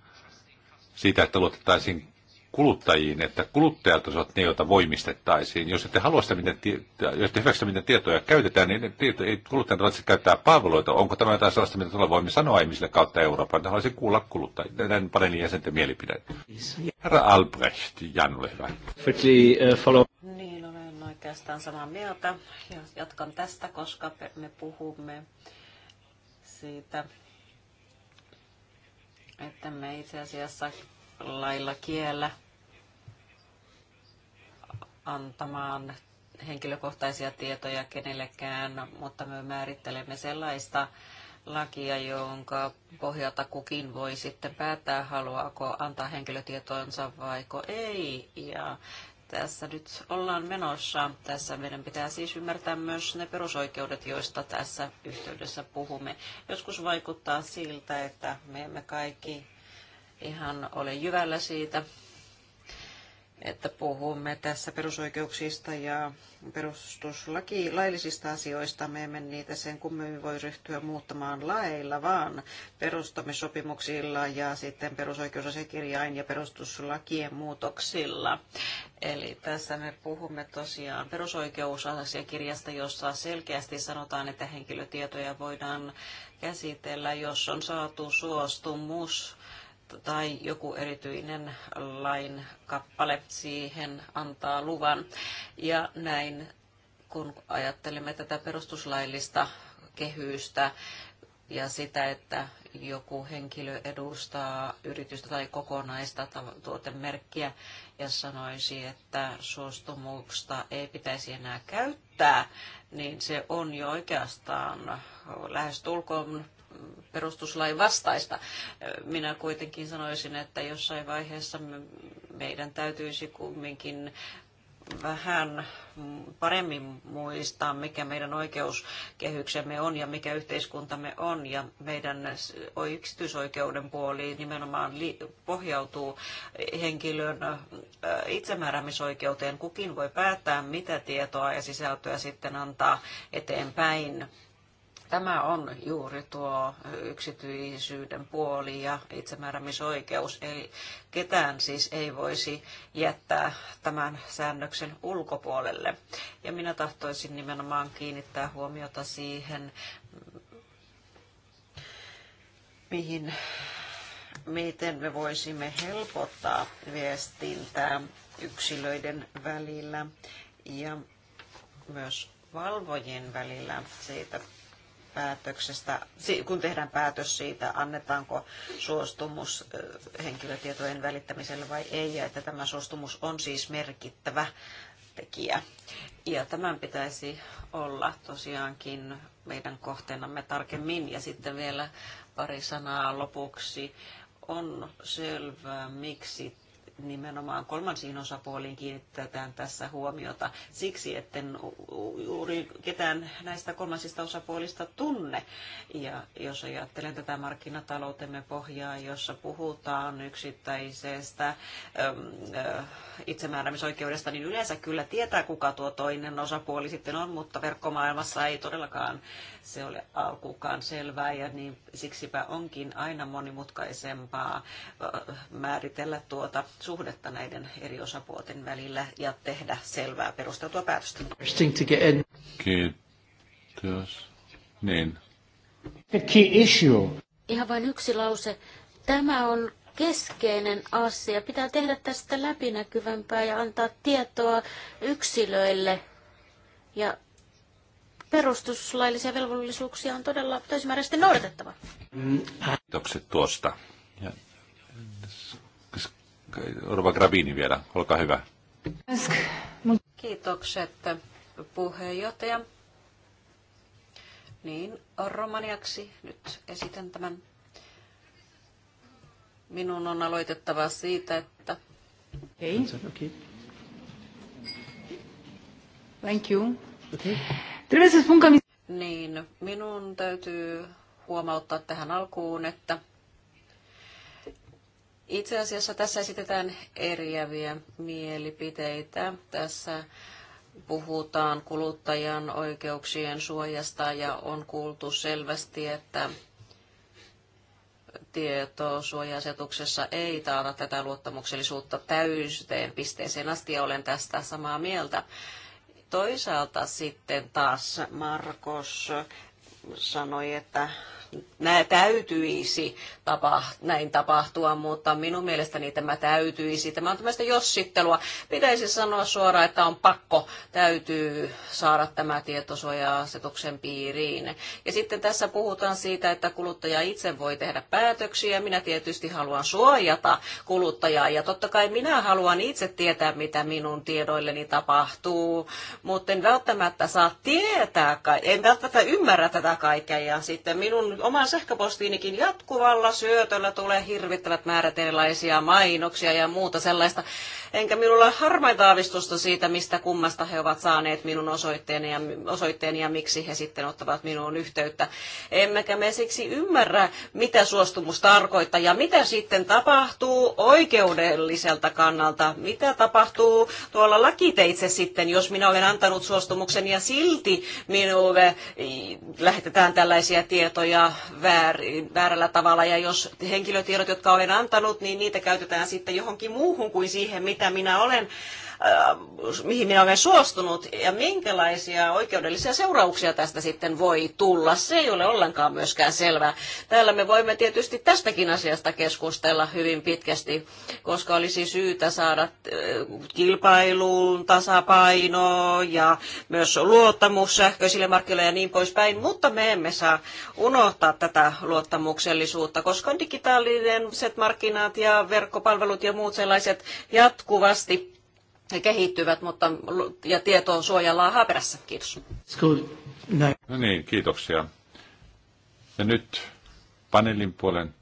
siitä, että luotettaisiin kuluttajiin, että kuluttajat ovat ne, joita voimistettaisiin. Jos ette halua sitä, miten, jos ette hyväksytä, miten tietoja käytetään, niin tieto, ei kuluttajan tarvitse käyttää palveluita. Onko tämä jotain sellaista, mitä tuolla voimme sanoa ihmisille kautta Euroopan? Että haluaisin kuulla kuluttajien, näiden paremmin jäsenten mielipide. Herra Albrecht, Jan, ole hyvä. Niin, olen oikeastaan samaa mieltä. Jatkan tästä, koska me puhumme siitä, että me itse asiassa lailla kiellä antamaan henkilökohtaisia tietoja kenellekään, mutta me määrittelemme sellaista lakia, jonka pohjalta kukin voi sitten päättää, haluaako antaa henkilötietoonsa vai ei. Ja tässä nyt ollaan menossa. Tässä meidän pitää siis ymmärtää myös ne perusoikeudet, joista tässä yhteydessä puhumme. Joskus vaikuttaa siltä, että me emme kaikki ihan ole jyvällä siitä, että puhumme tässä perusoikeuksista ja laillisista asioista. Me emme niitä sen kummemmin voi ryhtyä muuttamaan laeilla, vaan perustamissopimuksilla ja sitten perusoikeusasiakirjain ja perustuslakien muutoksilla. Eli tässä me puhumme tosiaan perusoikeusasiakirjasta, jossa selkeästi sanotaan, että henkilötietoja voidaan käsitellä, jos on saatu suostumus tai joku erityinen lain kappale siihen antaa luvan. Ja näin kun ajattelemme tätä perustuslaillista kehystä ja sitä, että joku henkilö edustaa yritystä tai kokonaista tuotemerkkiä ja sanoisi, että suostumusta ei pitäisi enää käyttää, niin se on jo oikeastaan lähes tulkoon perustuslain vastaista. Minä kuitenkin sanoisin, että jossain vaiheessa meidän täytyisi kumminkin vähän paremmin muistaa, mikä meidän oikeuskehyksemme on ja mikä yhteiskuntamme on. Ja meidän yksityisoikeuden puoli nimenomaan pohjautuu henkilön itsemääräämisoikeuteen. Kukin voi päättää, mitä tietoa ja sisältöä sitten antaa eteenpäin Tämä on juuri tuo yksityisyyden puoli ja itsemääräämisoikeus. Eli ketään siis ei voisi jättää tämän säännöksen ulkopuolelle. Ja minä tahtoisin nimenomaan kiinnittää huomiota siihen, mihin, miten me voisimme helpottaa viestintää yksilöiden välillä ja myös valvojien välillä siitä päätöksestä, kun tehdään päätös siitä, annetaanko suostumus henkilötietojen välittämiselle vai ei, ja että tämä suostumus on siis merkittävä tekijä. Ja tämän pitäisi olla tosiaankin meidän kohteenamme tarkemmin. Ja sitten vielä pari sanaa lopuksi. On selvää, miksi nimenomaan kolmansiin osapuoliin kiinnitetään tässä huomiota siksi, etten juuri ketään näistä kolmansista osapuolista tunne. Ja jos ajattelen tätä markkinataloutemme pohjaa, jossa puhutaan yksittäisestä äh, itsemääräämisoikeudesta, niin yleensä kyllä tietää, kuka tuo toinen osapuoli sitten on, mutta verkkomaailmassa ei todellakaan se ole alkukaan selvää ja niin siksipä onkin aina monimutkaisempaa äh, määritellä tuota suhdetta näiden eri osapuolten välillä ja tehdä selvää perusteltua päätöstä. Kiitos. Niin. key issue. Ihan vain yksi lause. Tämä on keskeinen asia. Pitää tehdä tästä läpinäkyvämpää ja antaa tietoa yksilöille ja perustuslaillisia velvollisuuksia on todella täysimääräisesti noudatettava. Kiitokset tuosta. Ja, Orva Grabini vielä, olkaa hyvä. Kiitokset puheenjohtaja. Niin, romaniaksi nyt esitän tämän. Minun on aloitettava siitä, että... Ei. Okay. Thank you. Okay. Trebuie să Niin, minun täytyy huomauttaa tähän alkuun, että itse asiassa tässä esitetään eriäviä mielipiteitä. Tässä puhutaan kuluttajan oikeuksien suojasta ja on kuultu selvästi, että tietosuoja-asetuksessa ei taata tätä luottamuksellisuutta täysteen pisteeseen asti ja olen tästä samaa mieltä. Toisaalta sitten taas Markos sanoi, että nää täytyisi tapa, näin tapahtua, mutta minun mielestäni tämä täytyisi. Tämä on tämmöistä jossittelua. Pitäisi sanoa suoraan, että on pakko, täytyy saada tämä tietosuoja-asetuksen piiriin. Ja sitten tässä puhutaan siitä, että kuluttaja itse voi tehdä päätöksiä. Minä tietysti haluan suojata kuluttajaa ja totta kai minä haluan itse tietää, mitä minun tiedoilleni tapahtuu, mutta en välttämättä saa tietää, en välttämättä ymmärrä tätä kaikkea ja sitten minun omaan sähköpostiinikin jatkuvalla syötöllä tulee hirvittävät määrät erilaisia mainoksia ja muuta sellaista. Enkä minulla ole harmaita aavistusta siitä, mistä kummasta he ovat saaneet minun osoitteeni ja, osoitteeni ja miksi he sitten ottavat minuun yhteyttä. Emmekä me siksi ymmärrä, mitä suostumus tarkoittaa ja mitä sitten tapahtuu oikeudelliselta kannalta. Mitä tapahtuu tuolla lakiteitse sitten, jos minä olen antanut suostumuksen ja silti minulle lähetetään tällaisia tietoja väärin, väärällä tavalla. Ja jos henkilötiedot, jotka olen antanut, niin niitä käytetään sitten johonkin muuhun kuin siihen, mitä minä olen Äh, mihin minä olen suostunut ja minkälaisia oikeudellisia seurauksia tästä sitten voi tulla. Se ei ole ollenkaan myöskään selvää. Täällä me voimme tietysti tästäkin asiasta keskustella hyvin pitkästi, koska olisi syytä saada äh, kilpailuun tasapaino ja myös luottamus sähköisille markkinoille ja niin poispäin, mutta me emme saa unohtaa tätä luottamuksellisuutta, koska digitaaliset markkinat ja verkkopalvelut ja muut sellaiset jatkuvasti kehittyvät, mutta ja tietoa suojellaan haaperässä. Kiitos. No niin, kiitoksia. Ja nyt paneelin puolen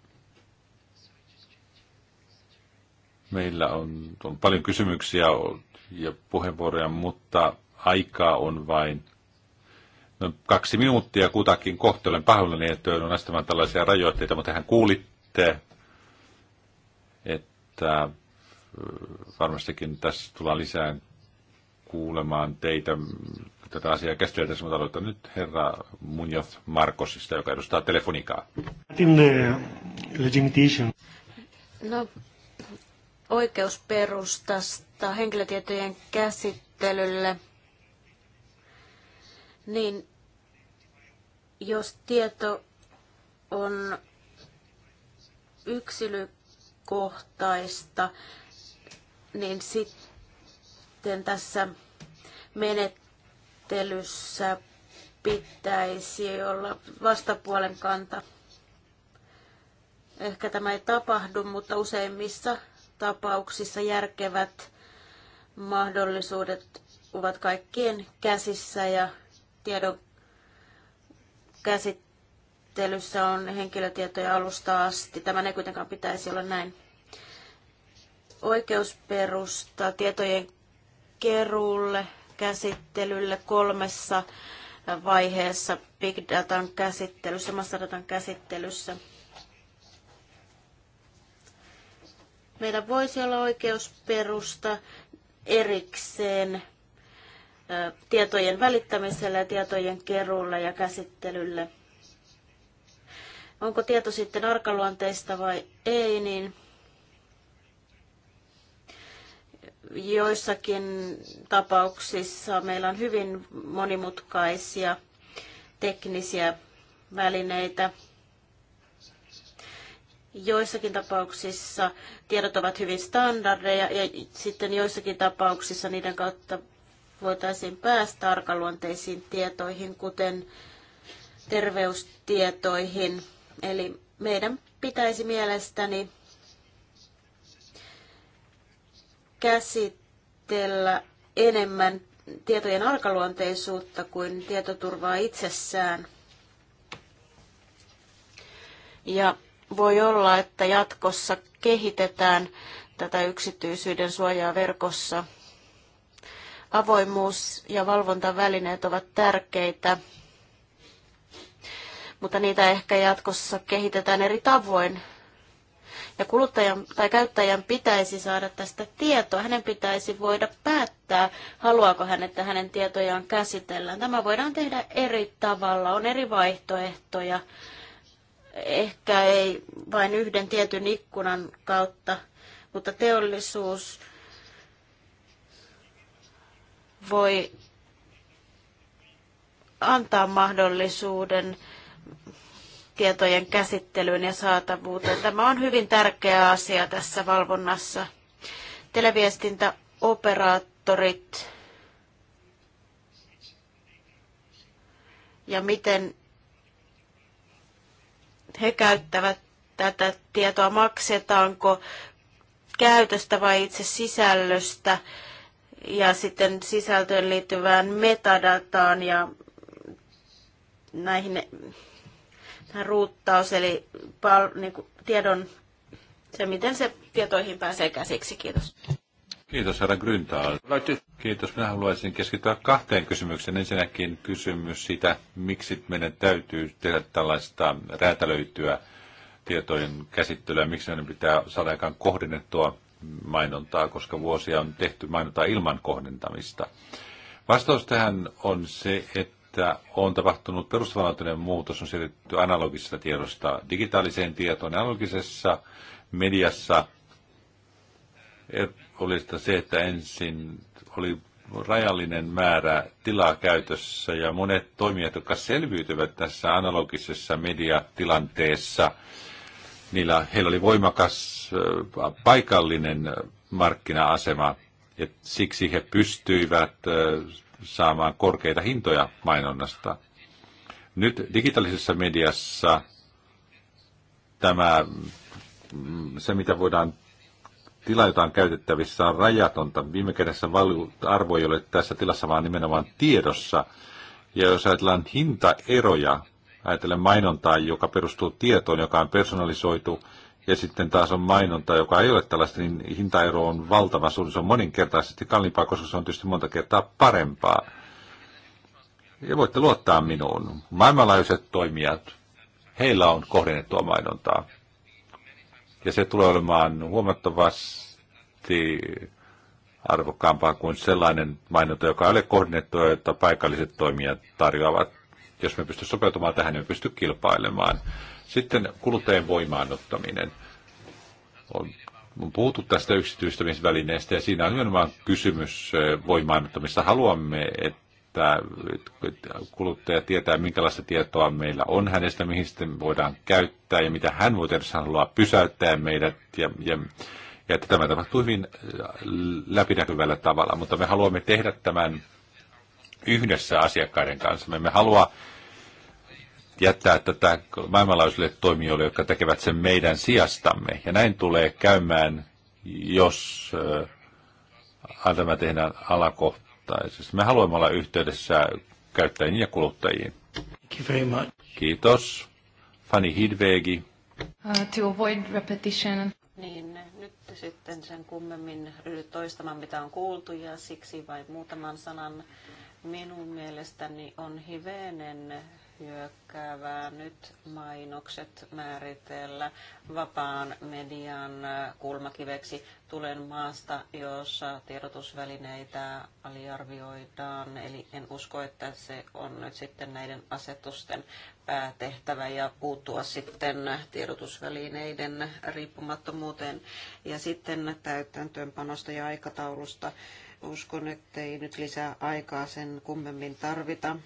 meillä on, on paljon kysymyksiä ja puheenvuoroja, mutta aikaa on vain no, kaksi minuuttia kutakin kohtelen pahoillani, että on astamaan tällaisia rajoitteita, mutta hän kuulitte, että varmastikin tässä tullaan lisää kuulemaan teitä tätä asiaa käsiteltäessä, mutta aloittaa nyt herra Munoz Markosista, joka edustaa telefonikaa. No, oikeusperustasta henkilötietojen käsittelylle, niin jos tieto on yksilökohtaista, niin sitten tässä menettelyssä pitäisi olla vastapuolen kanta. Ehkä tämä ei tapahdu, mutta useimmissa tapauksissa järkevät mahdollisuudet ovat kaikkien käsissä ja tiedon käsittelyssä on henkilötietoja alusta asti. Tämä ei kuitenkaan pitäisi olla näin oikeusperusta tietojen keruulle, käsittelylle kolmessa vaiheessa big datan käsittelyssä, massadatan käsittelyssä. Meillä voisi olla oikeusperusta erikseen tietojen välittämiselle, tietojen keruulle ja käsittelylle. Onko tieto sitten arkaluonteista vai ei, niin joissakin tapauksissa meillä on hyvin monimutkaisia teknisiä välineitä. Joissakin tapauksissa tiedot ovat hyvin standardeja ja sitten joissakin tapauksissa niiden kautta voitaisiin päästä arkaluonteisiin tietoihin, kuten terveystietoihin. Eli meidän pitäisi mielestäni käsitellä enemmän tietojen arkaluonteisuutta kuin tietoturvaa itsessään. Ja voi olla, että jatkossa kehitetään tätä yksityisyyden suojaa verkossa. Avoimuus ja valvontavälineet ovat tärkeitä, mutta niitä ehkä jatkossa kehitetään eri tavoin ja kuluttajan tai käyttäjän pitäisi saada tästä tietoa. Hänen pitäisi voida päättää, haluaako hän, että hänen tietojaan käsitellään. Tämä voidaan tehdä eri tavalla. On eri vaihtoehtoja. Ehkä ei vain yhden tietyn ikkunan kautta, mutta teollisuus voi antaa mahdollisuuden tietojen käsittelyyn ja saatavuuteen. Tämä on hyvin tärkeä asia tässä valvonnassa. Televiestintäoperaattorit ja miten he käyttävät tätä tietoa, maksetaanko käytöstä vai itse sisällöstä ja sitten sisältöön liittyvään metadataan ja näihin ruuttaus, eli pal- niin kuin tiedon, se miten se tietoihin pääsee käsiksi. Kiitos. Kiitos, herra Gryntaal. Kiitos. Minä haluaisin keskittyä kahteen kysymykseen. Ensinnäkin kysymys siitä, miksi meidän täytyy tehdä tällaista räätälöityä tietojen käsittelyä, miksi meidän pitää saada aikaan kohdennettua mainontaa, koska vuosia on tehty mainontaa ilman kohdentamista. Vastaus tähän on se, että että on tapahtunut perustavanlaatuinen muutos, on siirrytty analogisesta tiedosta digitaaliseen tietoon. Analogisessa mediassa oli sitä se, että ensin oli rajallinen määrä tilaa käytössä ja monet toimijat, jotka selviytyvät tässä analogisessa mediatilanteessa, niillä, heillä oli voimakas paikallinen markkina-asema ja siksi he pystyivät saamaan korkeita hintoja mainonnasta. Nyt digitaalisessa mediassa tämä, mm, se mitä voidaan tila, käytettävissä, on rajatonta. Viime kädessä arvo ei ole tässä tilassa, vaan nimenomaan tiedossa. Ja jos ajatellaan hintaeroja, ajatellen mainontaa, joka perustuu tietoon, joka on personalisoitu, ja sitten taas on mainonta, joka ei ole tällaista, niin hintaero on valtava suuri. Se on moninkertaisesti kalliimpaa, koska se on tietysti monta kertaa parempaa. Ja voitte luottaa minuun. Maailmanlaajuiset toimijat, heillä on kohdennettua mainontaa. Ja se tulee olemaan huomattavasti arvokkaampaa kuin sellainen mainonta, joka ei ole kohdennettu, jota paikalliset toimijat tarjoavat. Jos me pystymme sopeutumaan tähän, niin me pystyisimme kilpailemaan. Sitten kuluttajien voimaannuttaminen. On, on puhuttu tästä yksityistämisvälineestä ja siinä on nimenomaan kysymys voimaannuttamista. Haluamme, että kuluttaja tietää, minkälaista tietoa meillä on hänestä, mihin sitten voidaan käyttää ja mitä hän voi tehdä, hän haluaa pysäyttää meidät ja, ja ja että tämä tapahtuu hyvin läpinäkyvällä tavalla, mutta me haluamme tehdä tämän yhdessä asiakkaiden kanssa. Me emme halua jättää tätä maailmanlaajuisille toimijoille, jotka tekevät sen meidän sijastamme. Ja näin tulee käymään, jos äh, tämä tehdään alakohtaisesti. Me haluamme olla yhteydessä käyttäjiin ja kuluttajiin. Thank you very much. Kiitos. Fanny Hidvegi. Uh, to avoid repetition. Niin, nyt sitten sen kummemmin ryhdy toistamaan, mitä on kuultu, ja siksi vain muutaman sanan minun mielestäni on hivenen hyökkäävää nyt mainokset määritellä vapaan median kulmakiveksi. Tulen maasta, jossa tiedotusvälineitä aliarvioidaan, eli en usko, että se on nyt sitten näiden asetusten päätehtävä ja puuttua sitten tiedotusvälineiden riippumattomuuteen. Ja sitten täytäntöönpanosta ja aikataulusta uskon, että ei nyt lisää aikaa sen kummemmin tarvita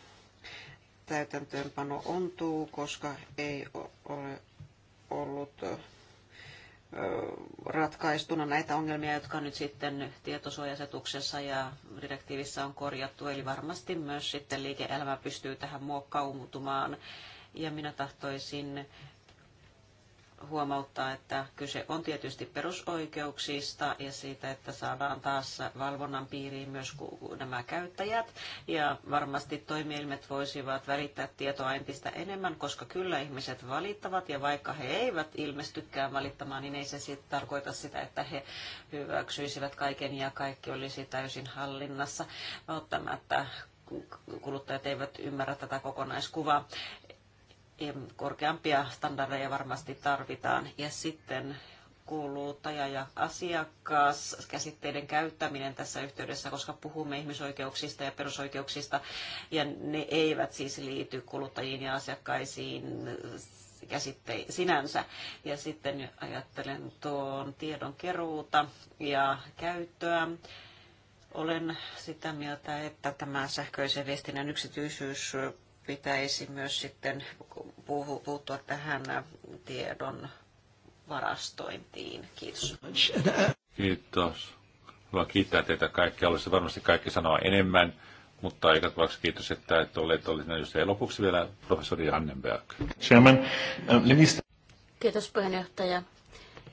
täytäntöönpano ontuu, koska ei ole ollut ratkaistuna näitä ongelmia, jotka nyt sitten tietosuojasetuksessa ja direktiivissä on korjattu. Eli varmasti myös sitten liike-elämä pystyy tähän muokkaumutumaan. Ja minä tahtoisin huomauttaa, että kyse on tietysti perusoikeuksista ja siitä, että saadaan taas valvonnan piiriin myös nämä käyttäjät. Ja varmasti toimielimet voisivat välittää tietoa entistä enemmän, koska kyllä ihmiset valittavat ja vaikka he eivät ilmestykään valittamaan, niin ei se sit tarkoita sitä, että he hyväksyisivät kaiken ja kaikki olisi täysin hallinnassa. Ottamatta kuluttajat eivät ymmärrä tätä kokonaiskuvaa korkeampia standardeja varmasti tarvitaan. Ja sitten kuluttaja- ja asiakaskäsitteiden käyttäminen tässä yhteydessä, koska puhumme ihmisoikeuksista ja perusoikeuksista, ja ne eivät siis liity kuluttajiin ja asiakkaisiin käsitte sinänsä. Ja sitten ajattelen tuon tiedon keruuta ja käyttöä. Olen sitä mieltä, että tämä sähköisen viestinnän yksityisyys pitäisi myös sitten puuttua tähän tiedon varastointiin. Kiitos. Kiitos. Hyvä kiittää teitä kaikkia. Olisi varmasti kaikki sanoa enemmän, mutta aika tavaksi kiitos, että et olleet olleet just. Ja lopuksi vielä professori Annenberg. Chairman, um, Kiitos puheenjohtaja.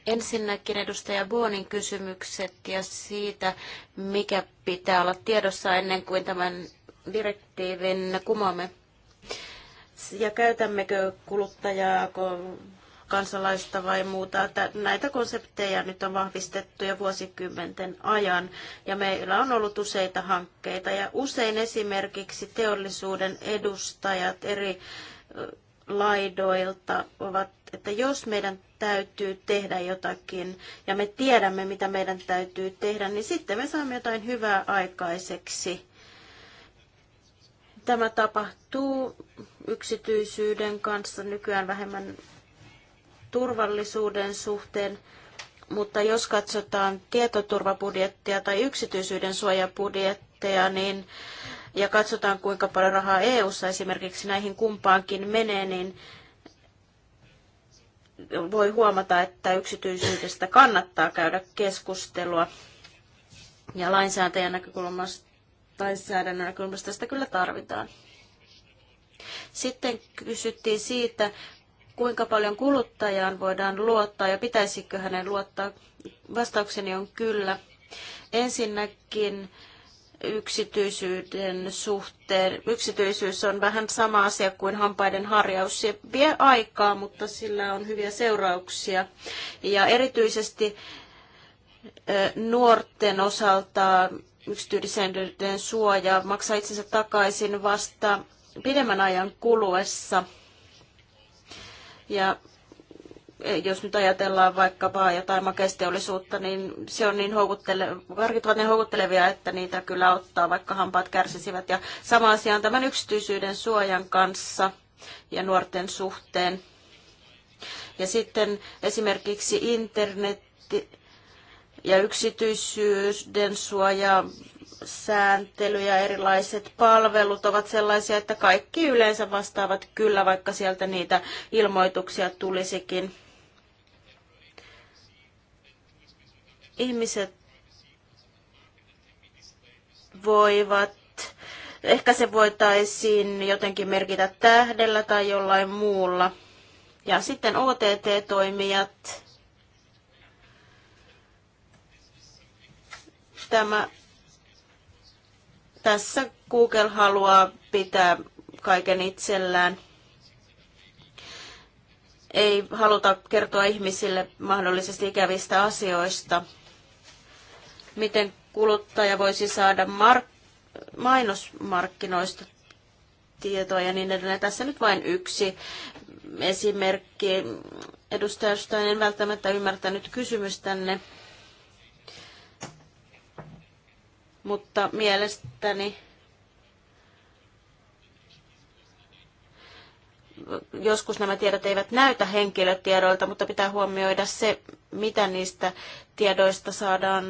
Ensinnäkin edustaja Buonin kysymykset ja siitä, mikä pitää olla tiedossa ennen kuin tämän direktiivin kumoamme. Siis, ja käytämmekö kuluttajaa, kansalaista vai muuta. Että näitä konsepteja nyt on vahvistettu jo vuosikymmenten ajan ja meillä on ollut useita hankkeita ja usein esimerkiksi teollisuuden edustajat eri laidoilta ovat, että jos meidän täytyy tehdä jotakin ja me tiedämme, mitä meidän täytyy tehdä, niin sitten me saamme jotain hyvää aikaiseksi. Tämä tapahtuu yksityisyyden kanssa nykyään vähemmän turvallisuuden suhteen, mutta jos katsotaan tietoturvabudjettia tai yksityisyyden suojabudjetteja, niin ja katsotaan kuinka paljon rahaa EU:ssa esimerkiksi näihin kumpaankin menee, niin voi huomata, että yksityisyydestä kannattaa käydä keskustelua. Ja lainsäätäjän näkökulmasta tai säädännön näkökulmasta sitä kyllä tarvitaan. Sitten kysyttiin siitä, kuinka paljon kuluttajaan voidaan luottaa ja pitäisikö hänen luottaa. Vastaukseni on kyllä. Ensinnäkin yksityisyyden suhteen. Yksityisyys on vähän sama asia kuin hampaiden harjaus. Se vie aikaa, mutta sillä on hyviä seurauksia. Ja erityisesti nuorten osalta yksityisyyden suoja maksaa itsensä takaisin vasta pidemmän ajan kuluessa. Ja jos nyt ajatellaan vaikkapa jotain makeisteollisuutta, niin se on niin houkuttele- karkit niin houkuttelevia, että niitä kyllä ottaa, vaikka hampaat kärsisivät. Ja sama asia on tämän yksityisyyden suojan kanssa ja nuorten suhteen. Ja sitten esimerkiksi internetti, ja yksityisyyden suoja, sääntely ja erilaiset palvelut ovat sellaisia, että kaikki yleensä vastaavat kyllä, vaikka sieltä niitä ilmoituksia tulisikin. Ihmiset voivat, ehkä se voitaisiin jotenkin merkitä tähdellä tai jollain muulla. Ja sitten OTT-toimijat Tämä, tässä Google haluaa pitää kaiken itsellään. Ei haluta kertoa ihmisille mahdollisesti ikävistä asioista. Miten kuluttaja voisi saada mark- mainosmarkkinoista tietoa ja niin edelleen. Tässä nyt vain yksi esimerkki. Edustaja Stein, en välttämättä ymmärtänyt kysymystänne. tänne mutta mielestäni joskus nämä tiedot eivät näytä henkilötiedoilta, mutta pitää huomioida se, mitä niistä tiedoista saadaan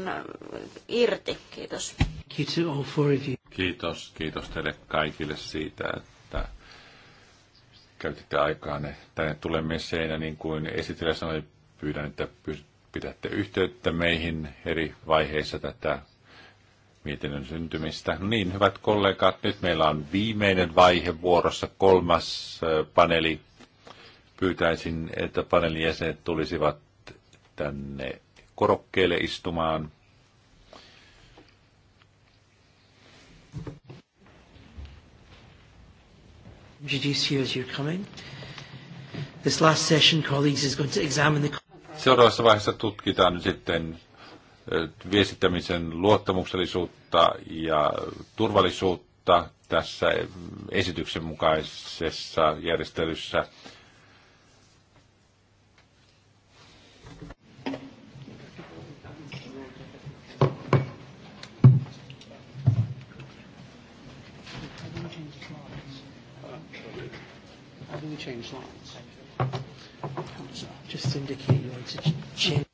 irti. Kiitos. Kiitos, kiitos teille kaikille siitä, että käytitte aikaa ne tänne tulemiseen ja niin kuin esitellä sanoi, pyydän, että pidätte yhteyttä meihin eri vaiheissa tätä mietinnön syntymistä. No niin, hyvät kollegat, nyt meillä on viimeinen vaihe vuorossa, kolmas paneeli. Pyytäisin, että paneelin jäsenet tulisivat tänne korokkeelle istumaan. This last session, colleagues, is going to examine the... Seuraavassa vaiheessa tutkitaan nyt sitten viestittämisen luottamuksellisuutta ja turvallisuutta tässä esityksen mukaisessa järjestelyssä. How do we change lines? Just indicate you want to change.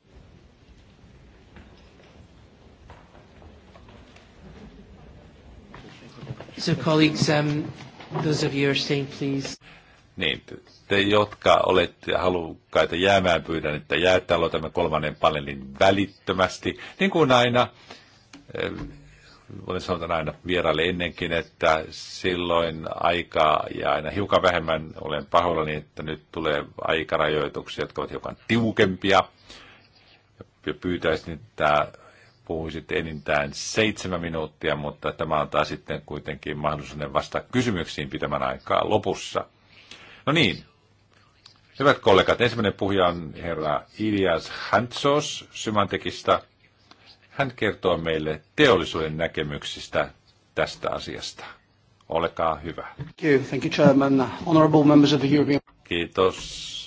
So colleagues, um, those of you are staying, please. Niin, te, jotka olette halukkaita jäämään, pyydän, että jäätte. Aloitamme kolmannen paneelin välittömästi. Niin kuin aina, eh, olen sanonut aina vieraille ennenkin, että silloin aikaa ja aina hiukan vähemmän olen pahoillani, niin, että nyt tulee aikarajoituksia, jotka ovat hiukan tiukempia. Ja pyytäisin, että puhuisit enintään seitsemän minuuttia, mutta tämä antaa sitten kuitenkin mahdollisuuden vastata kysymyksiin pitämän aikaa lopussa. No niin, hyvät kollegat, ensimmäinen puhuja on herra Ilias Hantsos Symantekista. Hän kertoo meille teollisuuden näkemyksistä tästä asiasta. Olkaa hyvä. Thank you, Thank you Chairman. Honorable members of the European... Kiitos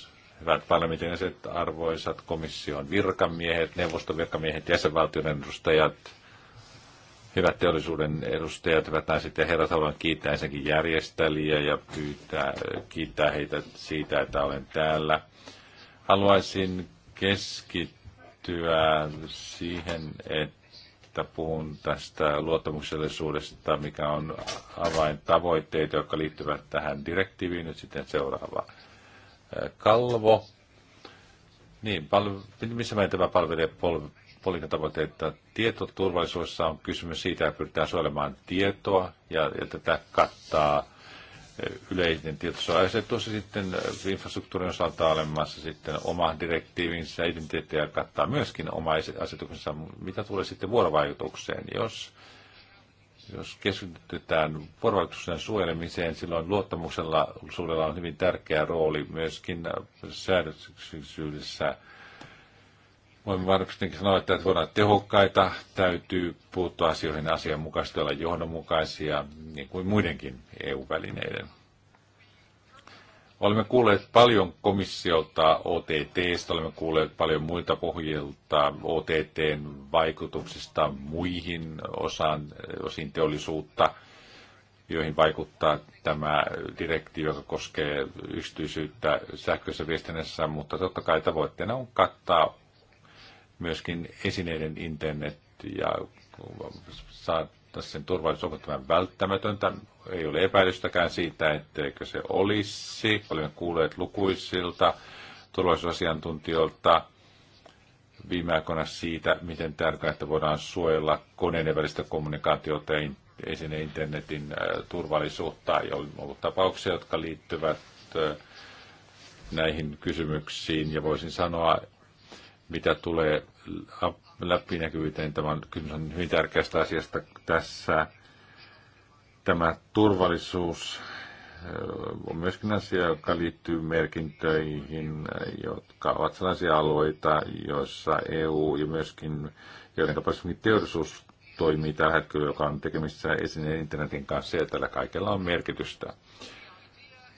hyvät parlamentin jäsenet, arvoisat komission virkamiehet, neuvoston virkamiehet, jäsenvaltion edustajat, hyvät teollisuuden edustajat, hyvät naiset ja herrat, haluan kiittää ensinnäkin järjestäjiä ja pyytää, kiittää heitä siitä, että olen täällä. Haluaisin keskittyä siihen, että puhun tästä luottamuksellisuudesta, mikä on avaintavoitteita, jotka liittyvät tähän direktiiviin nyt sitten seuraavaan. Kalvo. Niin, pal- missä meidän tämä palvelee pol- tavoite, että Tietoturvallisuudessa on kysymys siitä, että pyritään suojelemaan tietoa ja, ja tätä kattaa yleinen tietosuoja. sitten infrastruktuurin osalta olemassa sitten oma direktiivinsä, identiteettiä kattaa myöskin oma asetuksensa, mitä tulee sitten vuorovaikutukseen. Jos jos keskitytään vuorovaikutuksen suojelemiseen, silloin luottamuksella suurella on hyvin tärkeä rooli myöskin säädöksyydessä. Voimme varmasti sanoa, että voidaan tehokkaita, täytyy puuttua asioihin asianmukaisesti, olla johdonmukaisia, niin kuin muidenkin EU-välineiden Olemme kuulleet paljon komissiolta OTTstä, olemme kuulleet paljon muilta pohjilta OTTn vaikutuksista muihin osaan, osin teollisuutta, joihin vaikuttaa tämä direktiivi, joka koskee yksityisyyttä sähköisessä viestinnässä, mutta totta kai tavoitteena on kattaa myöskin esineiden internet ja saa sen turvallisuus, onko tämä välttämätöntä. Ei ole epäilystäkään siitä, etteikö se olisi. Olemme kuulleet lukuisilta turvallisuusasiantuntijoilta viime aikoina siitä, miten tärkeää, että voidaan suojella koneiden välistä kommunikaatiota ja esine internetin äh, turvallisuutta. Ja on ollut tapauksia, jotka liittyvät äh, näihin kysymyksiin ja voisin sanoa, mitä tulee läpinäkyvyyteen. Tämä on kysymys on hyvin tärkeästä asiasta tässä. Tämä turvallisuus on myöskin asia, joka liittyy merkintöihin, jotka ovat sellaisia alueita, joissa EU ja myöskin joiden tapauksessa teollisuus toimii tällä hetkellä, joka on tekemissä esineen internetin kanssa ja tällä kaikella on merkitystä.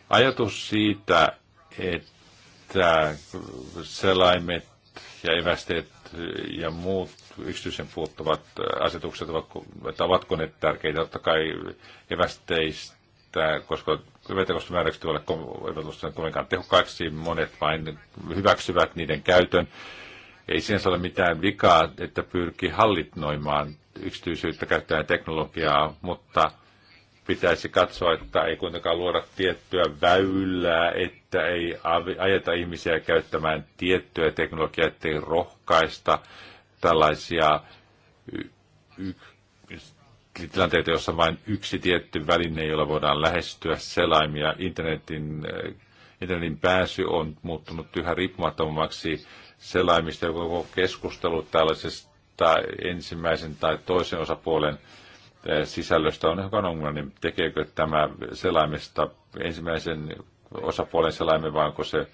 Ajatus siitä, että selaimet ja evästeet ja muut yksityisen puuttuvat asetukset, ovatko, että ovatko ne tärkeitä? Totta kai evästeistä, koska eväitä koskevat määräykset eivät ole kovinkaan tehokkaaksi monet vain hyväksyvät niiden käytön. Ei sinänsä ole mitään vikaa, että pyrkii hallitnoimaan yksityisyyttä käyttäen teknologiaa, mutta – pitäisi katsoa, että ei kuitenkaan luoda tiettyä väylää, että ei ajeta ihmisiä käyttämään tiettyä teknologiaa, ettei rohkaista tällaisia tilanteita, jossa vain yksi tietty väline, jolla voidaan lähestyä selaimia. Internetin, internetin pääsy on muuttunut yhä riippumattomammaksi selaimista, on keskustellut tällaisesta ensimmäisen tai toisen osapuolen Eh, sisällöstä on hiukan ongelma, niin tekeekö tämä selaimesta ensimmäisen osapuolen selaimen, vai onko se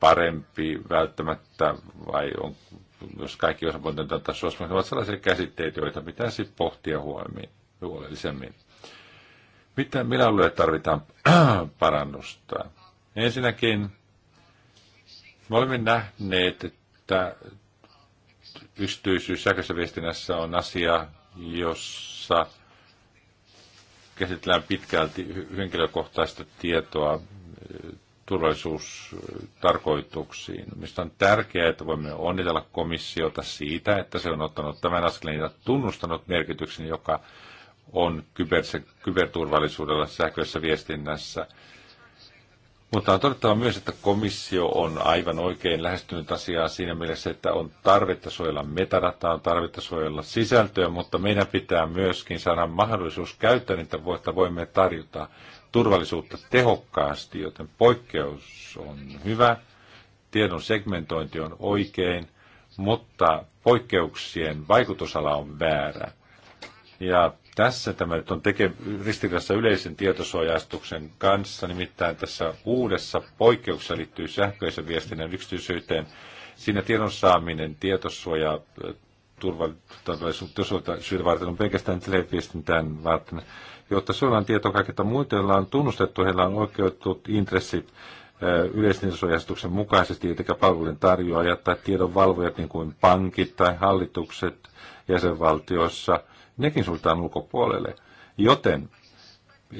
parempi välttämättä, vai on, jos kaikki osapuolet antaa suostumus, ovat sellaisia käsitteitä, joita pitäisi pohtia huolellisemmin. Mitä, millä alueella tarvitaan parannusta? Ensinnäkin me olemme nähneet, että yksityisyys sähköisessä viestinnässä on asia, jossa käsitellään pitkälti henkilökohtaista tietoa turvallisuustarkoituksiin. Mistä on tärkeää, että voimme onnitella komissiota siitä, että se on ottanut tämän askeleen ja tunnustanut merkityksen, joka on kyberturvallisuudella sähköisessä viestinnässä. Mutta on todettava myös, että komissio on aivan oikein lähestynyt asiaa siinä mielessä, että on tarvetta suojella metadataa, on tarvetta suojella sisältöä, mutta meidän pitää myöskin saada mahdollisuus käyttää niitä, että voimme tarjota turvallisuutta tehokkaasti, joten poikkeus on hyvä, tiedon segmentointi on oikein, mutta poikkeuksien vaikutusala on väärä. Ja tässä tämä nyt on teke, ristiriidassa yleisen tietosuojastuksen kanssa, nimittäin tässä uudessa poikkeuksessa liittyy sähköisen viestinnän yksityisyyteen. Siinä tiedon saaminen tietosuojaa eh, turvallisuutta varten on pelkästään televiestintään varten. Jotta suoraan tietoa kaikilta muilta, joilla on tunnustettu, heillä on oikeutut intressit eh, yleisen mukaisesti, eli palvelujen tarjoajat tai tiedonvalvojat, niin kuin pankit tai hallitukset jäsenvaltioissa – nekin suljetaan ulkopuolelle. Joten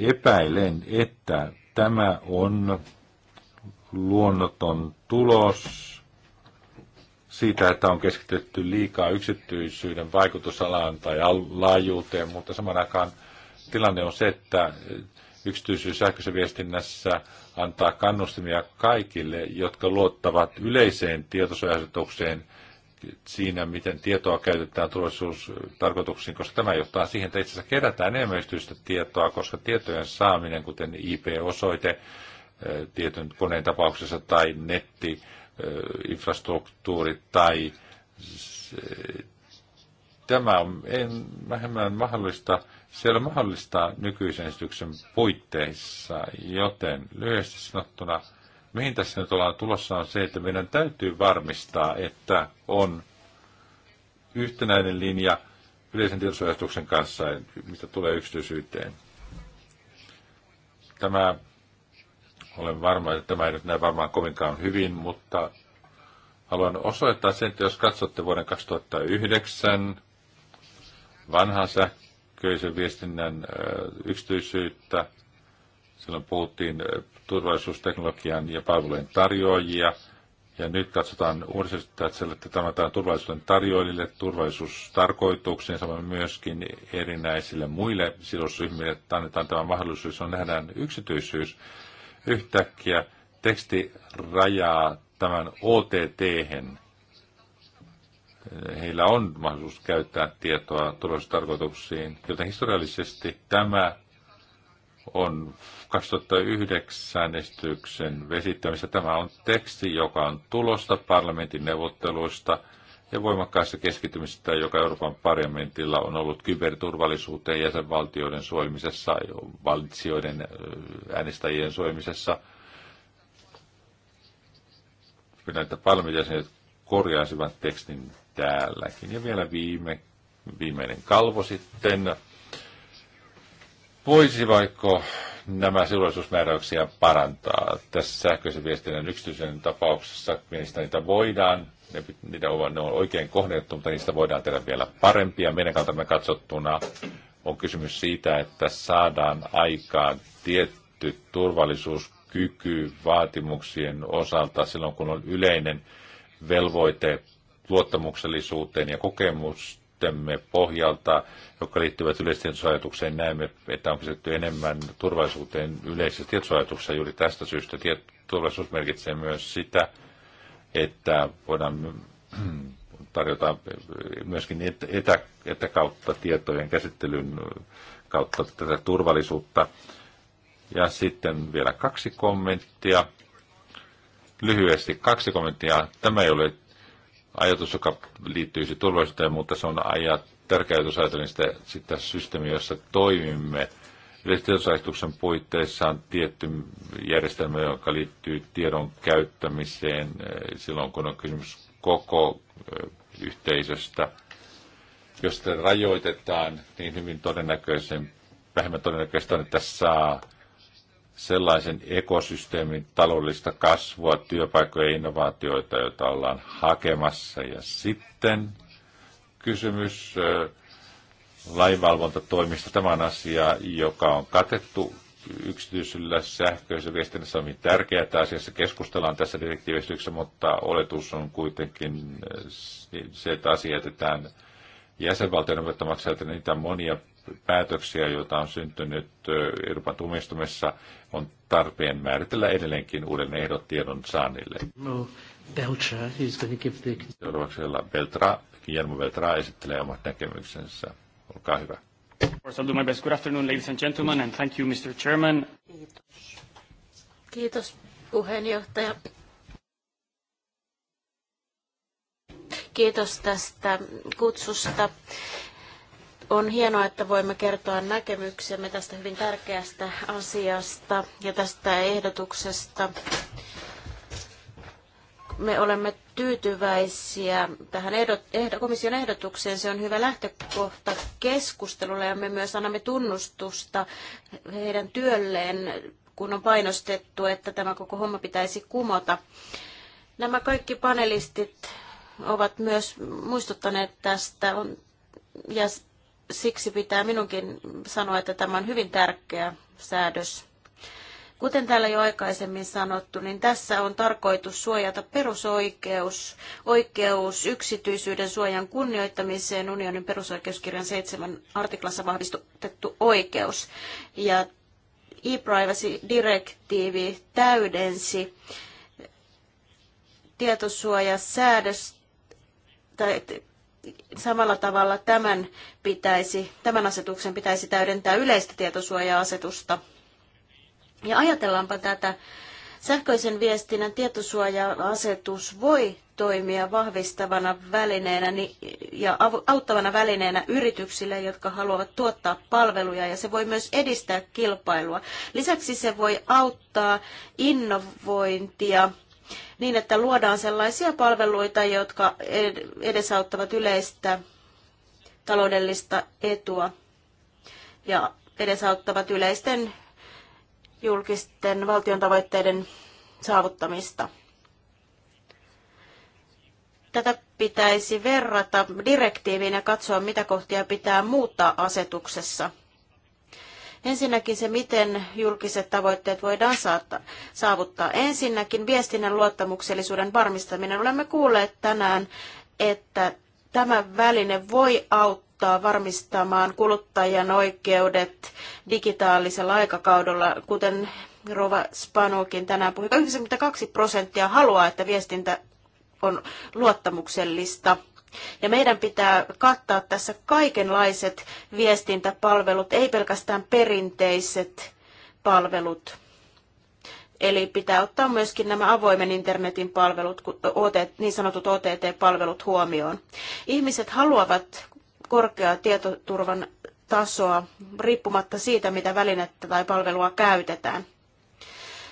epäilen, että tämä on luonnoton tulos siitä, että on keskitetty liikaa yksityisyyden vaikutusalaan tai laajuuteen, mutta saman aikaan tilanne on se, että yksityisyys sähköisessä viestinnässä antaa kannustimia kaikille, jotka luottavat yleiseen tietosuojasetukseen, siinä, miten tietoa käytetään turvallisuustarkoituksiin, koska tämä johtaa siihen, että itse asiassa kerätään enemmän tietoa, koska tietojen saaminen, kuten IP-osoite tietyn koneen tapauksessa tai netti, infrastruktuuri tai tämä on en, vähemmän mahdollista, Siellä mahdollista nykyisen esityksen puitteissa, joten lyhyesti sanottuna – mihin tässä nyt ollaan tulossa on se, että meidän täytyy varmistaa, että on yhtenäinen linja yleisen tietosuojastuksen kanssa, mitä tulee yksityisyyteen. Tämä, olen varma, että tämä ei nyt näe varmaan kovinkaan hyvin, mutta haluan osoittaa sen, että jos katsotte vuoden 2009 vanhan sähköisen viestinnän yksityisyyttä, Silloin puhuttiin eh, turvallisuusteknologian ja palvelujen tarjoajia. Ja nyt katsotaan uudistustatselle, että tämä on turvallisuuden tarjoajille, turvallisuustarkoituksiin, samoin myöskin erinäisille muille sidosryhmille, että annetaan tämä mahdollisuus, on nähdään yksityisyys. Yhtäkkiä teksti rajaa tämän ott Heillä on mahdollisuus käyttää tietoa turvallisuustarkoituksiin, joten historiallisesti tämä on 2009 esityksen vesittämistä. Tämä on teksti, joka on tulosta parlamentin neuvotteluista ja voimakkaassa keskittymistä, joka Euroopan parlamentilla on ollut kyberturvallisuuteen jäsenvaltioiden suojelmisessa, valitsijoiden äänestäjien suojelmisessa. Pyydän, että parlamentin korjaisivat tekstin täälläkin. Ja vielä viime, viimeinen kalvo sitten Voisi vaikka nämä silloisuusmääräyksiä parantaa? Tässä sähköisen viestinnän yksityisen tapauksessa mielestäni niitä voidaan, ne, niitä on, ne on oikein kohdennettu, mutta niistä voidaan tehdä vielä parempia. Meidän kaltamme katsottuna on kysymys siitä, että saadaan aikaan tietty turvallisuuskyky vaatimuksien osalta silloin, kun on yleinen velvoite luottamuksellisuuteen ja kokemus näkemystämme pohjalta, jotka liittyvät tietosuojatukseen näemme, että on kysytty enemmän turvallisuuteen yleisessä tietosuojatuksessa juuri tästä syystä. Turvallisuus merkitsee myös sitä, että voidaan tarjota myöskin etä, etäkautta tietojen käsittelyn kautta tätä turvallisuutta. Ja sitten vielä kaksi kommenttia. Lyhyesti kaksi kommenttia. Tämä ei ole ajatus, joka liittyy siis turvallisuuteen, mutta se on ajat, tärkeä ajatus ajatellen sitä, sitä systeemiä, jossa toimimme. Yleisötietosaihtuksen puitteissa on tietty järjestelmä, joka liittyy tiedon käyttämiseen eh, silloin, kun on kysymys koko eh, yhteisöstä. Jos sitä rajoitetaan, niin hyvin todennäköisen, vähemmän todennäköistä on, että saa sellaisen ekosysteemin taloudellista kasvua, työpaikkoja ja innovaatioita, joita ollaan hakemassa. Ja sitten kysymys lainvalvontatoimista. Tämä on asia, joka on katettu yksityisellä sähköisessä viestinnässä on hyvin tärkeää, että asiassa keskustellaan tässä direktiivistyksessä, mutta oletus on kuitenkin se, että asia jätetään jäsenvaltioiden ottamaksi, että niitä monia päätöksiä, joita on syntynyt Euroopan tuomioistuimessa on tarpeen määritellä edelleenkin uuden ehdot tiedon saannille. No, Beltra, who's going to give the... Beltra, Guillermo Beltra esittelee omat näkemyksensä. Olkaa hyvä. Of course, Good afternoon, ladies and gentlemen, and thank you, Mr. Chairman. Kiitos. Kiitos, puheenjohtaja. Kiitos tästä kutsusta on hienoa, että voimme kertoa näkemyksemme tästä hyvin tärkeästä asiasta ja tästä ehdotuksesta. Me olemme tyytyväisiä tähän ehdot, ehdo, komission ehdotukseen. Se on hyvä lähtökohta keskustelulle ja me myös annamme tunnustusta heidän työlleen, kun on painostettu, että tämä koko homma pitäisi kumota. Nämä kaikki panelistit ovat myös muistuttaneet tästä ja siksi pitää minunkin sanoa, että tämä on hyvin tärkeä säädös. Kuten täällä jo aikaisemmin sanottu, niin tässä on tarkoitus suojata perusoikeus, oikeus yksityisyyden suojan kunnioittamiseen, unionin perusoikeuskirjan 7 artiklassa vahvistettu oikeus. Ja e-privacy-direktiivi täydensi tietosuojasäädös, tai samalla tavalla tämän, pitäisi, tämän asetuksen pitäisi täydentää yleistä tietosuoja-asetusta. Ja ajatellaanpa tätä. Sähköisen viestinnän tietosuoja-asetus voi toimia vahvistavana välineenä ja auttavana välineenä yrityksille, jotka haluavat tuottaa palveluja, ja se voi myös edistää kilpailua. Lisäksi se voi auttaa innovointia niin, että luodaan sellaisia palveluita, jotka edesauttavat yleistä taloudellista etua ja edesauttavat yleisten julkisten valtion tavoitteiden saavuttamista. Tätä pitäisi verrata direktiiviin ja katsoa, mitä kohtia pitää muuttaa asetuksessa – Ensinnäkin se, miten julkiset tavoitteet voidaan saavuttaa. Ensinnäkin viestinnän luottamuksellisuuden varmistaminen. Olemme kuulleet tänään, että tämä väline voi auttaa varmistamaan kuluttajan oikeudet digitaalisella aikakaudella, kuten Rova Spanukin tänään puhui. 92 prosenttia haluaa, että viestintä on luottamuksellista. Ja meidän pitää kattaa tässä kaikenlaiset viestintäpalvelut, ei pelkästään perinteiset palvelut. Eli pitää ottaa myöskin nämä avoimen internetin palvelut, niin sanotut OTT-palvelut huomioon. Ihmiset haluavat korkeaa tietoturvan tasoa riippumatta siitä, mitä välinettä tai palvelua käytetään.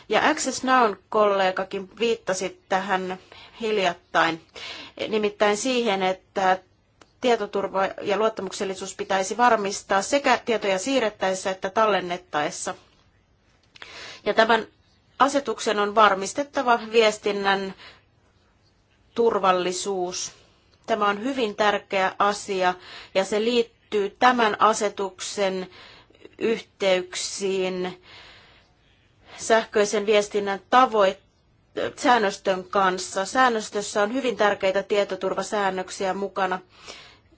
Ja Access now kollegakin viittasi tähän hiljattain, nimittäin siihen, että tietoturva ja luottamuksellisuus pitäisi varmistaa sekä tietoja siirrettäessä että tallennettaessa. Ja tämän asetuksen on varmistettava viestinnän turvallisuus. Tämä on hyvin tärkeä asia ja se liittyy tämän asetuksen yhteyksiin sähköisen viestinnän tavoitteeseen säännöstön kanssa. Säännöstössä on hyvin tärkeitä tietoturvasäännöksiä mukana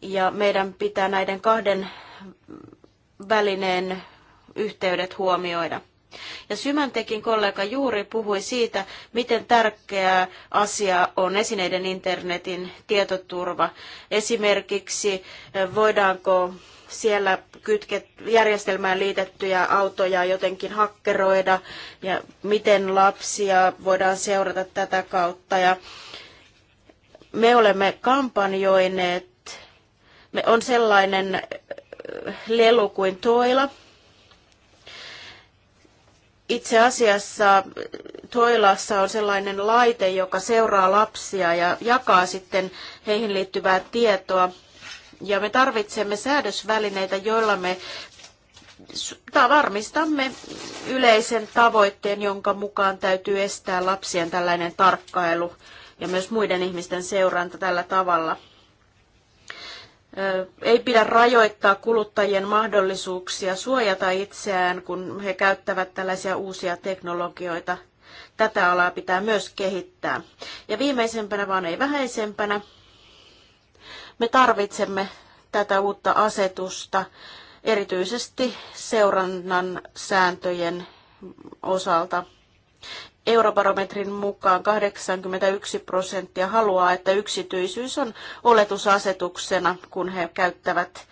ja meidän pitää näiden kahden välineen yhteydet huomioida. Ja Symantekin kollega juuri puhui siitä, miten tärkeä asia on esineiden internetin tietoturva. Esimerkiksi eh, voidaanko siellä kytket, järjestelmään liitettyjä autoja jotenkin hakkeroida ja miten lapsia voidaan seurata tätä kautta. Ja me olemme kampanjoineet, me on sellainen äh, lelu kuin Toila. Itse asiassa Toilassa on sellainen laite, joka seuraa lapsia ja jakaa sitten heihin liittyvää tietoa ja me tarvitsemme säädösvälineitä, joilla me varmistamme yleisen tavoitteen, jonka mukaan täytyy estää lapsien tällainen tarkkailu ja myös muiden ihmisten seuranta tällä tavalla. Ei pidä rajoittaa kuluttajien mahdollisuuksia suojata itseään, kun he käyttävät tällaisia uusia teknologioita. Tätä alaa pitää myös kehittää. Ja viimeisempänä, vaan ei vähäisempänä, me tarvitsemme tätä uutta asetusta erityisesti seurannan sääntöjen osalta. Eurobarometrin mukaan 81 prosenttia haluaa, että yksityisyys on oletusasetuksena, kun he käyttävät,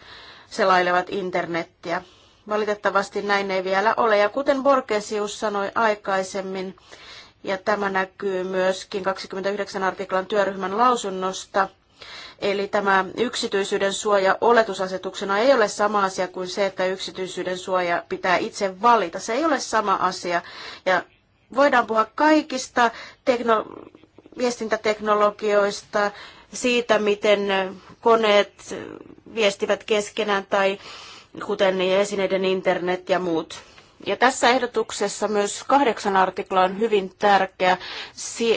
selailevat internettiä. Valitettavasti näin ei vielä ole. Ja kuten Borgesius sanoi aikaisemmin, ja tämä näkyy myöskin 29 artiklan työryhmän lausunnosta, Eli tämä yksityisyyden suoja oletusasetuksena ei ole sama asia kuin se, että yksityisyyden suoja pitää itse valita. Se ei ole sama asia. Ja voidaan puhua kaikista tekno- viestintäteknologioista, siitä, miten koneet viestivät keskenään tai kuten esineiden internet ja muut. Ja tässä ehdotuksessa myös kahdeksan artikla on hyvin tärkeä.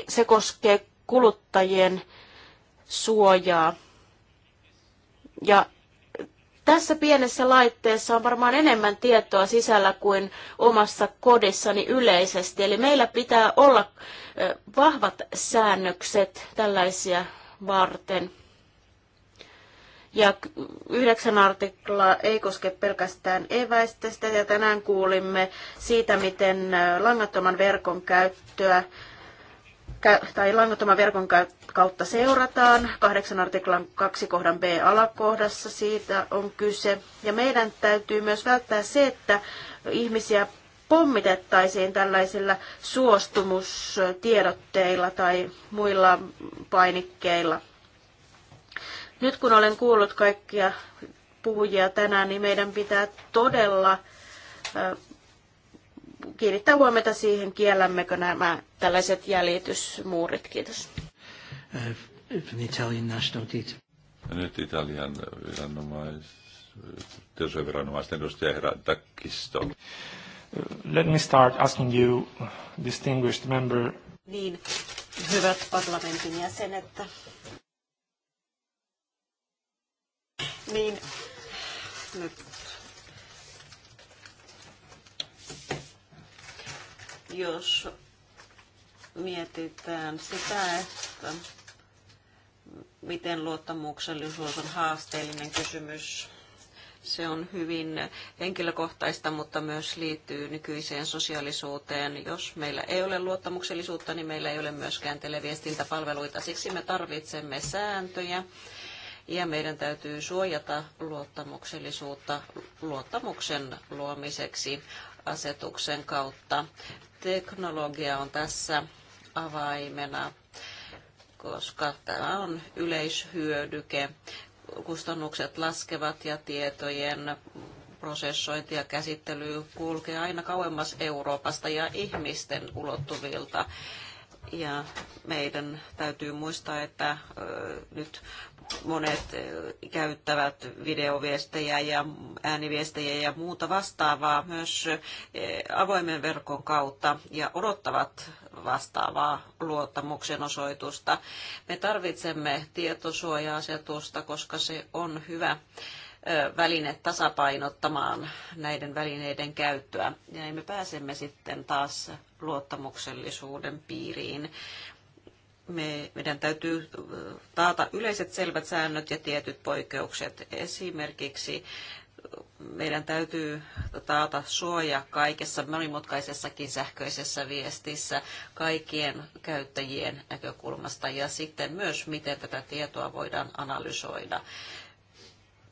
Se koskee kuluttajien suojaa. Ja tässä pienessä laitteessa on varmaan enemmän tietoa sisällä kuin omassa kodissani yleisesti. Eli meillä pitää olla vahvat säännökset tällaisia varten. Ja yhdeksän artiklaa ei koske pelkästään eväistä. ja tänään kuulimme siitä, miten langattoman verkon käyttöä tai langattoman verkon kautta seurataan. Kahdeksan artiklan kaksi kohdan B-alakohdassa siitä on kyse. Ja meidän täytyy myös välttää se, että ihmisiä pommitettaisiin tällaisilla suostumustiedotteilla tai muilla painikkeilla. Nyt kun olen kuullut kaikkia puhujia tänään, niin meidän pitää todella kiinnittää huomiota siihen, kiellämmekö nämä tällaiset jäljitysmuurit. Kiitos. Eh, nyt Italian viranomais, työsuojeluviranomaisten edustaja herra Dakisto. Eh, let me start asking you, distinguished member. Niin, hyvät parlamentin jäsenet. Niin, nyt jos mietitään sitä, että miten luottamuksellisuus on haasteellinen kysymys. Se on hyvin henkilökohtaista, mutta myös liittyy nykyiseen sosiaalisuuteen. Jos meillä ei ole luottamuksellisuutta, niin meillä ei ole myöskään televiestintäpalveluita. Siksi me tarvitsemme sääntöjä ja meidän täytyy suojata luottamuksellisuutta luottamuksen luomiseksi asetuksen kautta. Teknologia on tässä avaimena, koska tämä on yleishyödyke. Kustannukset laskevat ja tietojen prosessointi ja käsittely kulkee aina kauemmas Euroopasta ja ihmisten ulottuvilta. Ja meidän täytyy muistaa, että nyt monet eh, käyttävät videoviestejä ja ääniviestejä ja muuta vastaavaa myös eh, avoimen verkon kautta ja odottavat vastaavaa luottamuksen osoitusta. Me tarvitsemme tietosuoja-asetusta, koska se on hyvä eh, väline tasapainottamaan näiden välineiden käyttöä. Ja me pääsemme sitten taas luottamuksellisuuden piiriin me, meidän täytyy taata yleiset selvät säännöt ja tietyt poikkeukset. Esimerkiksi meidän täytyy taata suoja kaikessa monimutkaisessakin sähköisessä viestissä kaikkien käyttäjien näkökulmasta ja sitten myös, miten tätä tietoa voidaan analysoida.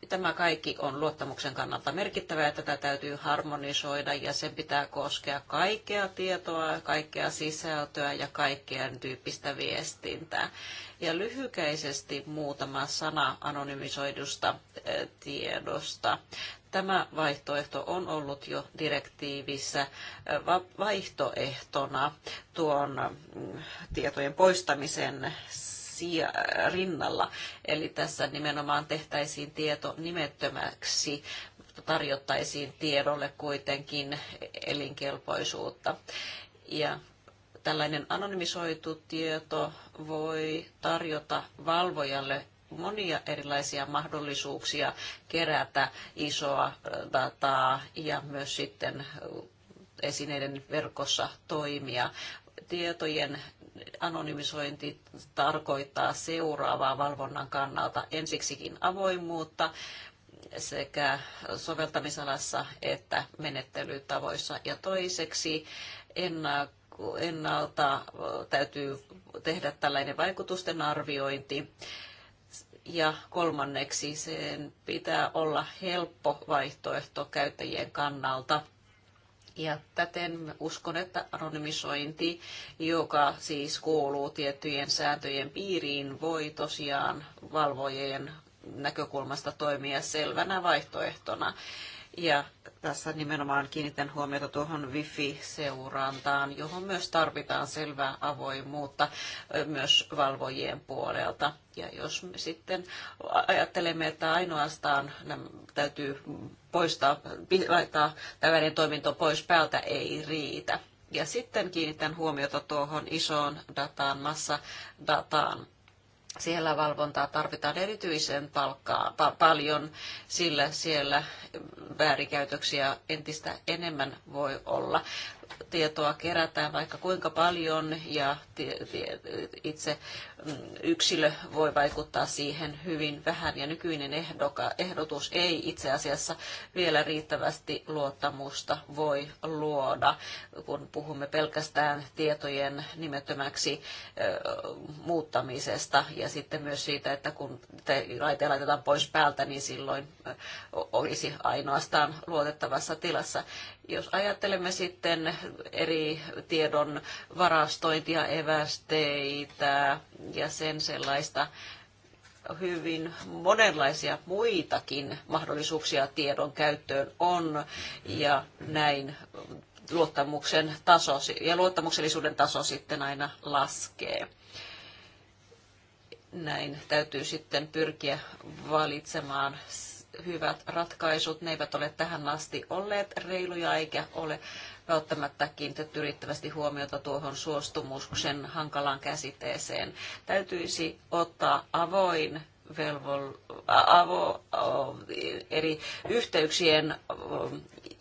Tämä kaikki on luottamuksen kannalta merkittävää ja tätä täytyy harmonisoida ja sen pitää koskea kaikkea tietoa, kaikkea sisältöä ja kaikkien tyyppistä viestintää. Ja lyhykäisesti muutama sana anonymisoidusta eh, tiedosta. Tämä vaihtoehto on ollut jo direktiivissä eh, vaihtoehtona tuon mm, tietojen poistamisen rinnalla. Eli tässä nimenomaan tehtäisiin tieto nimettömäksi tarjottaisiin tiedolle kuitenkin elinkelpoisuutta. Ja tällainen anonymisoitu tieto voi tarjota valvojalle monia erilaisia mahdollisuuksia kerätä isoa dataa ja myös sitten esineiden verkossa toimia. Tietojen anonymisointi tarkoittaa seuraavaa valvonnan kannalta ensiksikin avoimuutta sekä soveltamisalassa että menettelytavoissa. Ja toiseksi ennalta täytyy tehdä tällainen vaikutusten arviointi. Ja kolmanneksi sen pitää olla helppo vaihtoehto käyttäjien kannalta – ja täten uskon, että anonymisointi, joka siis kuuluu tiettyjen sääntöjen piiriin, voi tosiaan valvojien näkökulmasta toimia selvänä vaihtoehtona. Ja tässä nimenomaan kiinnitän huomiota tuohon wifi-seurantaan, johon myös tarvitaan selvää avoimuutta myös valvojien puolelta. Ja jos me sitten ajattelemme, että ainoastaan nämä täytyy poistaa, laittaa tällainen toiminto pois päältä, ei riitä. Ja sitten kiinnitän huomiota tuohon isoon dataan, massadataan siellä valvontaa tarvitaan erityisen palkkaa, pa- paljon, sillä siellä väärikäytöksiä entistä enemmän voi olla. Tietoa kerätään vaikka kuinka paljon ja itse yksilö voi vaikuttaa siihen hyvin vähän ja nykyinen ehdoka, ehdotus ei itse asiassa vielä riittävästi luottamusta voi luoda, kun puhumme pelkästään tietojen nimettömäksi muuttamisesta ja sitten myös siitä, että kun laite laitetaan pois päältä, niin silloin olisi ainoastaan luotettavassa tilassa. Jos ajattelemme sitten eri tiedon varastointia, evästeitä, ja sen sellaista hyvin monenlaisia muitakin mahdollisuuksia tiedon käyttöön on ja näin luottamuksen taso ja luottamuksellisuuden taso sitten aina laskee. Näin täytyy sitten pyrkiä valitsemaan hyvät ratkaisut. Ne eivät ole tähän asti olleet reiluja eikä ole välttämättä kiinnitetty riittävästi huomiota tuohon suostumuksen hankalaan käsitteeseen. Täytyisi ottaa avoin velvo, avo, eri yhteyksien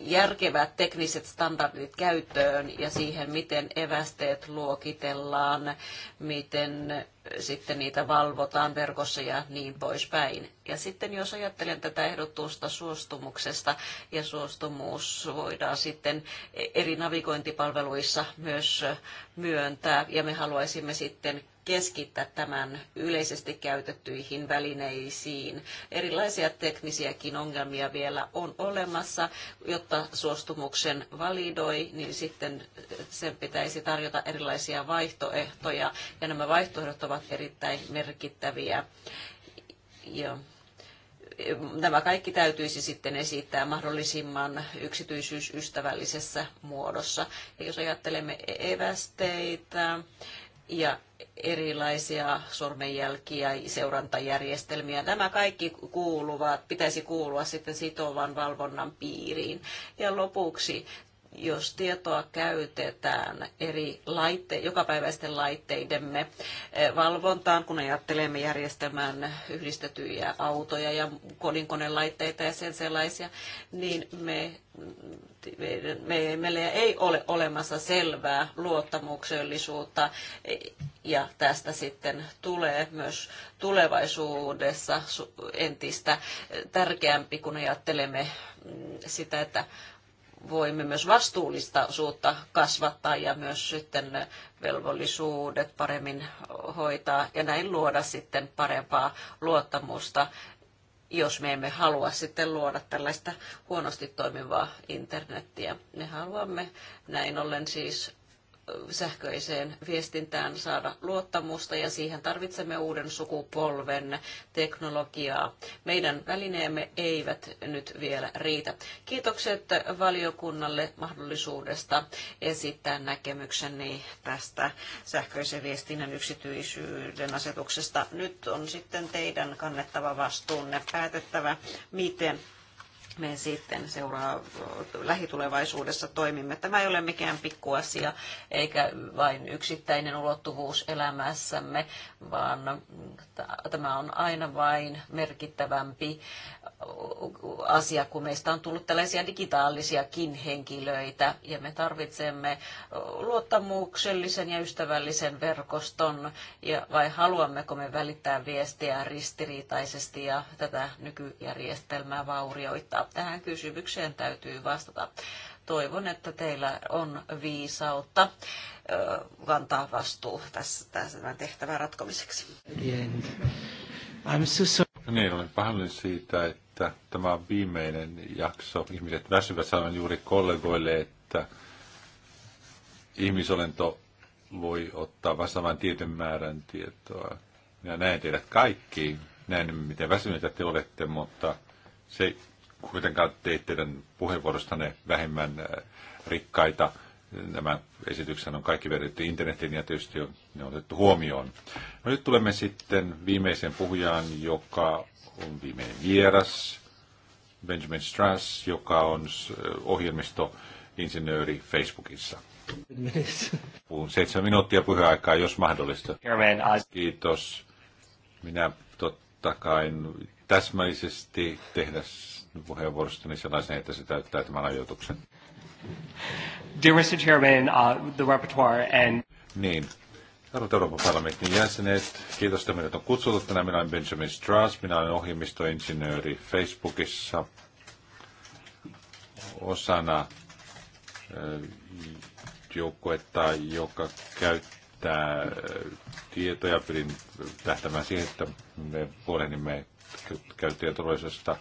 järkevät tekniset standardit käyttöön ja siihen, miten evästeet luokitellaan, miten eh, sitten niitä valvotaan verkossa ja niin poispäin. Ja sitten jos ajattelen tätä ehdotusta suostumuksesta, ja suostumus voidaan sitten eri navigointipalveluissa myös eh, myöntää, ja me haluaisimme sitten keskittää tämän yleisesti käytettyihin välineisiin. Erilaisia teknisiäkin ongelmia vielä on olemassa, jotta suostumuksen validoi, niin sitten sen pitäisi tarjota erilaisia vaihtoehtoja, ja nämä vaihtoehdot ovat erittäin merkittäviä. Joo nämä kaikki täytyisi sitten esittää mahdollisimman yksityisyysystävällisessä muodossa. Ja jos ajattelemme evästeitä, ja erilaisia sormenjälkiä, seurantajärjestelmiä. Nämä kaikki kuuluvat, pitäisi kuulua sitten sitovan valvonnan piiriin. Ja lopuksi jos tietoa käytetään eri laitte- jokapäiväisten laitteidemme eh, valvontaan, kun ajattelemme järjestämään yhdistettyjä autoja ja kodinkonelaitteita ja sen sellaisia, niin me me, meillä ei ole olemassa selvää luottamuksellisuutta ja tästä sitten tulee myös tulevaisuudessa entistä tärkeämpi, kun ajattelemme mm, sitä, että voimme myös vastuullisuutta kasvattaa ja myös sitten velvollisuudet paremmin hoitaa ja näin luoda sitten parempaa luottamusta, jos me emme halua sitten luoda tällaista huonosti toimivaa internettiä. Me haluamme näin ollen siis sähköiseen viestintään saada luottamusta ja siihen tarvitsemme uuden sukupolven teknologiaa. Meidän välineemme eivät nyt vielä riitä. Kiitokset valiokunnalle mahdollisuudesta esittää näkemykseni tästä sähköisen viestinnän yksityisyyden asetuksesta. Nyt on sitten teidän kannettava vastuunne päätettävä, miten me sitten seuraa lähitulevaisuudessa toimimme. Tämä ei ole mikään pikkuasia eikä vain yksittäinen ulottuvuus elämässämme, vaan tämä on aina vain merkittävämpi asia, kun meistä on tullut tällaisia digitaalisiakin henkilöitä ja me tarvitsemme luottamuksellisen ja ystävällisen verkoston ja vai haluammeko me välittää viestiä ristiriitaisesti ja tätä nykyjärjestelmää vaurioittaa? Tähän kysymykseen täytyy vastata. Toivon, että teillä on viisautta kantaa vastuu tässä, tämän tehtävän ratkomiseksi. Niin, olen pahoillani siitä, että että tämä on viimeinen jakso. Ihmiset väsyvät. Sanoin juuri kollegoille, että ihmisolento voi ottaa vasta vain tietyn määrän tietoa. Minä näen teidät kaikki, näen miten väsyneitä te olette, mutta se kuitenkaan teet teidän puheenvuorostanne vähemmän äh, rikkaita Nämä esitykset on kaikki vedetty internetin ja tietysti ne on otettu huomioon. No nyt tulemme sitten viimeiseen puhujaan, joka on viimeinen vieras, Benjamin Strass, joka on ohjelmistoinsinööri Facebookissa. Puhun seitsemän minuuttia puheaikaa, jos mahdollista. Kiitos. Minä totta kai täsmällisesti tehdä puheenvuorostani sellaisen, että se täyttää tämän ajoituksen. Dear Mr. Chairman, uh, the repertoire and... Niin. Arvoit Euroopan parlamentin jäsenet, kiitos, että meidät on kutsuttu tänään. Minä olen Benjamin Strauss, minä olen ohjelmistoinsinööri Facebookissa osana äh, joukkuetta, joka käyttää äh, tietoja. Pyrin tähtämään siihen, että me huolehdimme käyttäjäturvallisuudesta turvallisuudesta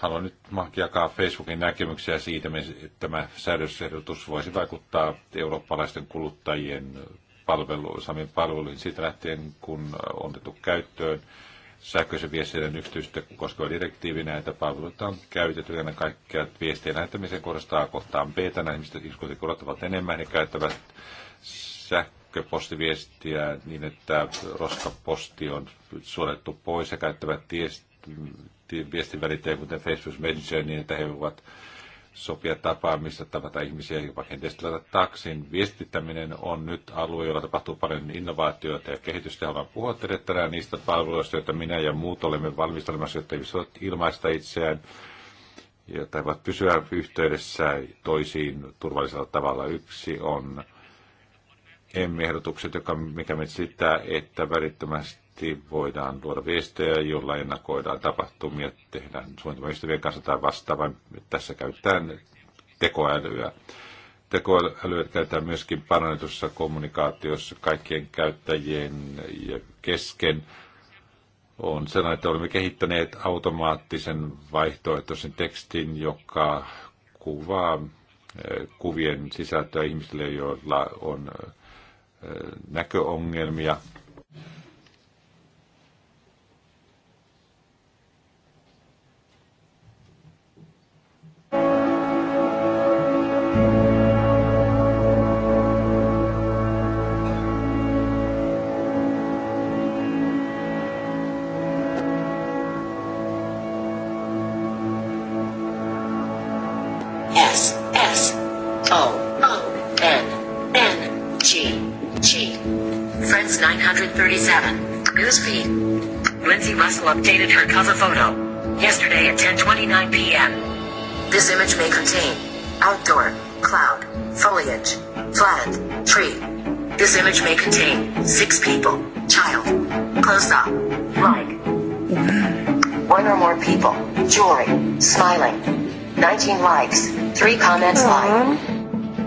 haluan nyt jakaa Facebookin näkemyksiä siitä, että tämä säädösehdotus voisi vaikuttaa eurooppalaisten kuluttajien palvelu, samin palveluihin siitä lähtien, kun on otettu käyttöön sähköisen viestinnän yksityistä koskeva direktiivi näitä palveluita on käytetty ja kaikkea viestien lähettämisen kohdasta kohtaan B. Nämä ihmiset kuluttavat enemmän, he käyttävät sähköpostiviestiä niin, että roskaposti on suorittu pois ja käyttävät viestinvälittäjä, kuten Facebook Messenger, niin että he voivat sopia tapaamista, tavata ihmisiä, jopa kenties tilata taksin. Viestittäminen on nyt alue, jolla tapahtuu paljon innovaatioita ja kehitystä. Haluan puhua teille tänään niistä palveluista, joita minä ja muut olemme valmistelemassa, jotta ihmiset voivat ilmaista itseään jotta he voivat pysyä yhteydessä toisiin turvallisella tavalla. Yksi on emme ehdotukset joka, mikä me sitä, että välittömästi Luonnollisesti voidaan luoda viestejä, joilla ennakoidaan tapahtumia, tehdään suunnitelmaystävien kanssa tai vastaavan Tässä käytetään tekoälyä. Tekoälyä käytetään myöskin parannetussa kommunikaatiossa kaikkien käyttäjien ja kesken. On sellainen, että olemme kehittäneet automaattisen vaihtoehtoisen tekstin, joka kuvaa eh, kuvien sisältöä ihmisille, joilla on eh, näköongelmia. 137. Newsfeed. Lindsay Russell updated her cover photo yesterday at 10:29 p.m. This image may contain outdoor, cloud, foliage, flat, tree. This image may contain six people, child, close up, like one or more people, jewelry, smiling. 19 likes, three comments, like.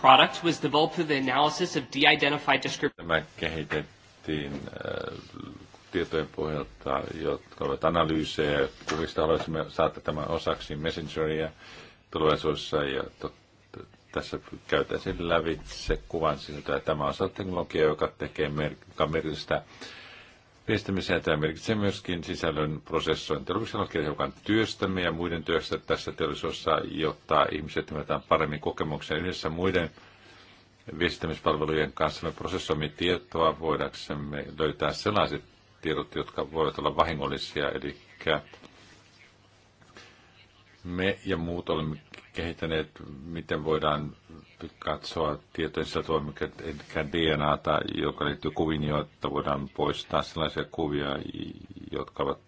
product was developed through the analysis of de-identified descriptions. Tämä kehitettiin äh, tietojen pohjalta, jotka ovat analyysejä, kuvista haluaisimme saada tämän osaksi Messengeria tulevaisuudessa ja tot, tässä käytäisiin lävitse kuvan siltä, että Tämä on se teknologia, joka tekee mer- joka merkitystä Viestimiseen tämä merkitsee myöskin sisällön prosessointia. Teollisuusalokkeen hiukan työstämme ja muiden työstä tässä teollisuudessa, jotta ihmiset ymmärtävät paremmin kokemuksia yhdessä muiden viestimispalvelujen kanssa. Me prosessoimme tietoa, voidaksemme löytää sellaiset tiedot, jotka voivat olla vahingollisia, eli me ja muut olemme kehittäneet, miten voidaan katsoa tietojen sisältöä, dna DNAta, joka liittyy kuviin, jotta voidaan poistaa sellaisia kuvia, jotka ovat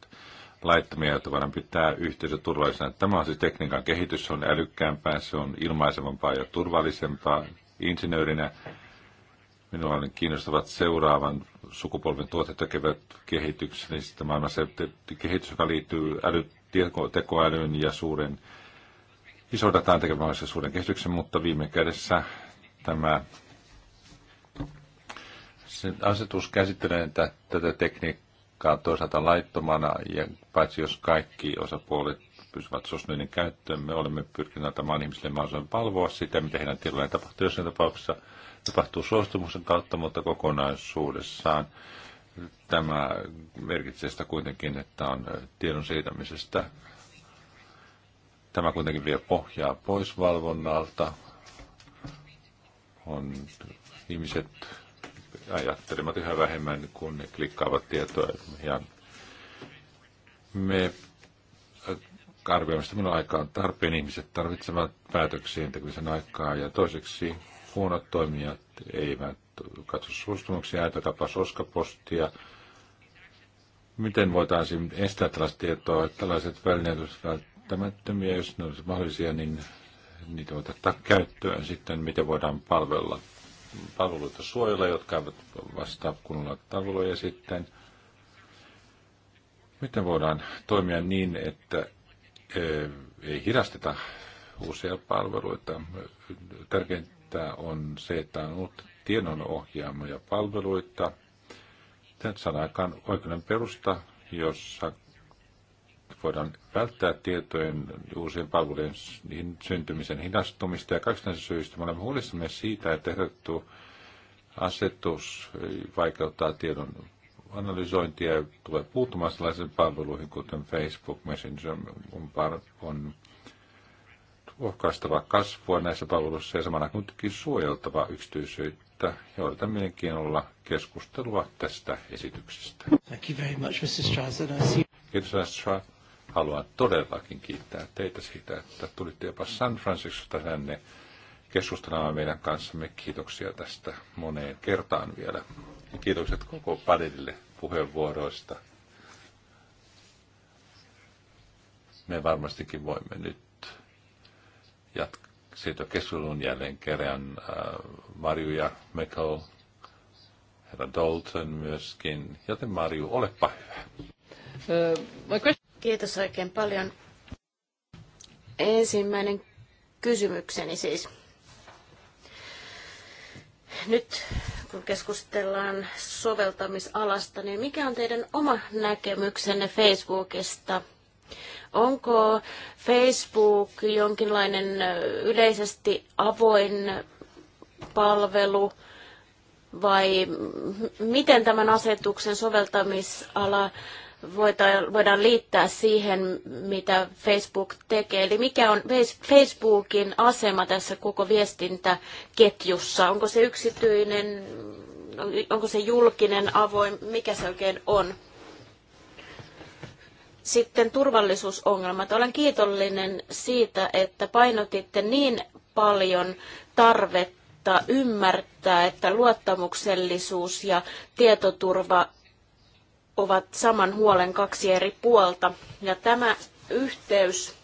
laittomia, joita voidaan pitää yhteisö turvallisena. Tämä on siis tekniikan kehitys, se on älykkäämpää, se on ilmaisevampaa ja turvallisempaa. Insinöörinä minua on kiinnostavat seuraavan sukupolven tuotteet tekevät kehityksen, niin maailmassa kehitys, joka liittyy äly, tekoälyyn ja suuren iso siis data on tekemässä suuren kehityksen, mutta viime kädessä tämä se asetus käsittelee tätä tekniikkaa toisaalta laittomana, ja paitsi jos kaikki osapuolet pysyvät sosnoiden käyttöön, me olemme pyrkineet antamaan ihmisille mahdollisuuden palvoa sitä, mitä heidän tilanne tapahtuu. Jossain tapauksessa tapahtuu suostumuksen kautta, mutta kokonaisuudessaan tämä merkitsee sitä kuitenkin, että on tiedon siirtämisestä Tämä kuitenkin vie pohjaa pois valvonnalta. On ihmiset ajattelevat yhä vähemmän, kun ne klikkaavat tietoa. Ja me että minun aikaa on tarpeen. Ihmiset tarvitsevat päätöksiin tekemisen aikaa ja toiseksi huonot toimijat eivät katso suostumuksia, tapas oskapostia. Miten voitaisiin estää tällaista tietoa, että tällaiset välineet välttämättömiä, jos ne olisivat mahdollisia, niin niitä voi ottaa käyttöön sitten, miten voidaan palvella palveluita suojella, jotka eivät vastaa kunnolla palveluja sitten. Miten voidaan toimia niin, että ei hidasteta uusia palveluita. Tärkeintä on se, että on uutta tiedonohjaamoja palveluita. Tätä saadaan aikaan oikeuden perusta, jossa voidaan välttää tietojen uusien palvelujen syntymisen hidastumista. Ja kaksi näistä syistä me olemme huolissamme siitä, että ehdotettu asetus vaikeuttaa tiedon analysointia ja tulee puuttumaan sellaisiin palveluihin, kuten Facebook Messenger on, par, kasvua näissä palveluissa ja samalla kuitenkin suojeltava yksityisyyttä. Ja odotan mielenkiinnolla keskustelua tästä esityksestä. Thank you very much, Mr. Strasser. Kiitos, Strasser haluan todellakin kiittää teitä siitä, että tulitte jopa San Franciscosta tänne keskustelemaan meidän kanssamme. Kiitoksia tästä moneen kertaan vielä. Ja kiitokset koko padelille puheenvuoroista. Me varmastikin voimme nyt jatkaa siitä keskustelun jälleen kerran äh, Marju Michael, herra Dalton myöskin. Joten Marju, olepa hyvä. Uh, Kiitos oikein paljon. Ensimmäinen kysymykseni siis. Nyt kun keskustellaan soveltamisalasta, niin mikä on teidän oma näkemyksenne Facebookista? Onko Facebook jonkinlainen yleisesti avoin palvelu vai miten tämän asetuksen soveltamisala voidaan liittää siihen, mitä Facebook tekee. Eli mikä on Facebookin asema tässä koko viestintäketjussa? Onko se yksityinen, onko se julkinen, avoin, mikä se oikein on? Sitten turvallisuusongelmat. Olen kiitollinen siitä, että painotitte niin paljon tarvetta ymmärtää, että luottamuksellisuus ja tietoturva ovat saman huolen kaksi eri puolta. Ja tämä yhteys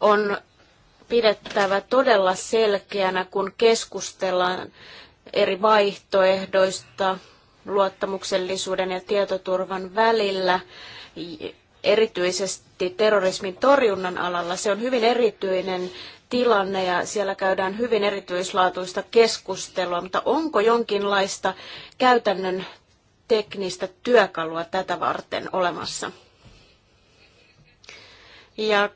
on pidettävä todella selkeänä, kun keskustellaan eri vaihtoehdoista luottamuksellisuuden ja tietoturvan välillä, erityisesti terrorismin torjunnan alalla. Se on hyvin erityinen tilanne ja siellä käydään hyvin erityislaatuista keskustelua, mutta onko jonkinlaista käytännön teknistä työkalua tätä varten olemassa? Ja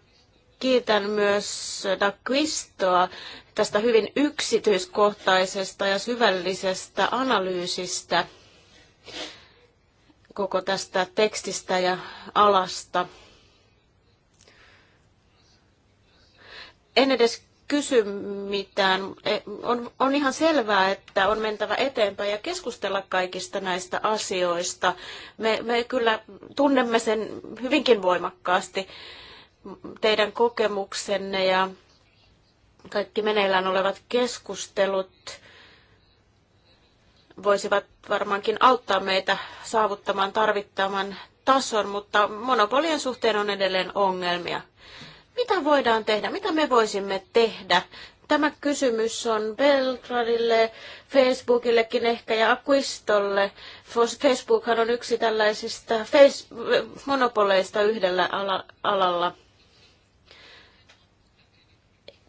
kiitän myös Dacquistoa tästä hyvin yksityiskohtaisesta ja syvällisestä analyysistä koko tästä tekstistä ja alasta. en edes kysy mitään. E, on, on ihan selvää, että on mentävä eteenpäin ja keskustella kaikista näistä asioista. Me, me kyllä tunnemme sen hyvinkin voimakkaasti, teidän kokemuksenne ja kaikki meneillään olevat keskustelut voisivat varmaankin auttaa meitä saavuttamaan tarvittavan tason, mutta monopolien suhteen on edelleen ongelmia. Mitä voidaan tehdä? Mitä me voisimme tehdä? Tämä kysymys on Belgradille, Facebookillekin ehkä ja Akuistolle. Facebookhan on yksi tällaisista face- monopoleista yhdellä alalla.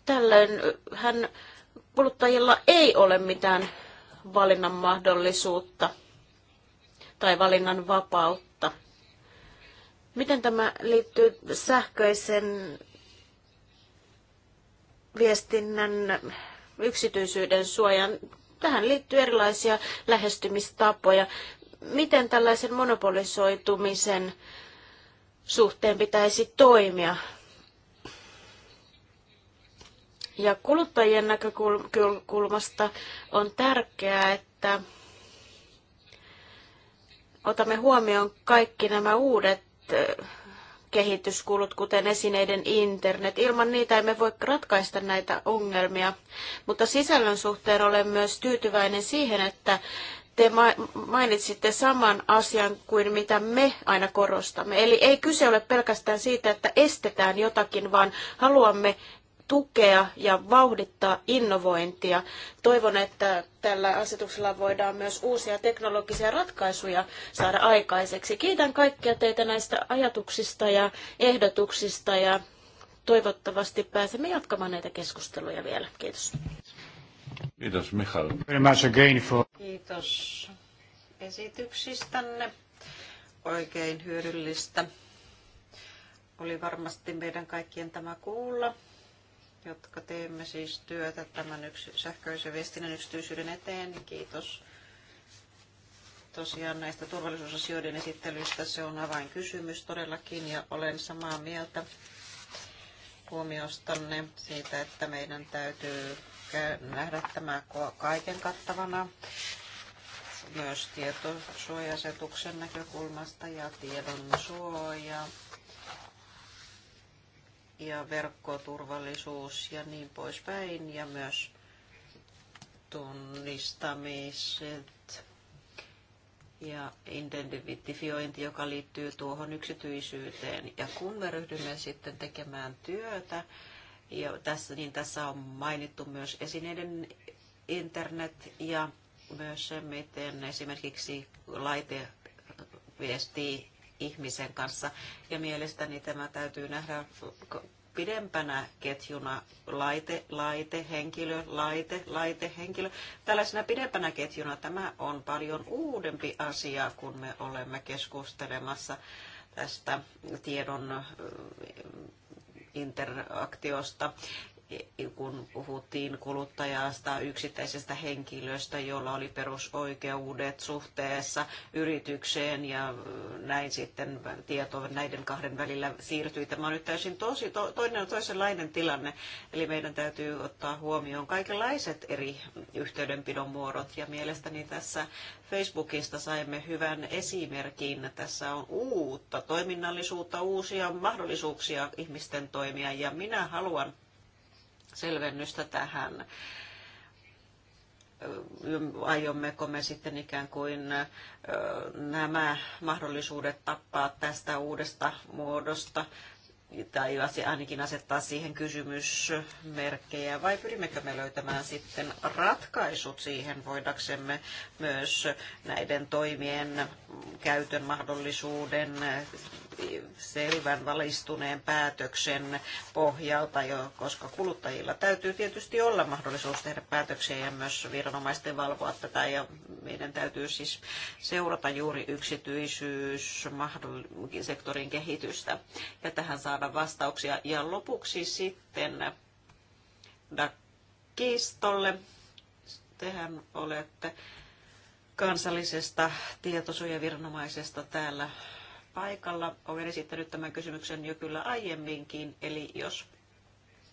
Tällöin hän kuluttajilla ei ole mitään valinnan mahdollisuutta tai valinnan vapautta. Miten tämä liittyy sähköisen viestinnän yksityisyyden suojan. Tähän liittyy erilaisia lähestymistapoja. Miten tällaisen monopolisoitumisen suhteen pitäisi toimia? Ja kuluttajien näkökulmasta on tärkeää, että otamme huomioon kaikki nämä uudet kehityskulut, kuten esineiden internet. Ilman niitä emme voi ratkaista näitä ongelmia, mutta sisällön suhteen olen myös tyytyväinen siihen, että te mainitsitte saman asian kuin mitä me aina korostamme. Eli ei kyse ole pelkästään siitä, että estetään jotakin, vaan haluamme tukea ja vauhdittaa innovointia. Toivon, että tällä asetuksella voidaan myös uusia teknologisia ratkaisuja saada aikaiseksi. Kiitän kaikkia teitä näistä ajatuksista ja ehdotuksista ja toivottavasti pääsemme jatkamaan näitä keskusteluja vielä. Kiitos. Kiitos Michal. Kiitos esityksistänne. Oikein hyödyllistä. Oli varmasti meidän kaikkien tämä kuulla jotka teemme siis työtä tämän yksi, sähköisen viestinnän yksityisyyden eteen. Kiitos tosiaan näistä turvallisuusasioiden esittelyistä. Se on avainkysymys todellakin ja olen samaa mieltä huomiostanne siitä, että meidän täytyy nähdä tämä kaiken kattavana myös tietosuojasetuksen näkökulmasta ja tiedon suoja ja verkkoturvallisuus ja niin poispäin ja myös tunnistamiset ja identifiointi, joka liittyy tuohon yksityisyyteen. Ja kun me ryhdymme sitten tekemään työtä, ja tässä, niin tässä on mainittu myös esineiden internet ja myös se, miten esimerkiksi laite viestii ihmisen kanssa. Ja mielestäni tämä täytyy nähdä pidempänä ketjuna laite, laite, henkilö, laite, laite, henkilö. Tällaisena pidempänä ketjuna tämä on paljon uudempi asia, kun me olemme keskustelemassa tästä tiedon äh, interaktiosta kun puhuttiin kuluttajasta, yksittäisestä henkilöstä, jolla oli perusoikeudet suhteessa yritykseen ja näin sitten tieto näiden kahden välillä siirtyi. Tämä on nyt täysin tosi, to, toinen, toisenlainen tilanne, eli meidän täytyy ottaa huomioon kaikenlaiset eri yhteydenpidon muodot ja mielestäni tässä Facebookista saimme hyvän esimerkin. Tässä on uutta toiminnallisuutta, uusia mahdollisuuksia ihmisten toimia ja minä haluan selvennystä tähän. Aiommeko me sitten ikään kuin nämä mahdollisuudet tappaa tästä uudesta muodosta tai ainakin asettaa siihen kysymysmerkkejä, vai pyrimmekö me löytämään sitten ratkaisut siihen, voidaksemme myös näiden toimien käytön mahdollisuuden selvän valistuneen päätöksen pohjalta, jo, koska kuluttajilla täytyy tietysti olla mahdollisuus tehdä päätöksiä ja myös viranomaisten valvoa tätä. Ja meidän täytyy siis seurata juuri yksityisyyssektorin kehitystä ja tähän saada vastauksia. Ja lopuksi sitten Dakistolle. Tehän olette kansallisesta tietosuojaviranomaisesta täällä paikalla. Olen esittänyt tämän kysymyksen jo kyllä aiemminkin, eli jos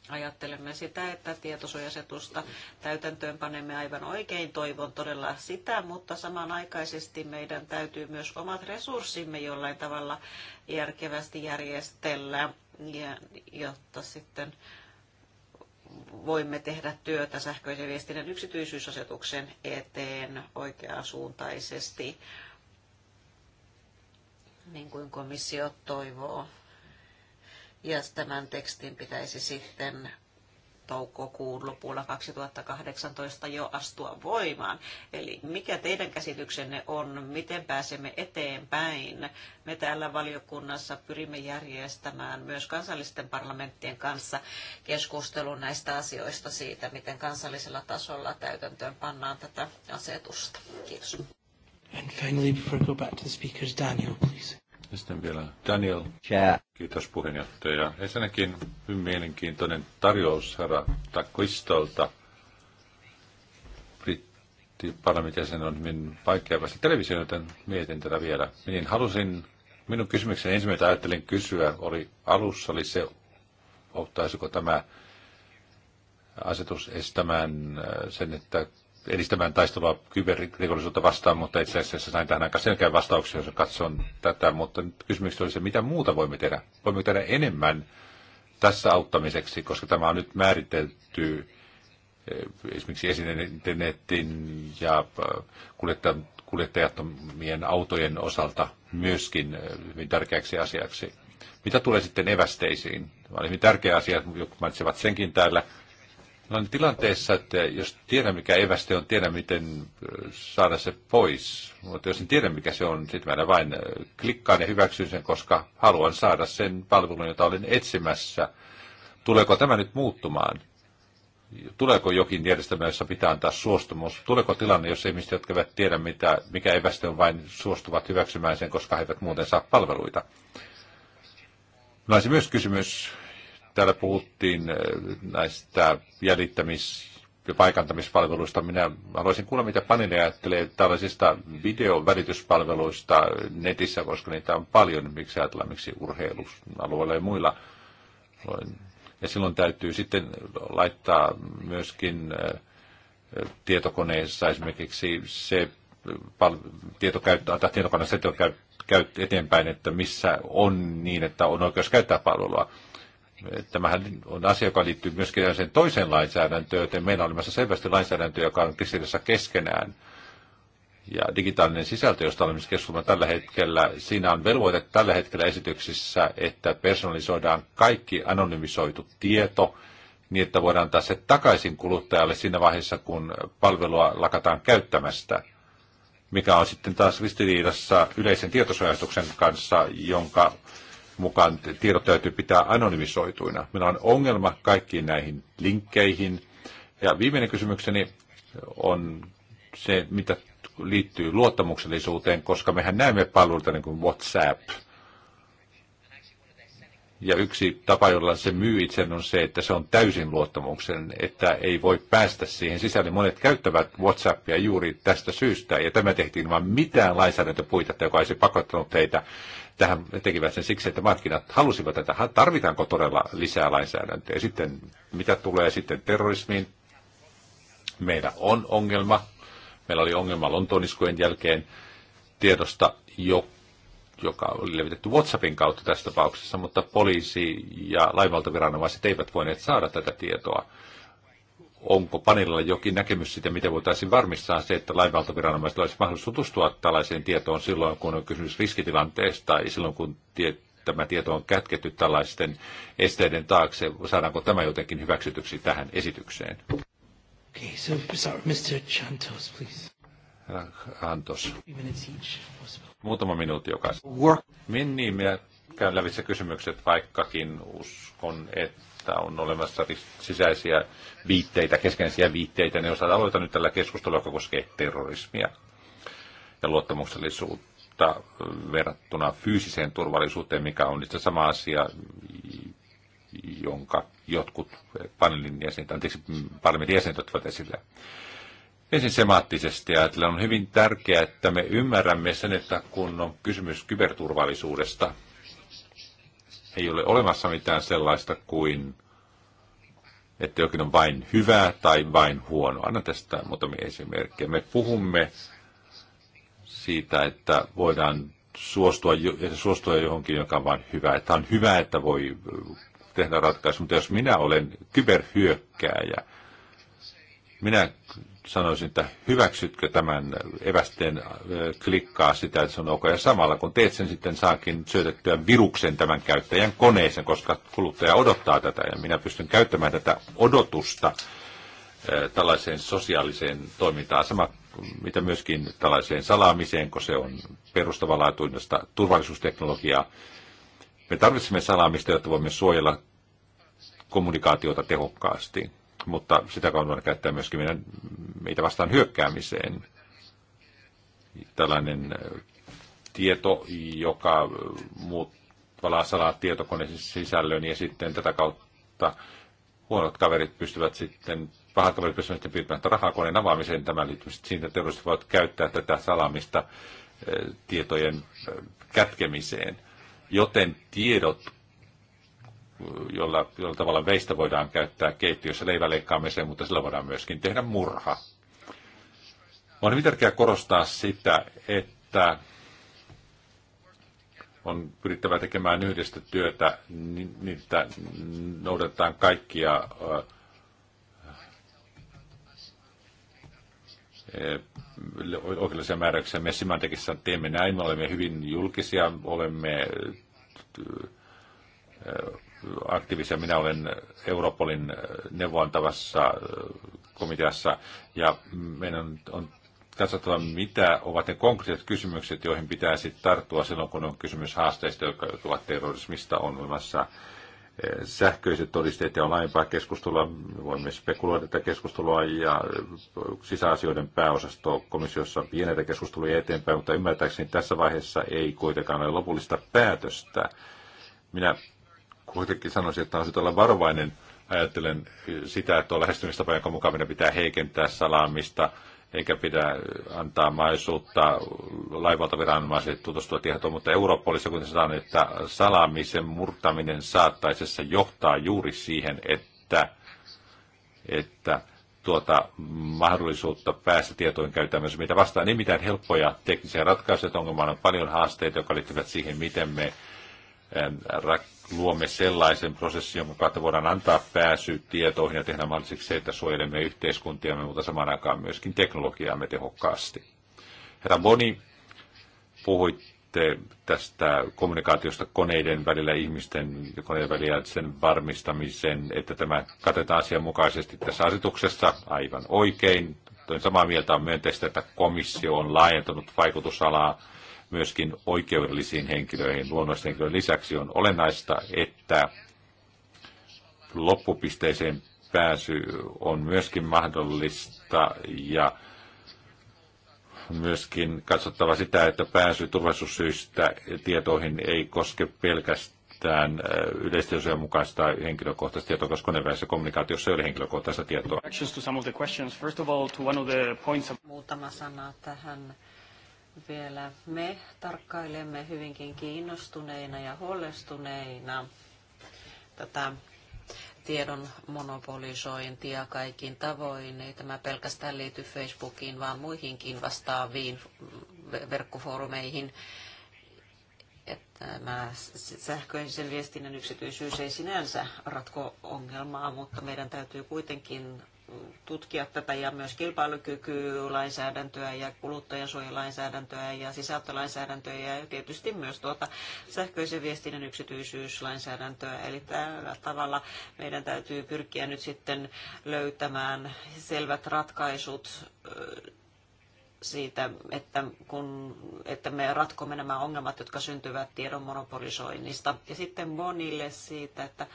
ajattelemme sitä, että tietosuojasetusta täytäntöön panemme aivan oikein, toivon todella sitä, mutta samanaikaisesti meidän täytyy myös omat resurssimme jollain tavalla järkevästi järjestellä, jotta sitten voimme tehdä työtä sähköisen viestinnän yksityisyysasetuksen eteen oikeasuuntaisesti. suuntaisesti niin kuin komissio toivoo. Ja tämän tekstin pitäisi sitten toukokuun lopulla 2018 jo astua voimaan. Eli mikä teidän käsityksenne on, miten pääsemme eteenpäin? Me täällä valiokunnassa pyrimme järjestämään myös kansallisten parlamenttien kanssa keskustelun näistä asioista siitä, miten kansallisella tasolla täytäntöön pannaan tätä asetusta. Kiitos. And finally, before I go back to the speakers, Daniel, please. Ja Sitten vielä Daniel. Yeah. Kiitos puheenjohtaja. Ensinnäkin hyvin mielenkiintoinen tarjous herra Takistolta. Brittiparlamentin sen on hyvin vaikea päästä televisioon, joten mietin tätä vielä. Niin halusin, minun kysymykseni ensimmäinen ajattelin kysyä oli alussa, oli se, ottaisiko tämä asetus estämään äh, sen, että edistämään taistelua kyberrikollisuutta vastaan, mutta itse asiassa sain tähän aika selkeän vastauksen, jos katson tätä. Mutta kysymys oli se, mitä muuta voimme tehdä? Voimme tehdä enemmän tässä auttamiseksi, koska tämä on nyt määritelty eh, esimerkiksi esinenetin ja eh, kuljettajattomien autojen osalta myöskin eh, hyvin tärkeäksi asiaksi. Mitä tulee sitten evästeisiin? Tämä on hyvin tärkeä asia, jotka mainitsevat senkin täällä niin tilanteessa, että jos tiedä mikä eväste on, tiedä miten saada se pois. Mutta jos en tiedä mikä se on, sitten mä vain klikkaan ja hyväksyn sen, koska haluan saada sen palvelun, jota olen etsimässä. Tuleeko tämä nyt muuttumaan? Tuleeko jokin järjestelmä, jossa pitää antaa suostumus? Tuleeko tilanne, jos ihmiset, jotka eivät tiedä, mitä, mikä eväste on, vain suostuvat hyväksymään sen, koska he eivät muuten saa palveluita? Minulla no, myös kysymys Täällä puhuttiin eh, näistä jäljittämis- ja paikantamispalveluista. Minä haluaisin kuulla, mitä Panine ajattelee tällaisista videovälityspalveluista netissä, koska niitä on paljon, miksi ajatellaan, miksi urheilualueilla ja muilla. Ja silloin täytyy sitten laittaa myöskin eh, tietokoneessa esimerkiksi se tietokäyttö, tai tietokoneessa tietokäyttö, eteenpäin, että missä on niin, että on oikeus käyttää palvelua. Tämähän on asia, joka liittyy myöskin sen toiseen lainsäädäntöön, joten meillä on olemassa selvästi lainsäädäntö, joka on kristillisessä keskenään. Ja digitaalinen sisältö, josta olemme siis keskustelua tällä hetkellä, siinä on velvoite tällä hetkellä esityksissä, että personalisoidaan kaikki anonymisoitu tieto, niin että voidaan antaa se takaisin kuluttajalle siinä vaiheessa, kun palvelua lakataan käyttämästä, mikä on sitten taas ristiriidassa yleisen tietosuojastuksen kanssa, jonka mukaan tiedot täytyy pitää anonymisoituina. Meillä on ongelma kaikkiin näihin linkkeihin. Ja viimeinen kysymykseni on se, mitä liittyy luottamuksellisuuteen, koska mehän näemme palveluita niin kuin WhatsApp. Ja yksi tapa, jolla se myy itse, on se, että se on täysin luottamuksen, että ei voi päästä siihen sisälle. Monet käyttävät WhatsAppia juuri tästä syystä, ja tämä tehtiin vain mitään lainsäädäntöpuitetta, joka olisi pakottanut heitä tähän tekivät sen siksi, että markkinat halusivat tätä. Tarvitaanko todella lisää lainsäädäntöä? Ja sitten mitä tulee sitten terrorismiin? Meillä on ongelma. Meillä oli ongelma Lontooniskujen jälkeen tiedosta, jo, joka oli levitetty WhatsAppin kautta tässä tapauksessa, mutta poliisi ja laivaltaviranomaiset eivät voineet saada tätä tietoa onko panilla jokin näkemys siitä, miten voitaisiin varmistaa se, että lainvaltaviranomaiset olisi mahdollisuus tutustua tällaiseen tietoon silloin, kun on kysymys riskitilanteesta ja silloin, kun tie, tämä tieto on kätketty tällaisten esteiden taakse. Saadaanko tämä jotenkin hyväksytyksi tähän esitykseen? Okay, so sorry, Mr. Chantos, please. Antos. Muutama minuutti jokaisen. Minni, Niin, niin, minä käyn lävitse kysymykset, vaikkakin uskon, että että on olemassa sisäisiä viitteitä, keskeisiä viitteitä, ne osaa aloita nyt tällä keskustelua, joka koskee terrorismia ja luottamuksellisuutta verrattuna fyysiseen turvallisuuteen, mikä on itse sama asia, jonka jotkut paneelin jäsenet, anteeksi, parlamentin jäsenet ottavat esille. Ensin semaattisesti ajatellen on hyvin tärkeää, että me ymmärrämme sen, että kun on kysymys kyberturvallisuudesta, ei ole olemassa mitään sellaista kuin, että jokin on vain hyvää tai vain huono. Anna tästä muutamia esimerkkejä. Me puhumme siitä, että voidaan suostua, suostua johonkin, joka on vain hyvä. Että on hyvä, että voi tehdä ratkaisu, mutta jos minä olen kyberhyökkääjä, minä sanoisin, että hyväksytkö tämän evästeen äh, klikkaa sitä, että se on ok. Ja samalla kun teet sen, sitten saakin syötettyä viruksen tämän käyttäjän koneeseen, koska kuluttaja odottaa tätä ja minä pystyn käyttämään tätä odotusta äh, tällaiseen sosiaaliseen toimintaan. Sama mitä myöskin tällaiseen salaamiseen, kun se on perustavanlaatuista turvallisuusteknologiaa. Me tarvitsemme salaamista, jotta voimme suojella kommunikaatiota tehokkaasti mutta sitä kautta käyttää myöskin meidän, meitä vastaan hyökkäämiseen. Tällainen tieto, joka muut valaa salaa tietokoneen sisällön ja sitten tätä kautta huonot kaverit pystyvät sitten, pahat kaverit pystyvät sitten pyytämään rahakoneen avaamiseen. Tämä liittyy siitä, että terroristit voivat käyttää tätä salamista tietojen kätkemiseen. Joten tiedot jolla, jolla tavalla veistä voidaan käyttää keittiössä leiväleikkaamiseen, mutta sillä voidaan myöskin tehdä murha. On hyvin tärkeää korostaa sitä, että on pyrittävä tekemään yhdestä työtä, niin että noudatetaan kaikkia oikeudellisia määräyksiä. Me Simantekissa teemme näin, me olemme hyvin julkisia, olemme aktiivisia. Minä olen Europolin neuvontavassa äh, komiteassa ja meidän on, on katsottava, mitä ovat ne konkreettiset kysymykset, joihin pitää sitten tarttua silloin, kun on kysymys haasteista, jotka ovat terrorismista, on olemassa äh, sähköiset todisteet ja on laajempaa keskustelua. Voimme spekuloida tätä keskustelua ja äh, sisäasioiden pääosasto komissiossa on pienetä keskustelua eteenpäin, mutta ymmärtääkseni tässä vaiheessa ei kuitenkaan ole lopullista päätöstä. Minä Kuitenkin sanoisin, että on olla varovainen. Ajattelen sitä, että on lähestymistapa, jonka mukaan meidän pitää heikentää salaamista, eikä pidä antaa mahdollisuutta laivalta viranomaisille tutustua tietoon, mutta Europolissa kuitenkin sanotaan, että salaamisen murtaminen saattaisessa johtaa juuri siihen, että, että tuota mahdollisuutta päästä tietoihin käytetään myös mitä vastaan. niin mitään helppoja teknisiä ratkaisuja, ongelmalla on paljon haasteita, jotka liittyvät siihen, miten me luomme sellaisen prosessin, jonka kautta voidaan antaa pääsy tietoihin ja tehdä mahdolliseksi se, että suojelemme yhteiskuntiamme, mutta samaan aikaan myöskin teknologiaamme tehokkaasti. Herra Boni, puhuitte tästä kommunikaatiosta koneiden välillä, ihmisten koneiden välillä, sen varmistamisen, että tämä katetaan asianmukaisesti tässä asetuksessa aivan oikein. Toin samaa mieltä on myönteistä, että komissio on laajentanut vaikutusalaa myöskin oikeudellisiin henkilöihin. Luonnollisten henkilöiden lisäksi on olennaista, että loppupisteeseen pääsy on myöskin mahdollista ja myöskin katsottava sitä, että pääsy turvallisuussyistä tietoihin ei koske pelkästään äh, yleistietosuojan mukaista henkilökohtaista tietoa, koska koneväisessä kommunikaatiossa ei ole henkilökohtaista tietoa. Muutama sana tähän vielä me tarkkailemme hyvinkin kiinnostuneina ja huolestuneina tätä tiedon monopolisointia kaikin tavoin. Ei tämä pelkästään liity Facebookiin, vaan muihinkin vastaaviin verkkofoorumeihin. Tämä sähköisen viestinnän yksityisyys ei sinänsä ratko ongelmaa, mutta meidän täytyy kuitenkin tutkia tätä ja myös kilpailukykylainsäädäntöä ja kuluttajansuojalainsäädäntöä ja sisältölainsäädäntöä ja tietysti myös tuota sähköisen viestinnän yksityisyyslainsäädäntöä. Eli tällä tavalla meidän täytyy pyrkiä nyt sitten löytämään selvät ratkaisut siitä, että, kun, että me ratkomme nämä ongelmat, jotka syntyvät tiedon monopolisoinnista. Ja sitten monille siitä, että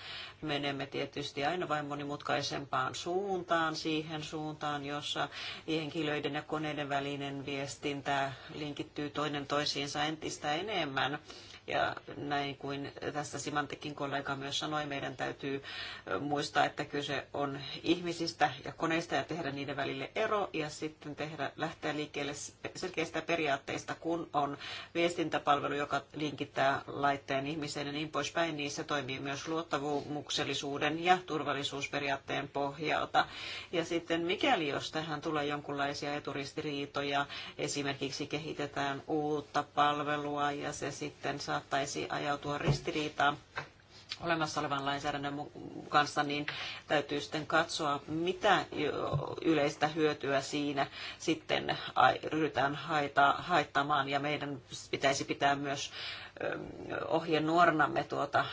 menemme tietysti aina vain monimutkaisempaan suuntaan, siihen suuntaan, jossa henkilöiden ja koneiden välinen viestintä linkittyy toinen toisiinsa entistä enemmän ja näin kuin tässä Simantikin kollega myös sanoi, meidän täytyy muistaa, että kyse on ihmisistä ja koneista ja tehdä niiden välille ero ja sitten tehdä, lähteä liikkeelle selkeistä periaatteista, kun on viestintäpalvelu, joka linkittää laitteen ihmiseen ja niin poispäin, niin se toimii myös luottavuuksellisuuden ja turvallisuusperiaatteen pohjalta. Ja sitten mikäli jos tähän tulee jonkinlaisia eturistiriitoja, esimerkiksi kehitetään uutta palvelua ja se sitten saa saattaisi ajautua ristiriitaan olemassa olevan lainsäädännön kanssa, niin täytyy sitten katsoa, mitä yleistä hyötyä siinä sitten ryhdytään haita, haittamaan. Ja meidän pitäisi pitää myös ohjenuoranamme tuota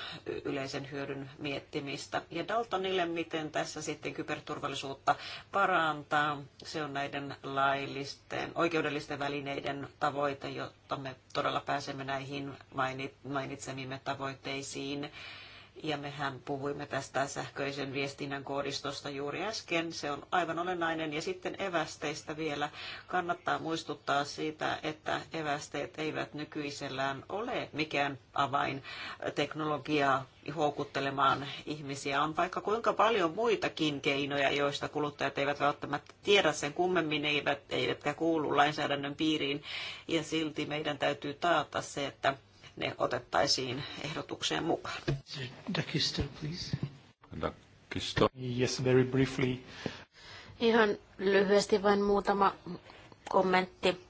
yleisen hyödyn miettimistä. Ja Daltonille, miten tässä sitten kyberturvallisuutta parantaa, se on näiden laillisten, oikeudellisten välineiden tavoite, jotta me todella pääsemme näihin mainitsemimme tavoitteisiin. Ja mehän puhuimme tästä sähköisen viestinnän koodistosta juuri äsken. Se on aivan olennainen. Ja sitten evästeistä vielä. Kannattaa muistuttaa siitä, että evästeet eivät nykyisellään ole mikään avain teknologiaa houkuttelemaan ihmisiä. On vaikka kuinka paljon muitakin keinoja, joista kuluttajat eivät välttämättä tiedä sen kummemmin, eivät, eivätkä kuulu lainsäädännön piiriin. Ja silti meidän täytyy taata se, että ne otettaisiin ehdotukseen mukaan. Dakisto, please. Yes, very briefly. Ihan lyhyesti vain muutama kommentti.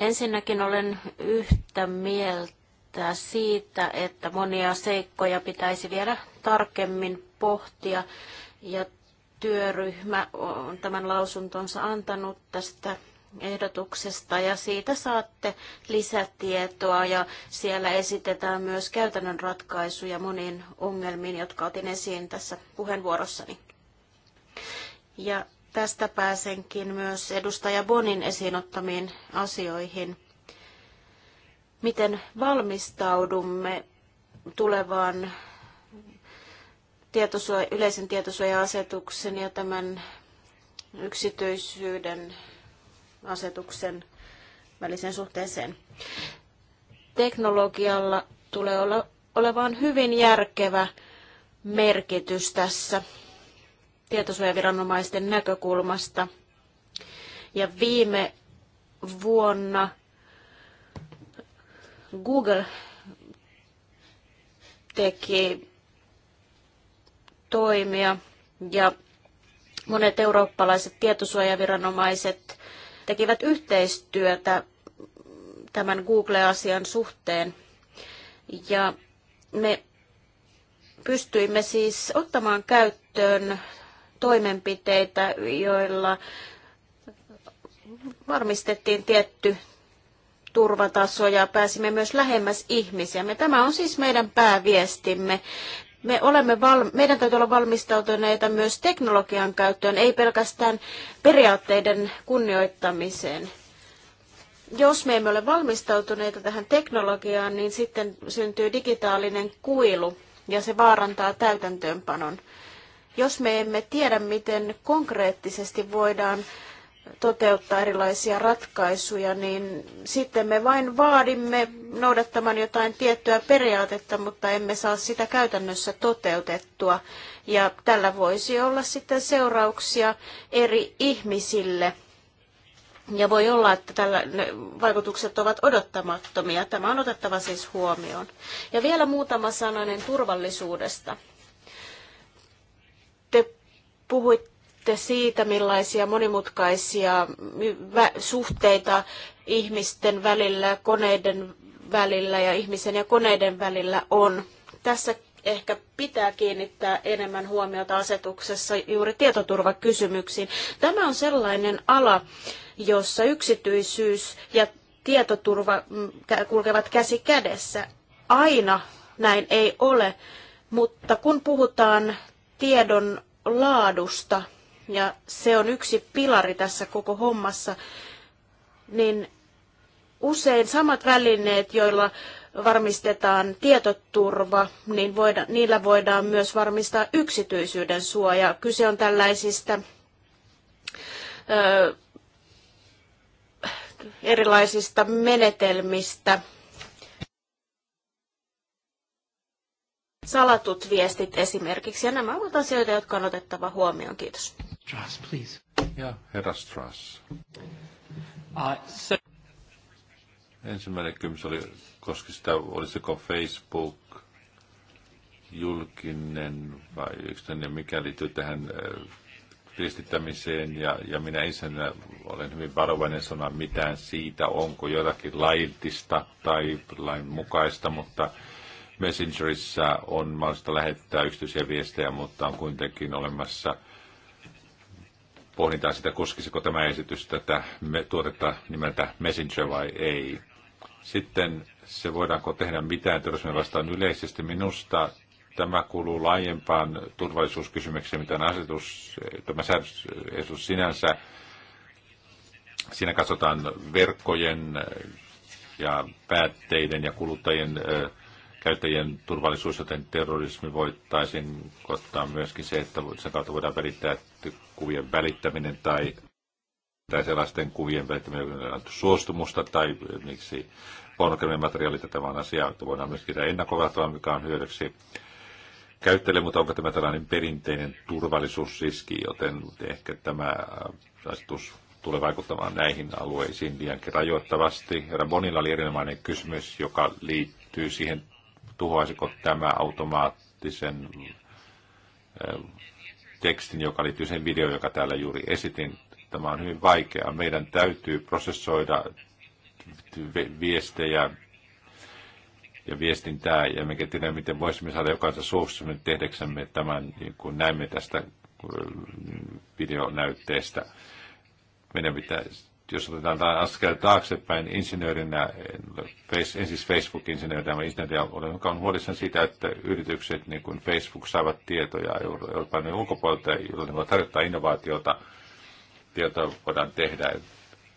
Ensinnäkin olen yhtä mieltä siitä, että monia seikkoja pitäisi vielä tarkemmin pohtia ja työryhmä on tämän lausuntonsa antanut tästä ehdotuksesta ja siitä saatte lisätietoa ja siellä esitetään myös käytännön ratkaisuja moniin ongelmiin, jotka otin esiin tässä puheenvuorossani. Ja tästä pääsenkin myös edustaja Bonin esiin ottamiin asioihin. Miten valmistaudumme tulevaan tietosuoja, yleisen tietosuoja-asetuksen ja tämän yksityisyyden asetuksen väliseen suhteeseen. Teknologialla tulee olla, olevan hyvin järkevä merkitys tässä tietosuojaviranomaisten näkökulmasta. Ja viime vuonna Google teki toimia ja monet eurooppalaiset tietosuojaviranomaiset tekivät yhteistyötä tämän Google-asian suhteen. Ja me pystyimme siis ottamaan käyttöön toimenpiteitä, joilla varmistettiin tietty turvataso ja pääsimme myös lähemmäs ihmisiä. Tämä on siis meidän pääviestimme me olemme val- meidän täytyy olla valmistautuneita myös teknologian käyttöön, ei pelkästään periaatteiden kunnioittamiseen. Jos me emme ole valmistautuneita tähän teknologiaan, niin sitten syntyy digitaalinen kuilu ja se vaarantaa täytäntöönpanon. Jos me emme tiedä, miten konkreettisesti voidaan toteuttaa erilaisia ratkaisuja, niin sitten me vain vaadimme noudattamaan jotain tiettyä periaatetta, mutta emme saa sitä käytännössä toteutettua. Ja tällä voisi olla sitten seurauksia eri ihmisille. Ja voi olla, että tällä ne vaikutukset ovat odottamattomia. Tämä on otettava siis huomioon. Ja vielä muutama sananen turvallisuudesta. Te puhuitte puhuitte siitä, millaisia monimutkaisia suhteita ihmisten välillä, koneiden välillä ja ihmisen ja koneiden välillä on. Tässä ehkä pitää kiinnittää enemmän huomiota asetuksessa juuri tietoturvakysymyksiin. Tämä on sellainen ala, jossa yksityisyys ja tietoturva mm, kulkevat käsi kädessä. Aina näin ei ole, mutta kun puhutaan tiedon laadusta, ja se on yksi pilari tässä koko hommassa, niin usein samat välineet, joilla varmistetaan tietoturva, niin voida, niillä voidaan myös varmistaa yksityisyyden suoja. Kyse on tällaisista ö, erilaisista menetelmistä. Salatut viestit esimerkiksi, ja nämä ovat asioita, jotka on otettava huomioon. Kiitos. Strass, please. Yeah, herra Strass. Uh, so... Ensimmäinen kysymys oli, koski sitä, olisiko Facebook julkinen vai yksityinen, mikä liittyy tähän kristittämiseen ja, ja minä isänä olen hyvin varovainen sanoa mitään siitä, onko jotakin laillista tai lain mukaista, mutta Messengerissä on mahdollista lähettää yksityisiä viestejä, mutta on kuitenkin olemassa pohditaan sitä, koskisiko tämä esitys tätä tuotetta nimeltä Messenger vai ei. Sitten se voidaanko tehdä mitään terrorismia vastaan yleisesti. Minusta tämä kuuluu laajempaan turvallisuuskysymykseen, mitä asetus, tämä säädösesitys sinänsä. Siinä katsotaan verkkojen äh, ja päätteiden ja kuluttajien äh, käyttäjien turvallisuus, joten terrorismi voittaisiin ottaa myöskin se, että sen kautta voidaan välittää kuvien välittäminen tai, tai sellaisten kuvien välittäminen, on suostumusta tai miksi pornografinen materiaali, tämä on asia, että voidaan myöskin tehdä ennakkovahtavaa, mikä on hyödyksi käyttäjille, mutta onko tämä tällainen perinteinen turvallisuusriski, joten ehkä tämä äh, asetus tulee vaikuttamaan näihin alueisiin liiankin rajoittavasti. Herra Bonilla oli erinomainen kysymys, joka liittyy siihen, tuhoaisiko tämä automaattisen äh, tekstin, joka liittyy sen videoon, joka täällä juuri esitin. Tämä on hyvin vaikeaa. Meidän täytyy prosessoida viestejä ja viestintää, ja me tiedä, miten voisimme saada jokaisen suostumisen tehdäksemme tämän, niin kun näemme tästä äh, videonäytteestä. Meidän pitäisi jos otetaan askel taaksepäin insinöörinä, en siis Facebook-insinöörinä, vaan insinöörinä olen, joka on huolissaan siitä, että yritykset niin kuin Facebook saavat tietoja Euroopan ulkopuolelta, joilla ne voivat tarjottaa innovaatiota, tietoa voidaan tehdä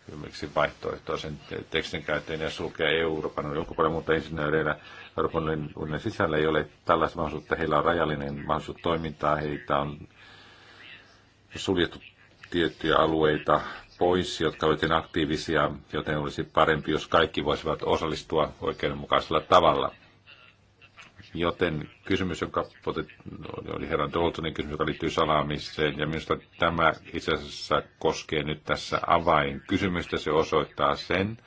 esimerkiksi vaihtoehtoisen tekstin käyttäjän ja sulkea Euroopan unionin ulkopuolella, mutta insinööreillä Euroopan unionin sisällä ei ole tällaista mahdollisuutta. Heillä on rajallinen mahdollisuus toimintaa, heitä on suljettu tiettyjä alueita, pois, jotka olivat niin aktiivisia, joten olisi parempi, jos kaikki voisivat osallistua oikeudenmukaisella tavalla. Joten kysymys, joka oli herran Daltonin kysymys, joka liittyy salaamiseen, ja minusta tämä itse asiassa koskee nyt tässä avainkysymystä. Se osoittaa sen,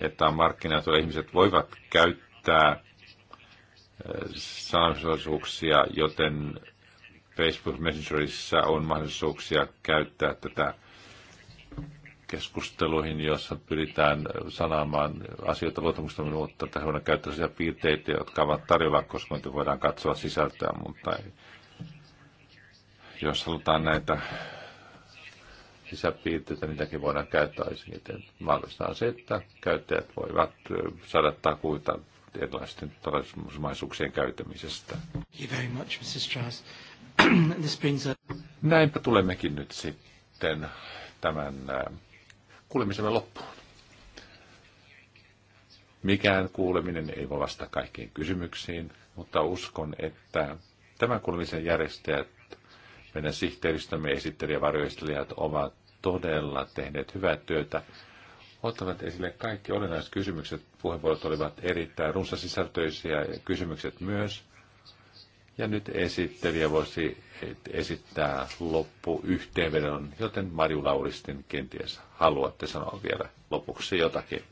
että on markkinat, joilla ihmiset voivat käyttää eh, salaamisosuuksia, joten Facebook Messengerissä on mahdollisuuksia käyttää tätä keskusteluihin, joissa pyritään sanaamaan asioita luottamusta minuutta, että he voidaan käyttää sellaisia piirteitä, jotka ovat tarjolla, koska niitä voidaan katsoa sisältöä, mutta ei. jos halutaan näitä sisäpiirteitä, niitäkin voidaan käyttää esimerkiksi. Mahdollista on se, että käyttäjät voivat saada takuita erilaisten todellisuusmaisuuksien käytämisestä. Näinpä tulemmekin nyt sitten tämän äh, kuulemisemme loppuun. Mikään kuuleminen ei voi vastata kaikkiin kysymyksiin, mutta uskon, että tämän kuulemisen järjestäjät, meidän sihteeristömme esittelijä varjoistelijat ovat todella tehneet hyvää työtä, ottavat esille kaikki olennaiset kysymykset. Puheenvuorot olivat erittäin runsasisältöisiä kysymykset myös. Ja nyt esittelijä voisi esittää loppuyhteenvedon, joten Marju Lauristin kenties haluatte sanoa vielä lopuksi jotakin.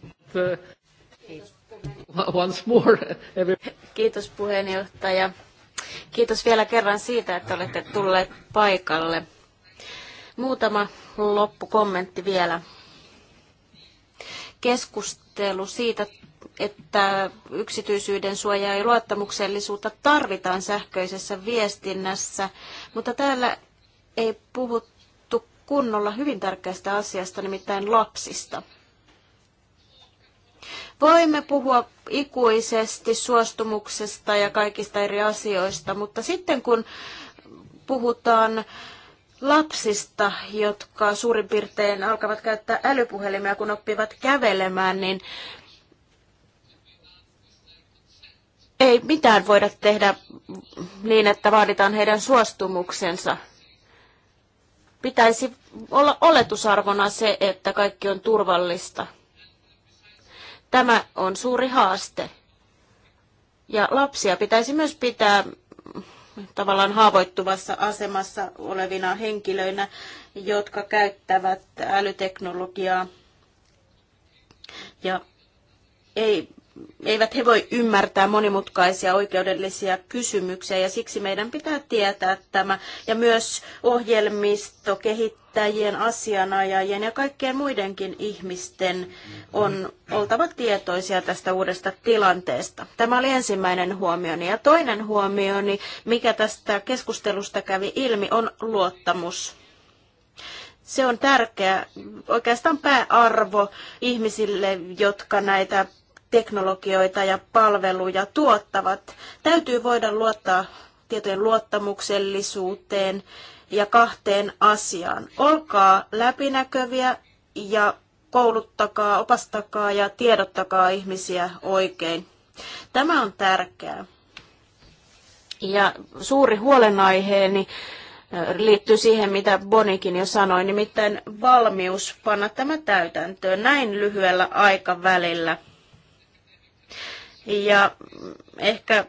Once more. Kiitos puheenjohtaja. Kiitos vielä kerran siitä, että olette tulleet paikalle. Muutama loppukommentti vielä. Keskustelu siitä, että yksityisyyden suojaa ja luottamuksellisuutta tarvitaan sähköisessä viestinnässä, mutta täällä ei puhuttu kunnolla hyvin tärkeästä asiasta, nimittäin lapsista. Voimme puhua ikuisesti suostumuksesta ja kaikista eri asioista, mutta sitten kun puhutaan lapsista, jotka suurin piirtein alkavat käyttää älypuhelimia, kun oppivat kävelemään, niin ei mitään voida tehdä niin, että vaaditaan heidän suostumuksensa. Pitäisi olla oletusarvona se, että kaikki on turvallista. Tämä on suuri haaste. Ja lapsia pitäisi myös pitää tavallaan haavoittuvassa asemassa olevina henkilöinä, jotka käyttävät älyteknologiaa. Ja ei eivät he voi ymmärtää monimutkaisia oikeudellisia kysymyksiä ja siksi meidän pitää tietää tämä. Ja myös ohjelmisto, kehittäjien, asianajajien ja kaikkien muidenkin ihmisten on oltava tietoisia tästä uudesta tilanteesta. Tämä oli ensimmäinen huomioni. Ja toinen huomioni, mikä tästä keskustelusta kävi ilmi, on luottamus se on tärkeä, oikeastaan pääarvo ihmisille, jotka näitä teknologioita ja palveluja tuottavat. Täytyy voida luottaa tietojen luottamuksellisuuteen ja kahteen asiaan. Olkaa läpinäköviä ja kouluttakaa, opastakaa ja tiedottakaa ihmisiä oikein. Tämä on tärkeää. Ja suuri huolenaiheeni äh, liittyy siihen, mitä Bonikin jo sanoi, nimittäin valmius panna tämä täytäntöön näin lyhyellä aikavälillä – ja ehkä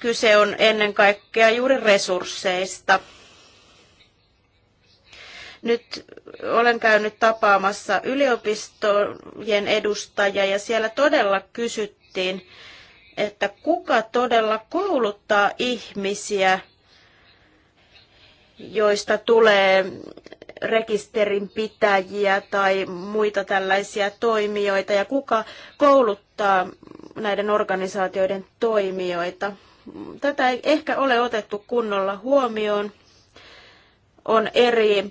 kyse on ennen kaikkea juuri resursseista. Nyt olen käynyt tapaamassa yliopistojen edustajia ja siellä todella kysyttiin, että kuka todella kouluttaa ihmisiä, joista tulee rekisterinpitäjiä tai muita tällaisia toimijoita ja kuka kouluttaa näiden organisaatioiden toimijoita. Tätä ei ehkä ole otettu kunnolla huomioon. On eri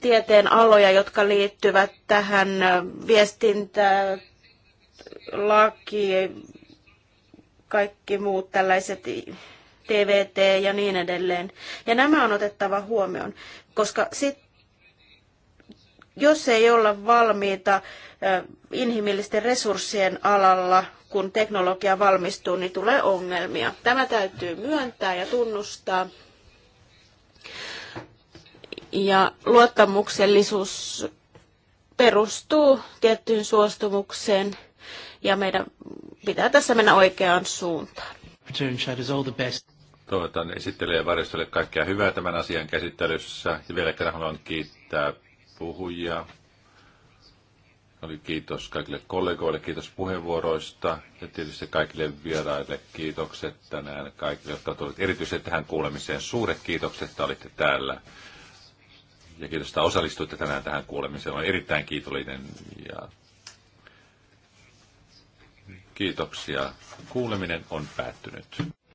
tieteen aloja, jotka liittyvät tähän viestintälakiin, kaikki muut tällaiset TVT ja niin edelleen. Ja nämä on otettava huomioon, koska sit jos ei olla valmiita inhimillisten resurssien alalla, kun teknologia valmistuu, niin tulee ongelmia. Tämä täytyy myöntää ja tunnustaa. Ja luottamuksellisuus perustuu tiettyyn suostumukseen ja meidän pitää tässä mennä oikeaan suuntaan. Toivotan esittelijä varjostolle kaikkea hyvää tämän asian käsittelyssä ja vielä kerran haluan kiittää puhujia. Oli kiitos kaikille kollegoille, kiitos puheenvuoroista ja tietysti kaikille vieraille kiitokset tänään kaikille, jotka tulivat erityisesti tähän kuulemiseen. Suuret kiitokset, että olitte täällä ja kiitos, että osallistuitte tänään tähän kuulemiseen. Olen erittäin kiitollinen ja kiitoksia. Kuuleminen on päättynyt.